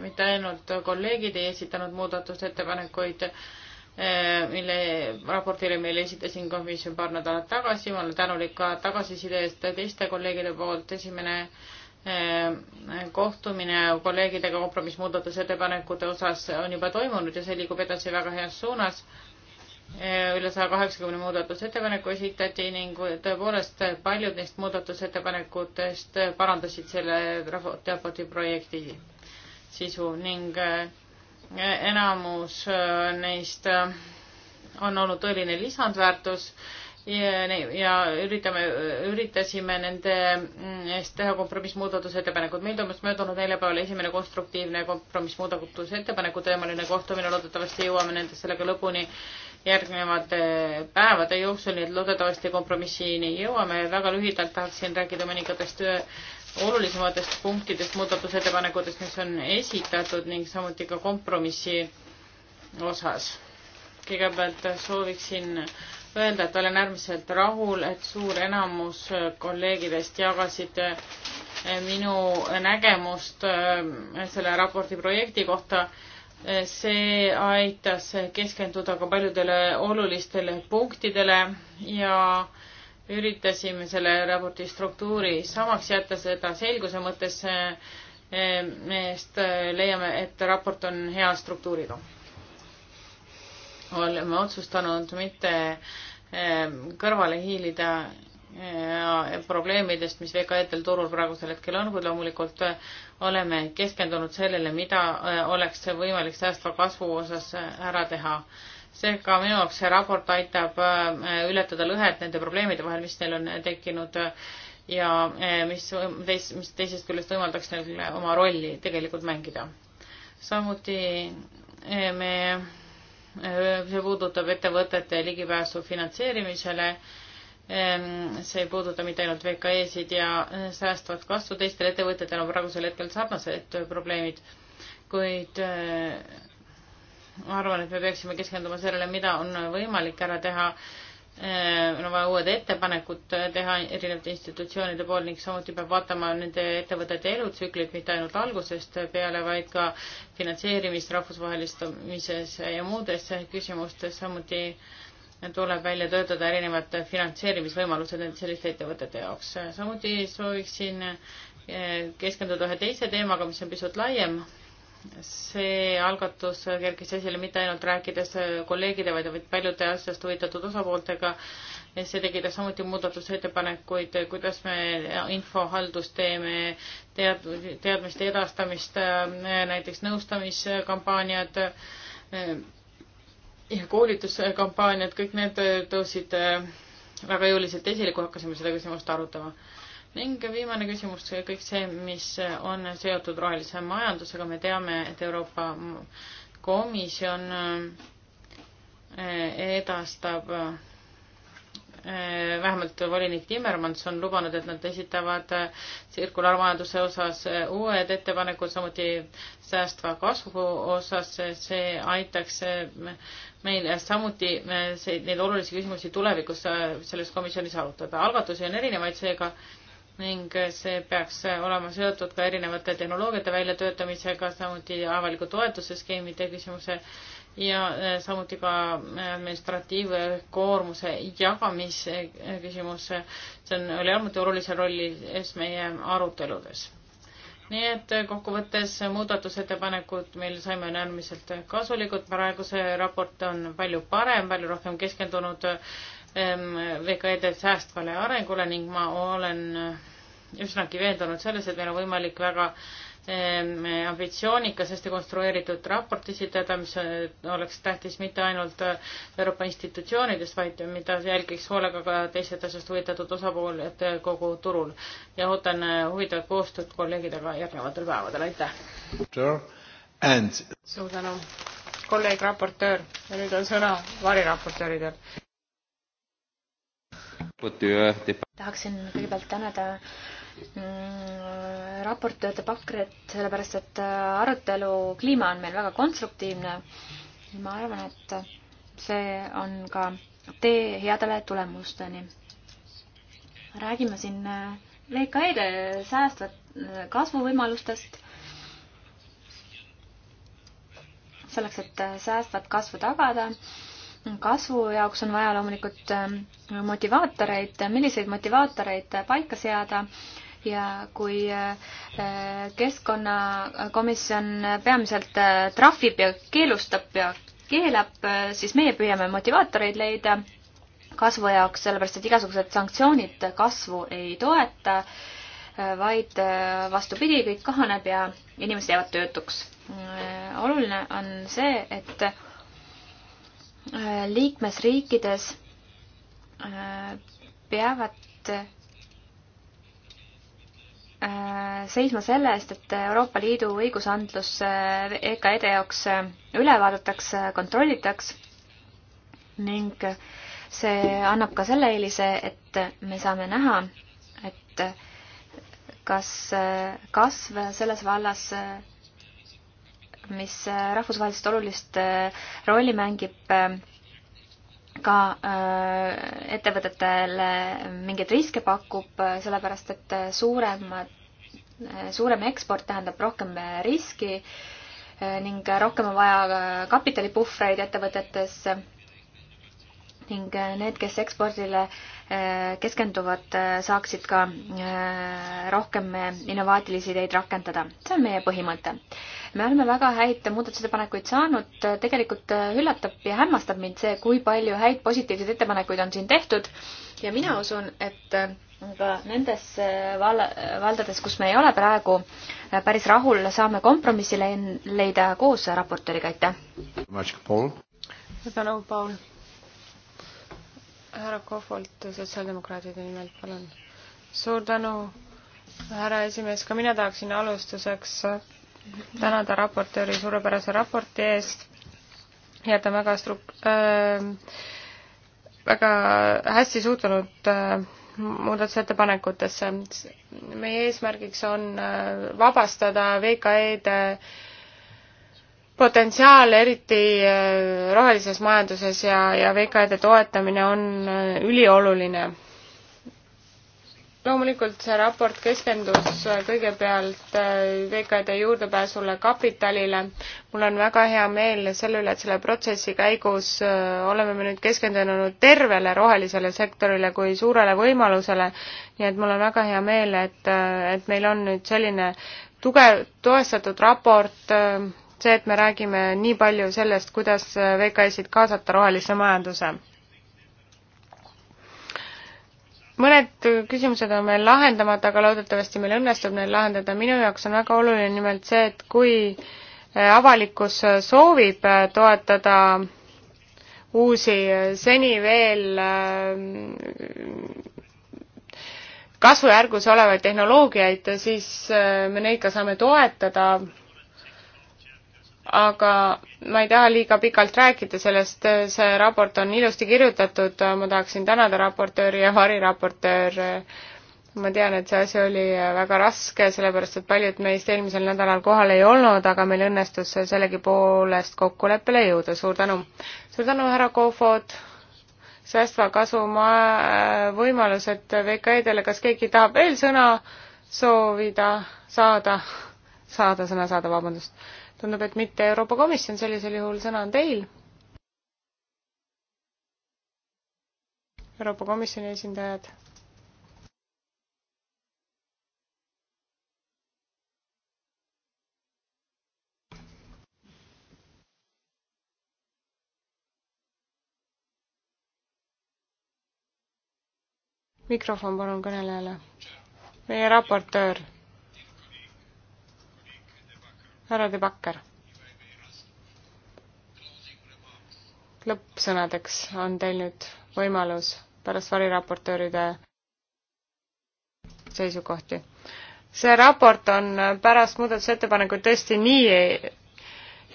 mitte ainult kolleegid ei esitanud muudatusettepanekuid, eh, mille raportile meile esitasin komisjon paar nädalat tagasi. ma olen tänulik ka tagasiside eest teiste kolleegide poolt. esimene äh, Ehm, kohtumine kolleegidega kompromissmuudatusettepanekute osas on juba toimunud ja see liigub edasi väga heas suunas. Ehm, üle saja kaheksakümne muudatusettepaneku esitati ning tõepoolest paljud neist muudatusettepanekutest parandasid selle raporti projekti sisu ning ehm, enamus neist on olnud tõeline lisandväärtus ja, ja üritame, üritasime nende mm, eest teha kompromissmuudatusettepanekud. meil toimus möödunud neljapäeval esimene konstruktiivne kompromissmuudatusettepaneku teemaline kohtumine, loodetavasti jõuame nende sellega lõpuni järgnevate päevade jooksul, nii et loodetavasti kompromissini jõuame. väga lühidalt tahaksin rääkida mõningatest äh, olulisematest punktidest, muudatusettepanekutest, mis on esitatud ning samuti ka kompromissi osas. kõigepealt sooviksin öelda, et olen äärmiselt rahul, et suur enamus kolleegidest jagasid eh, minu nägemust eh, selle raporti projekti kohta. Eh, see aitas keskenduda ka paljudele olulistele punktidele ja üritasime selle raporti struktuuri samaks jätta, seda selguse mõttes meest leiame, et raport on hea struktuuriga oleme otsustanud mitte eh, kõrvale hiilida eh, probleemidest, mis VKE-del turul praegusel hetkel on, kuid loomulikult eh, oleme keskendunud sellele, mida oleks võimalik säästva kasvu osas ära teha. seega minu jaoks see raport aitab ületada lõhet nende probleemide vahel, mis neil on tekkinud ja mis teis-, mis teisest küljest võimaldaks neil oma rolli tegelikult mängida. samuti me see puudutab ettevõtete ligipääsu finantseerimisele. Ehm, see ei puuduta mitte ainult VKE-sid ja eh, säästvat kasvu, teistel ettevõtetel on praegusel hetkel sarnased eh, probleemid, kuid eh, ma arvan, et me peaksime keskenduma sellele, mida on võimalik ära teha Äh, on vaja uued ettepanekud teha erinevate institutsioonide pool ning samuti peab vaatama nende ettevõtete elutsüklit mitte ainult algusest peale, vaid ka finantseerimist rahvusvahelistumises ja muudes küsimustes. samuti tuleb välja töötada erinevad finantseerimisvõimalused selliste ettevõtete jaoks. samuti sooviksin äh, keskenduda ühe teise teemaga, mis on pisut laiem see algatus kerkis esile mitte ainult rääkides kolleegide, vaid paljude asjast huvitatud osapooltega. see tegi ta samuti muudatusettepanekuid, kuidas me infohaldust teeme, tead-, teadmiste edastamist, näiteks nõustamiskampaaniad eh, ja koolituskampaaniad, kõik need tõusid eh, väga jõuliselt esile, kui hakkasime seda küsimust arutama ning viimane küsimus, kõik see, mis on seotud rohelise majandusega, me teame, et Euroopa Komisjon eh, edastab eh, vähemalt volinik Timmermans on lubanud, et nad esitavad eh, tsirkulaarmajanduse osas uued ettepanekud, samuti säästva kasvu osas, see aitaks meil samuti neid olulisi küsimusi tulevikus selles komisjonis arutada. algatusi on erinevaid, seega ning see peaks olema seotud ka erinevate tehnoloogiate väljatöötamisega, samuti avaliku toetuse skeemide küsimuse ja äh, samuti ka äh, administratiivkoormuse jagamise küsimus. see on, oli olnud olulisel rollis meie aruteludes. nii et kokkuvõttes muudatusettepanekud meil saime on äärmiselt kasulikud, praegu see raport on palju parem, palju rohkem keskendunud Ähm, VKD säästvale arengule ning ma olen äh, üsnagi veendunud selles, et meil on võimalik väga ähm, ambitsioonikas, hästi konstrueeritud raport esitada, mis äh, oleks tähtis mitte ainult äh, Euroopa institutsioonidest, vaid mida jälgiks hoolega ka teised asjast huvitatud osapooled kogu turul. ja ootan huvitavat koostööd kolleegidega järgnevatel päevadel, aitäh! suur tänu, kolleeg raportöör ja nüüd on sõna variraportööridel tahaksin kõigepealt tänada mm, raportööde pakret, sellepärast et äh, arutelu kliima on meil väga konstruktiivne. ma arvan, et see on ka tee headele tulemusteni. räägime siin äh, VKE-de säästvat äh, kasvuvõimalustest. selleks, et säästvat kasvu tagada kasvu jaoks on vaja loomulikult äh, motivaatoreid, milliseid motivaatoreid paika seada ja kui äh, keskkonnakomisjon peamiselt äh, trahvib ja keelustab ja keelab, siis meie püüame motivaatoreid leida kasvu jaoks, sellepärast et igasugused sanktsioonid kasvu ei toeta, vaid vastupidi, kõik kahaneb ja inimesed jäävad töötuks. oluline on see, et Äh, liikmesriikides äh, peavad äh, seisma selle eest, et Euroopa Liidu õigusandlus EKD e e jaoks üle vaadatakse, kontrollitaks ning see annab ka selle eelise, et me saame näha, et kas kasv selles vallas mis äh, rahvusvahelist olulist äh, rolli mängib äh, ka ettevõtetele mingeid riske pakub, sellepärast et suuremad, suurem eksport tähendab rohkem riski ning rohkem on vaja kapitalipuhvreid ettevõtetesse ning äh, need, kes ekspordile äh, keskenduvad, äh, saaksid ka rohkem innovaatilisi ideid rakendada. see on meie põhimõte. me oleme väga häid muudatusettepanekuid saanud, tegelikult üllatab ja hämmastab mind see, kui palju häid positiivseid ettepanekuid on siin tehtud ja mina usun, et ka nendes valla, valdades, kus me ei ole praegu päris rahul, saame kompromissi leida koos raportööriga, aitäh! suur tänu, Paul! härra Kohvolt sotsiaaldemokraadide nimel, palun. suur tänu, härra esimees, ka mina tahaksin alustuseks tänada raportööri suurepärase raporti eest ja ta on väga struk- äh,, väga hästi suutnud äh, muudatusettepanekutesse. meie eesmärgiks on äh, vabastada VKE-de äh, potentsiaal, eriti äh, rohelises majanduses ja, ja VKD toetamine on äh, ülioluline. loomulikult see raport keskendus äh, kõigepealt VKD juurdepääsule kapitalile. mul on väga hea meel selle üle, et selle protsessi käigus oleme me nüüd keskendunud tervele rohelisele sektorile kui suurele võimalusele. nii et mul on väga hea meel, et, et meil on nüüd selline tugev, toestatud raport see, et me räägime nii palju sellest, kuidas VKS-id kaasata rohelisse majanduse. mõned küsimused on veel lahendamata, aga loodetavasti meil õnnestub neid lahendada. minu jaoks on väga oluline nimelt see, et kui eh, avalikkus soovib eh, toetada uusi eh, seni veel kasvujärgus olevaid tehnoloogiaid, siis me neid ka saame toetada aga ma ei taha liiga pikalt rääkida sellest, äh, see raport on ilusti kirjutatud, äh, ma tahaksin tänada raportööri ja variraportööre äh, ma tean, et see asi oli väga raske, sellepärast et paljud meist eelmisel nädalal kohal ei olnud, aga meil õnnestus sellegipoolest kokkuleppele jõuda, suur tänu. suur tänu, härra Kofod, säästva kasuma võimalused VKE-dele, kas keegi tahab veel sõna soovida, saada, saada sõna saada, vabandust tundub, et mitte Euroopa Komisjon, sellisel juhul sõna on teil. Euroopa Komisjoni esindajad. mikrofon palun kõnelejale. meie raportöör härra De Backer. lõppsõnadeks on teil nüüd võimalus pärast variraportööride seisukohti. see raport on pärast muudatusettepanekuid tõesti nii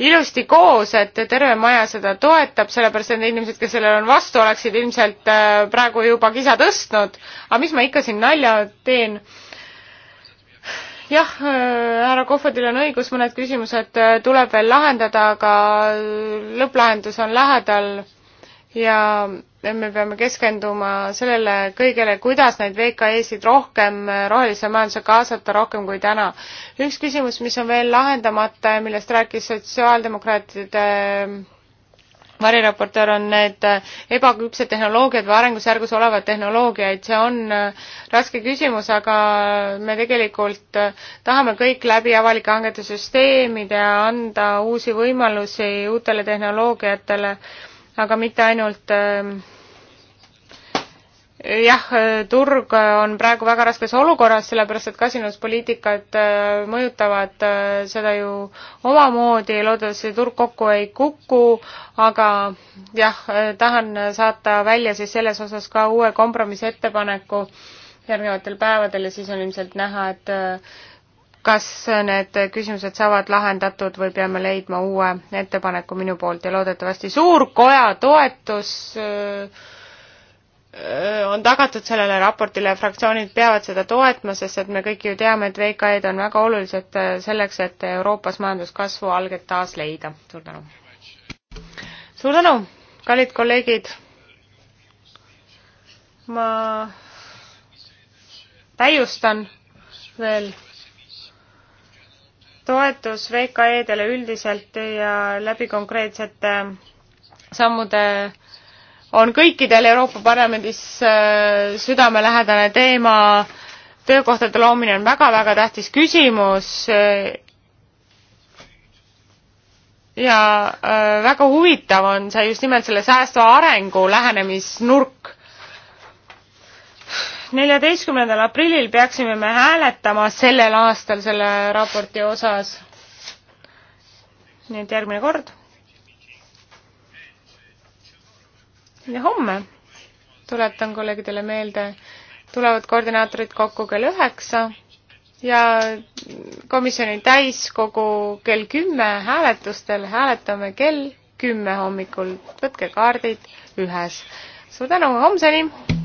ilusti koos, et terve maja seda toetab, sellepärast et need inimesed, kes sellele on vastu, oleksid ilmselt äh, praegu juba kisa tõstnud. aga mis ma ikka siin nalja teen jah, äh, härra Kohvadil on õigus, mõned küsimused äh, tuleb veel lahendada, aga äh, lõpplahendus on lähedal ja me peame keskenduma sellele kõigele, kuidas neid VKE-sid rohkem rohelise majanduse kaasata, rohkem kui täna. üks küsimus, mis on veel lahendamata ja millest rääkis sotsiaaldemokraatide variraportöör on need äh, ebaküpsed tehnoloogiad või arengusjärgus olevad tehnoloogiaid, see on äh, raske küsimus, aga me tegelikult äh, tahame kõik läbi avalike hangete süsteemide anda uusi võimalusi uutele tehnoloogiatele, aga mitte ainult äh, jah, turg on praegu väga raskes olukorras, sellepärast et kasinuspoliitikad äh, mõjutavad äh, seda ju omamoodi, loodetavasti turg kokku ei kuku, aga jah, äh, tahan saata välja siis selles osas ka uue kompromissettepaneku järgnevatel päevadel ja siis on ilmselt näha, et kas need küsimused saavad lahendatud või peame leidma uue ettepaneku minu poolt ja loodetavasti suur koja toetus äh, on tagatud sellele raportile, fraktsioonid peavad seda toetma, sest et me kõik ju teame, et VKE-d on väga olulised äh, selleks, et Euroopas majanduskasvu alget taas leida. suur tänu! suur tänu, kallid kolleegid! ma täiustan veel toetus VKE-dele üldiselt ja läbi konkreetsete sammude on kõikidel Euroopa Parlamendis äh, südamelähedane teema. töökohtade loomine on väga-väga tähtis küsimus. Äh, ja äh, väga huvitav on see just nimelt selle säästva arengu lähenemisnurk. neljateistkümnendal aprillil peaksime me hääletama sellel aastal selle raporti osas. nii et järgmine kord ja homme tuletan kolleegidele meelde, tulevad koordinaatorid kokku kell üheksa ja komisjoni täiskogu kell kümme hääletustel hääletame kell kümme hommikul. võtke kaardid ühes. suur tänu, homseni!